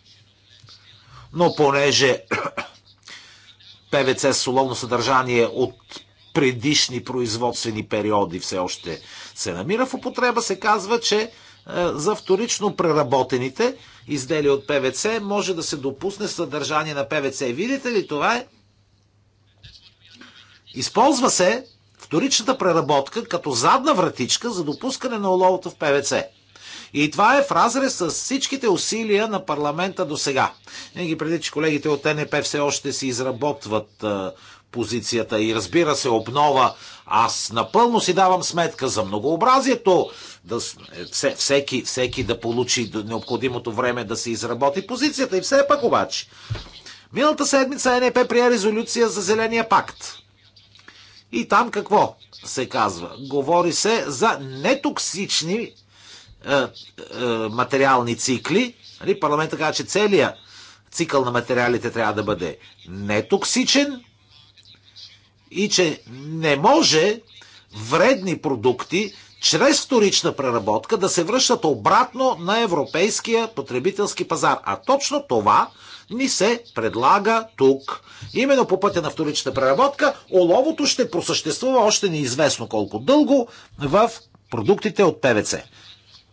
но понеже ПВЦ с оловно съдържание от предишни производствени периоди все още се намира в употреба, се казва, че е, за вторично преработените изделия от ПВЦ може да се допусне съдържание на ПВЦ. Видите ли, това е. Използва се вторичната преработка като задна вратичка за допускане на оловото в ПВЦ. И това е в разрез с всичките усилия на парламента до сега. Винаги преди, че колегите от НП все още си изработват е, позицията и разбира се обнова. Аз напълно си давам сметка за многообразието. Да, е, всеки, всеки да получи необходимото време да се изработи позицията. И все пак обаче. Миналата седмица НЕП прие резолюция за Зеления пакт. И там какво се казва? Говори се за нетоксични е, е, материални цикли. Нали, парламентът казва, че целият цикъл на материалите трябва да бъде нетоксичен, и че не може вредни продукти чрез вторична преработка да се връщат обратно на европейския потребителски пазар. А точно това ни се предлага тук. Именно по пътя на вторична преработка оловото ще просъществува още неизвестно колко дълго в продуктите от ПВЦ.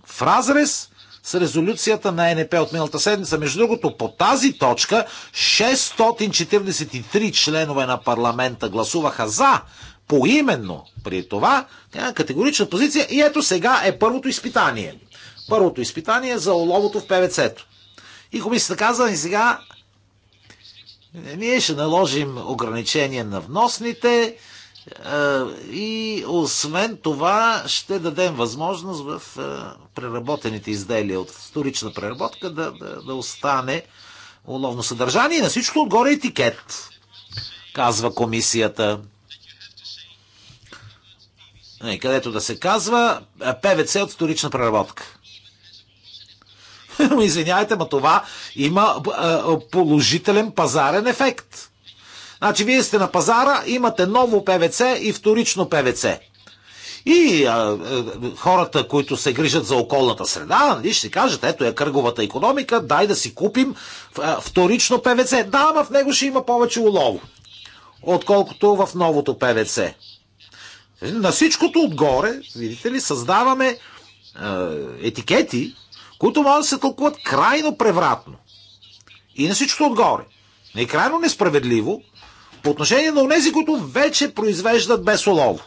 В разрез с резолюцията на НП от миналата седмица. Между другото, по тази точка 643 членове на парламента гласуваха за поименно при това категорична позиция и ето сега е първото изпитание. Първото изпитание за оловото в ПВЦ-то. И комисията каза, и сега ние ще наложим ограничение на вносните, и освен това ще дадем възможност в преработените изделия от вторична преработка да, да, да остане уловно съдържание. И на всичко отгоре етикет, казва комисията. Е, където да се казва ПВЦ от вторична преработка. *laughs* Извинявайте, но това има положителен пазарен ефект. Значи вие сте на пазара, имате ново ПВЦ и вторично ПВЦ. И а, а, хората, които се грижат за околната среда, нали, ще кажат, ето е кръговата економика, дай да си купим а, вторично ПВЦ. Да, ама в него ще има повече улово, отколкото в новото ПВЦ. На всичкото отгоре, видите ли, създаваме а, етикети, които могат да се тълкуват крайно превратно. И на всичкото отгоре. И крайно несправедливо, по отношение на тези, които вече произвеждат без олово.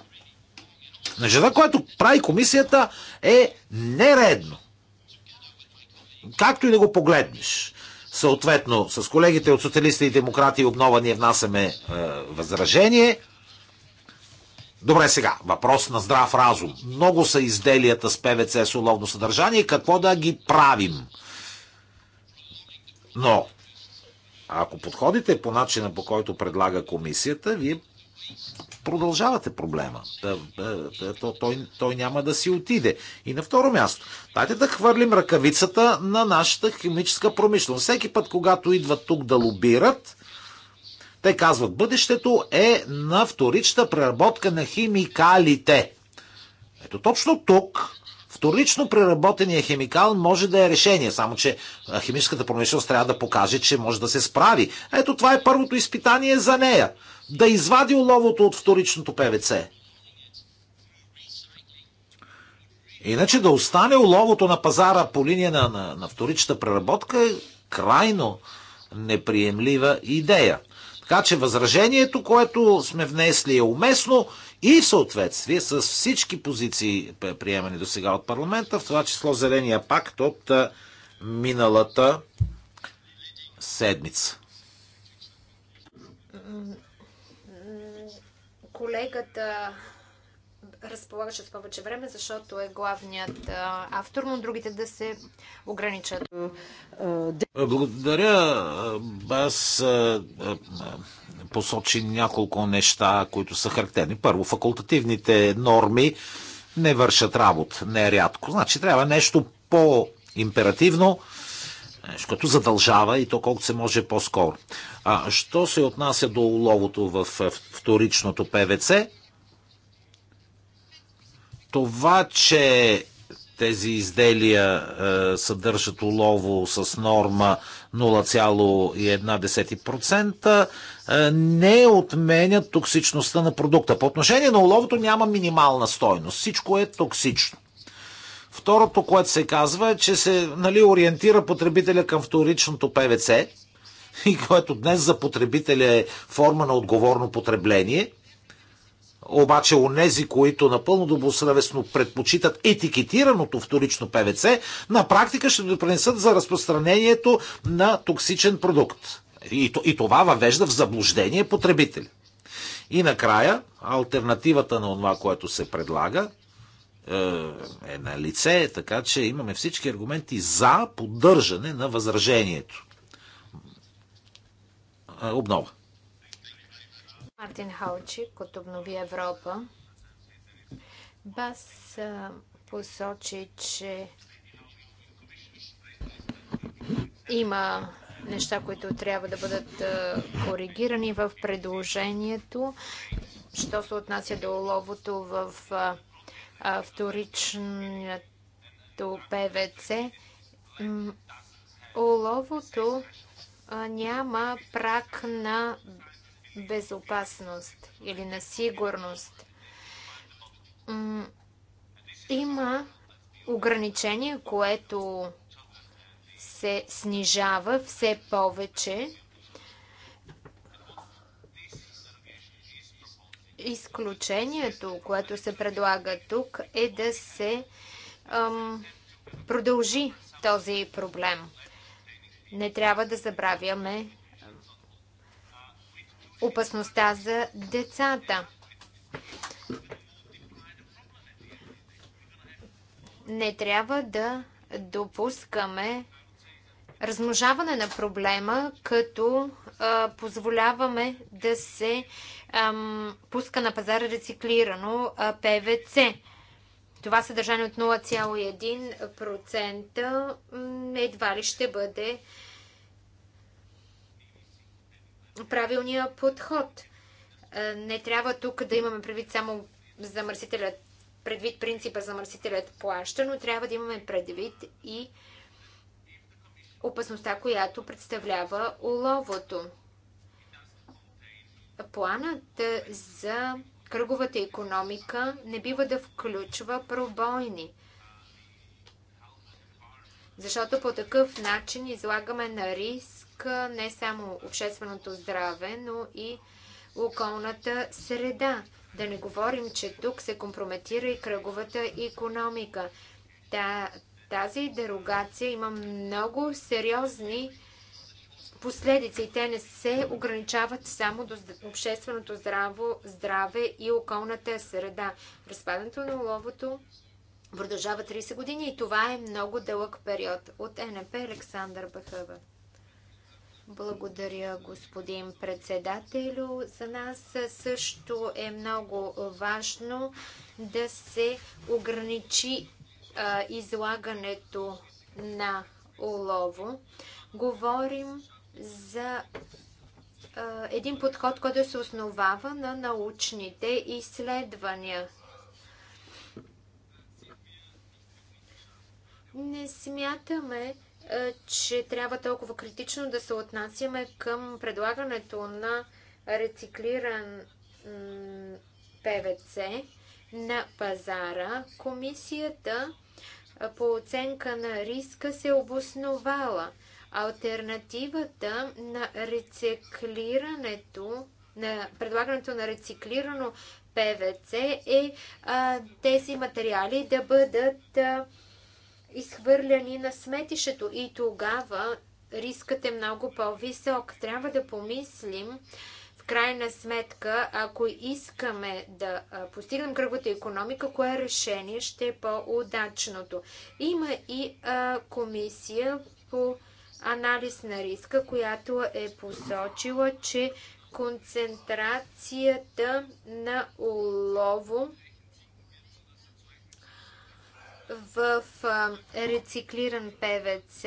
това, което прави комисията е нередно. Както и да го погледнеш. Съответно, с колегите от социалисти и демократи обнова ние внасяме е, възражение. Добре сега, въпрос на здрав разум. Много са изделията с ПВЦ с уловно съдържание. Какво да ги правим? Но а ако подходите по начина, по който предлага комисията, вие продължавате проблема. той, той няма да си отиде. И на второ място, дайте да хвърлим ръкавицата на нашата химическа промишленост. Всеки път, когато идват тук да лобират, те казват, бъдещето е на вторичната преработка на химикалите. Ето точно тук Вторично преработения химикал може да е решение, само че химическата промишленост трябва да покаже, че може да се справи. Ето това е първото изпитание за нея. Да извади оловото от вторичното ПВЦ. Иначе да остане оловото на пазара по линия на, на, на вторичната преработка е крайно неприемлива идея. Така че възражението, което сме внесли е уместно и в съответствие с всички позиции, приемани до сега от парламента, в това число Зеления пакт от миналата седмица. Колегата разполагаше с повече време, защото е главният автор, но другите да се ограничат. Е, е, Благодаря. Аз посочи няколко неща, които са характерни. Първо, факултативните норми не вършат работа, не е рядко. Значи трябва нещо по-императивно, нещо, което задължава и то колкото се може по-скоро. А, що се отнася до уловото в вторичното ПВЦ? Това, че тези изделия е, съдържат олово с норма 0,1%, е, не отменят токсичността на продукта. По отношение на оловото няма минимална стойност. Всичко е токсично. Второто, което се казва е, че се нали, ориентира потребителя към вторичното ПВЦ, *laughs* и което днес за потребителя е форма на отговорно потребление – обаче онези, които напълно добросъвестно предпочитат етикетираното вторично ПВЦ, на практика ще допринесат за разпространението на токсичен продукт. И, и това въвежда в заблуждение потребители. И накрая, альтернативата на това, което се предлага, е, е на лице, така че имаме всички аргументи за поддържане на възражението. Е, обнова. Мартин Халчик от Обнови Европа. Бас посочи, че има неща, които трябва да бъдат коригирани в предложението, що се отнася до ловото в вторичното ПВЦ. Оловото няма прак на безопасност или на сигурност. Има ограничение, което се снижава все повече. Изключението, което се предлага тук, е да се ам, продължи този проблем. Не трябва да забравяме опасността за децата. Не трябва да допускаме размножаване на проблема, като а, позволяваме да се ам, пуска на пазара рециклирано а, ПВЦ. Това съдържание от 0,1% едва ли ще бъде правилния подход. Е, не трябва тук да имаме предвид само замърсителят, предвид принципа замърсителят плаща, но трябва да имаме предвид и опасността, която представлява уловото. Планът за кръговата економика не бива да включва пробойни, защото по такъв начин излагаме на рис сметка не само общественото здраве, но и околната среда. Да не говорим, че тук се компрометира и кръговата економика. Та, тази дерогация има много сериозни последици. Те не се ограничават само до общественото здраво, здраве и околната среда. Разпадането на ловото продължава 30 години и това е много дълъг период. От НП Александър Бахъва. Благодаря, господин председателю. За нас също е много важно да се ограничи а, излагането на олово. Говорим за а, един подход, който се основава на научните изследвания. Не смятаме, е, че трябва толкова критично да се отнасяме към предлагането на рециклиран ПВЦ на пазара. Комисията е, по оценка на риска се обосновала. Альтернативата на рециклирането, на предлагането на рециклирано ПВЦ е а, тези материали да бъдат а, изхвърляни на сметището и тогава рискът е много по-висок. Трябва да помислим в крайна сметка, ако искаме да постигнем кръговата економика, кое решение ще е по-удачното. Има и а, комисия по анализ на риска, която е посочила, че концентрацията на улово в рециклиран ПВЦ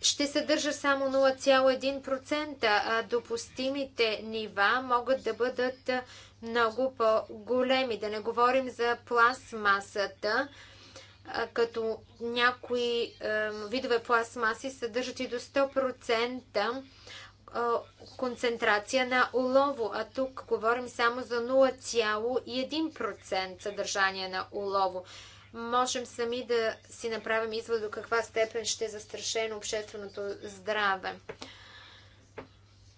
ще съдържа само 0,1%, а допустимите нива могат да бъдат много по-големи. Да не говорим за пластмасата, като някои видове пластмаси съдържат и до 100% концентрация на улово, а тук говорим само за 0,1% съдържание на улово. Можем сами да си направим извод до каква степен ще е застрашено общественото здраве.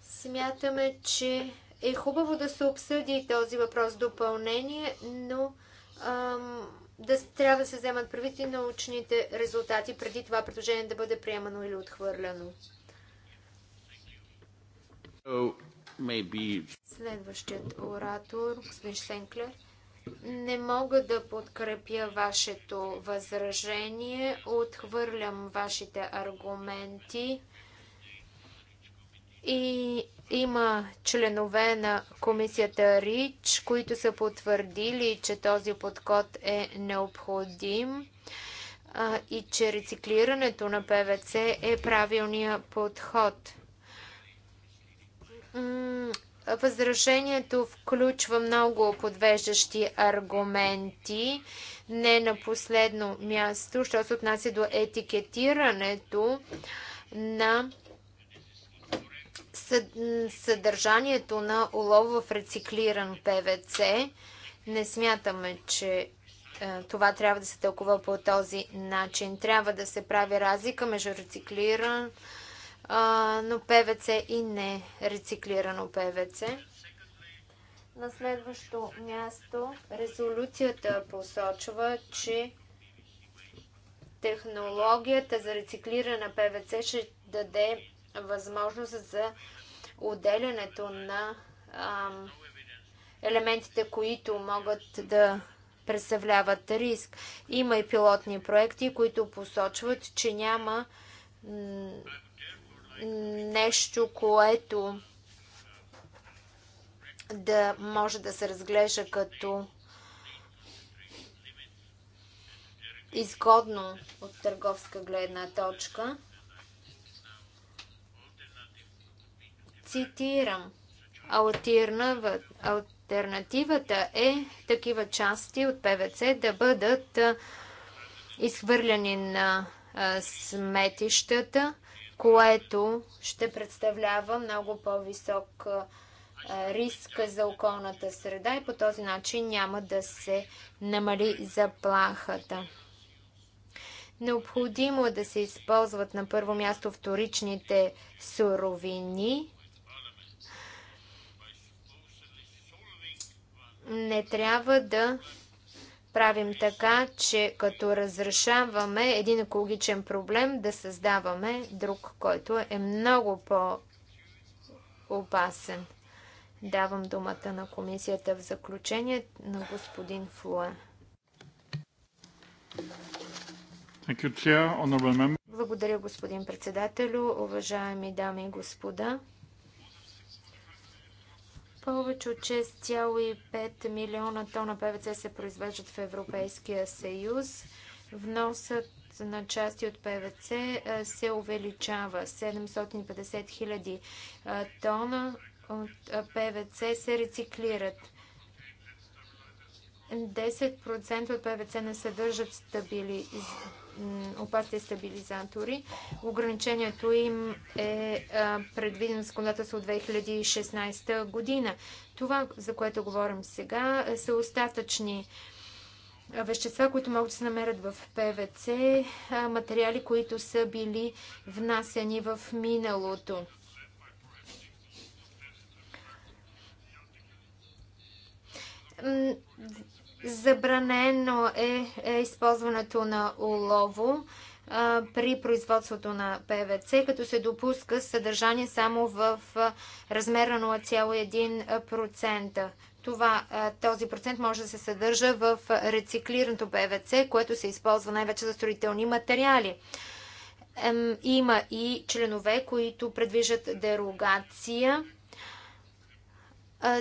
Смятаме, че е хубаво да се обсъди този въпрос в допълнение, но ам, да трябва да се вземат правите научните резултати преди това предложение да бъде приемано или отхвърляно. Следващият оратор, господин Сенклер. Не мога да подкрепя вашето възражение. Отхвърлям вашите аргументи. И има членове на комисията РИЧ, които са потвърдили, че този подход е необходим и че рециклирането на ПВЦ е правилният подход. Възражението включва много подвеждащи аргументи. Не на последно място, що се отнася до етикетирането на съдържанието на олово в рециклиран ПВЦ. Не смятаме, че е, това трябва да се тълкува по този начин. Трябва да се прави разлика между рециклиран ПВЦ но ПВЦ и не рециклирано ПВЦ. На следващо място резолюцията посочва, че технологията за рециклиране на ПВЦ ще даде възможност за отделянето на ам, елементите, които могат да представляват риск. Има и пилотни проекти, които посочват, че няма нещо, което да може да се разглежда като изгодно от търговска гледна точка. Цитирам. Альтернативата е такива части от ПВЦ да бъдат изхвърляни на сметищата което ще представлява много по-висок риск за околната среда и по този начин няма да се намали заплахата. Необходимо е да се използват на първо място вторичните суровини. Не трябва да правим така, че като разрешаваме един екологичен проблем, да създаваме друг, който е много по-опасен. Давам думата на комисията в заключение на господин Флуе. Благодаря, господин председателю, уважаеми дами и господа. Повече от 6,5 милиона тона ПВЦ се произвеждат в Европейския съюз. Вносът на части от ПВЦ се увеличава. 750 хиляди тона от ПВЦ се рециклират. 10% от ПВЦ не съдържат стабили опасни стабилизатори. Ограничението им е предвидено в законодателство от 2016 година. Това, за което говорим сега, са остатъчни вещества, които могат да се намерят в ПВЦ, материали, които са били внасяни в миналото. Забранено е, е, използването на олово при производството на ПВЦ, като се допуска съдържание само в размер на 0,1%. този процент може да се съдържа в рециклираното ПВЦ, което се използва най-вече за строителни материали. има и членове, които предвижат дерогация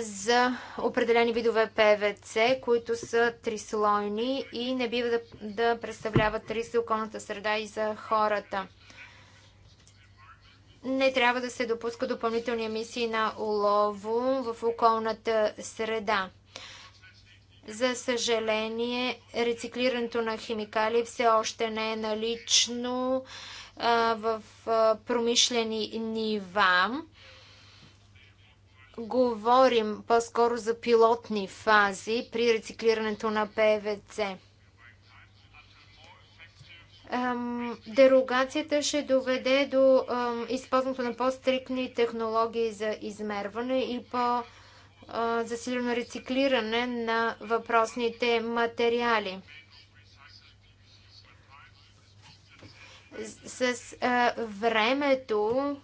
за определени видове ПВЦ, които са трислойни и не бива да, да представляват риск за околната среда и за хората. Не трябва да се допуска допълнителни емисии на олово в околната среда. За съжаление, рециклирането на химикали все още не е налично а, в а, промишлени нива говорим по-скоро за пилотни фази при рециклирането на ПВЦ. Дерогацията ще доведе до използването на по-стрикни технологии за измерване и по-засилено рециклиране на въпросните материали. С времето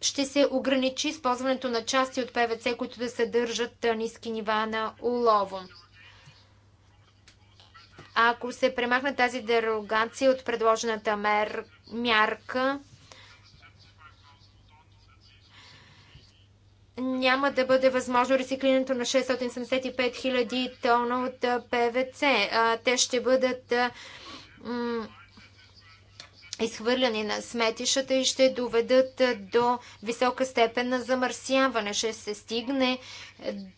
ще се ограничи използването на части от ПВЦ, които да съдържат ниски нива на улово. Ако се премахна тази дерогация от предложената мер, мярка, няма да бъде възможно рециклирането на 675 000 тона от ПВЦ. Те ще бъдат изхвърляни на сметищата и ще доведат до висока степен на замърсяване. Ще се стигне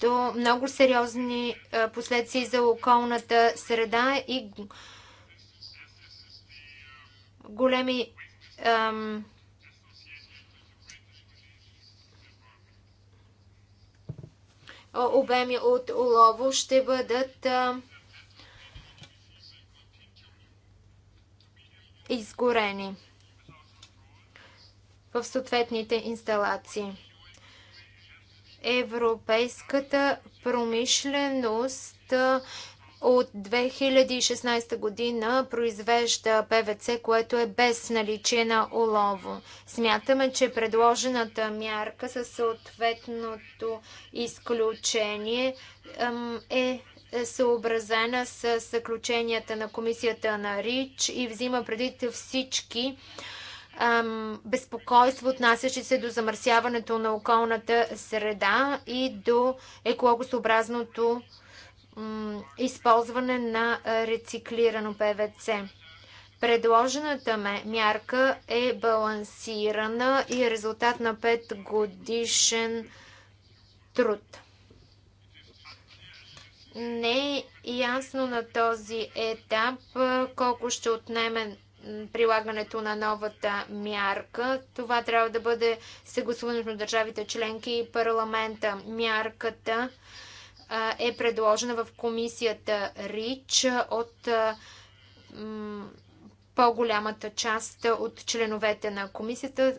до много сериозни последствия за околната среда и големи ам, обеми от улово ще бъдат ам, изгорени в съответните инсталации. Европейската промишленост от 2016 година произвежда ПВЦ, което е без наличие на олово. Смятаме, че предложената мярка със съответното изключение е съобразена с заключенията на комисията на РИЧ и взима преди всички ам, безпокойство, отнасящи се до замърсяването на околната среда и до екологосообразното използване на рециклирано ПВЦ. Предложената мярка е балансирана и е резултат на 5 годишен труд. Не е ясно на този етап колко ще отнеме прилагането на новата мярка. Това трябва да бъде съгласувано на държавите членки и парламента. Мярката е предложена в комисията РИЧ от по-голямата част от членовете на комисията.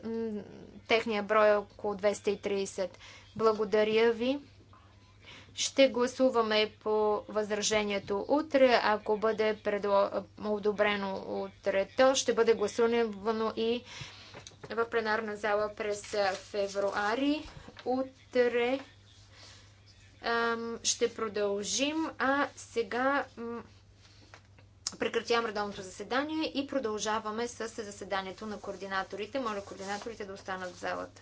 Техния брой е около 230. Благодаря ви. Ще гласуваме по възражението утре. Ако бъде одобрено утре, то ще бъде гласувано и в пленарна зала през февруари. Утре ще продължим, а сега прекратявам редовното заседание и продължаваме с заседанието на координаторите. Моля координаторите да останат в залата.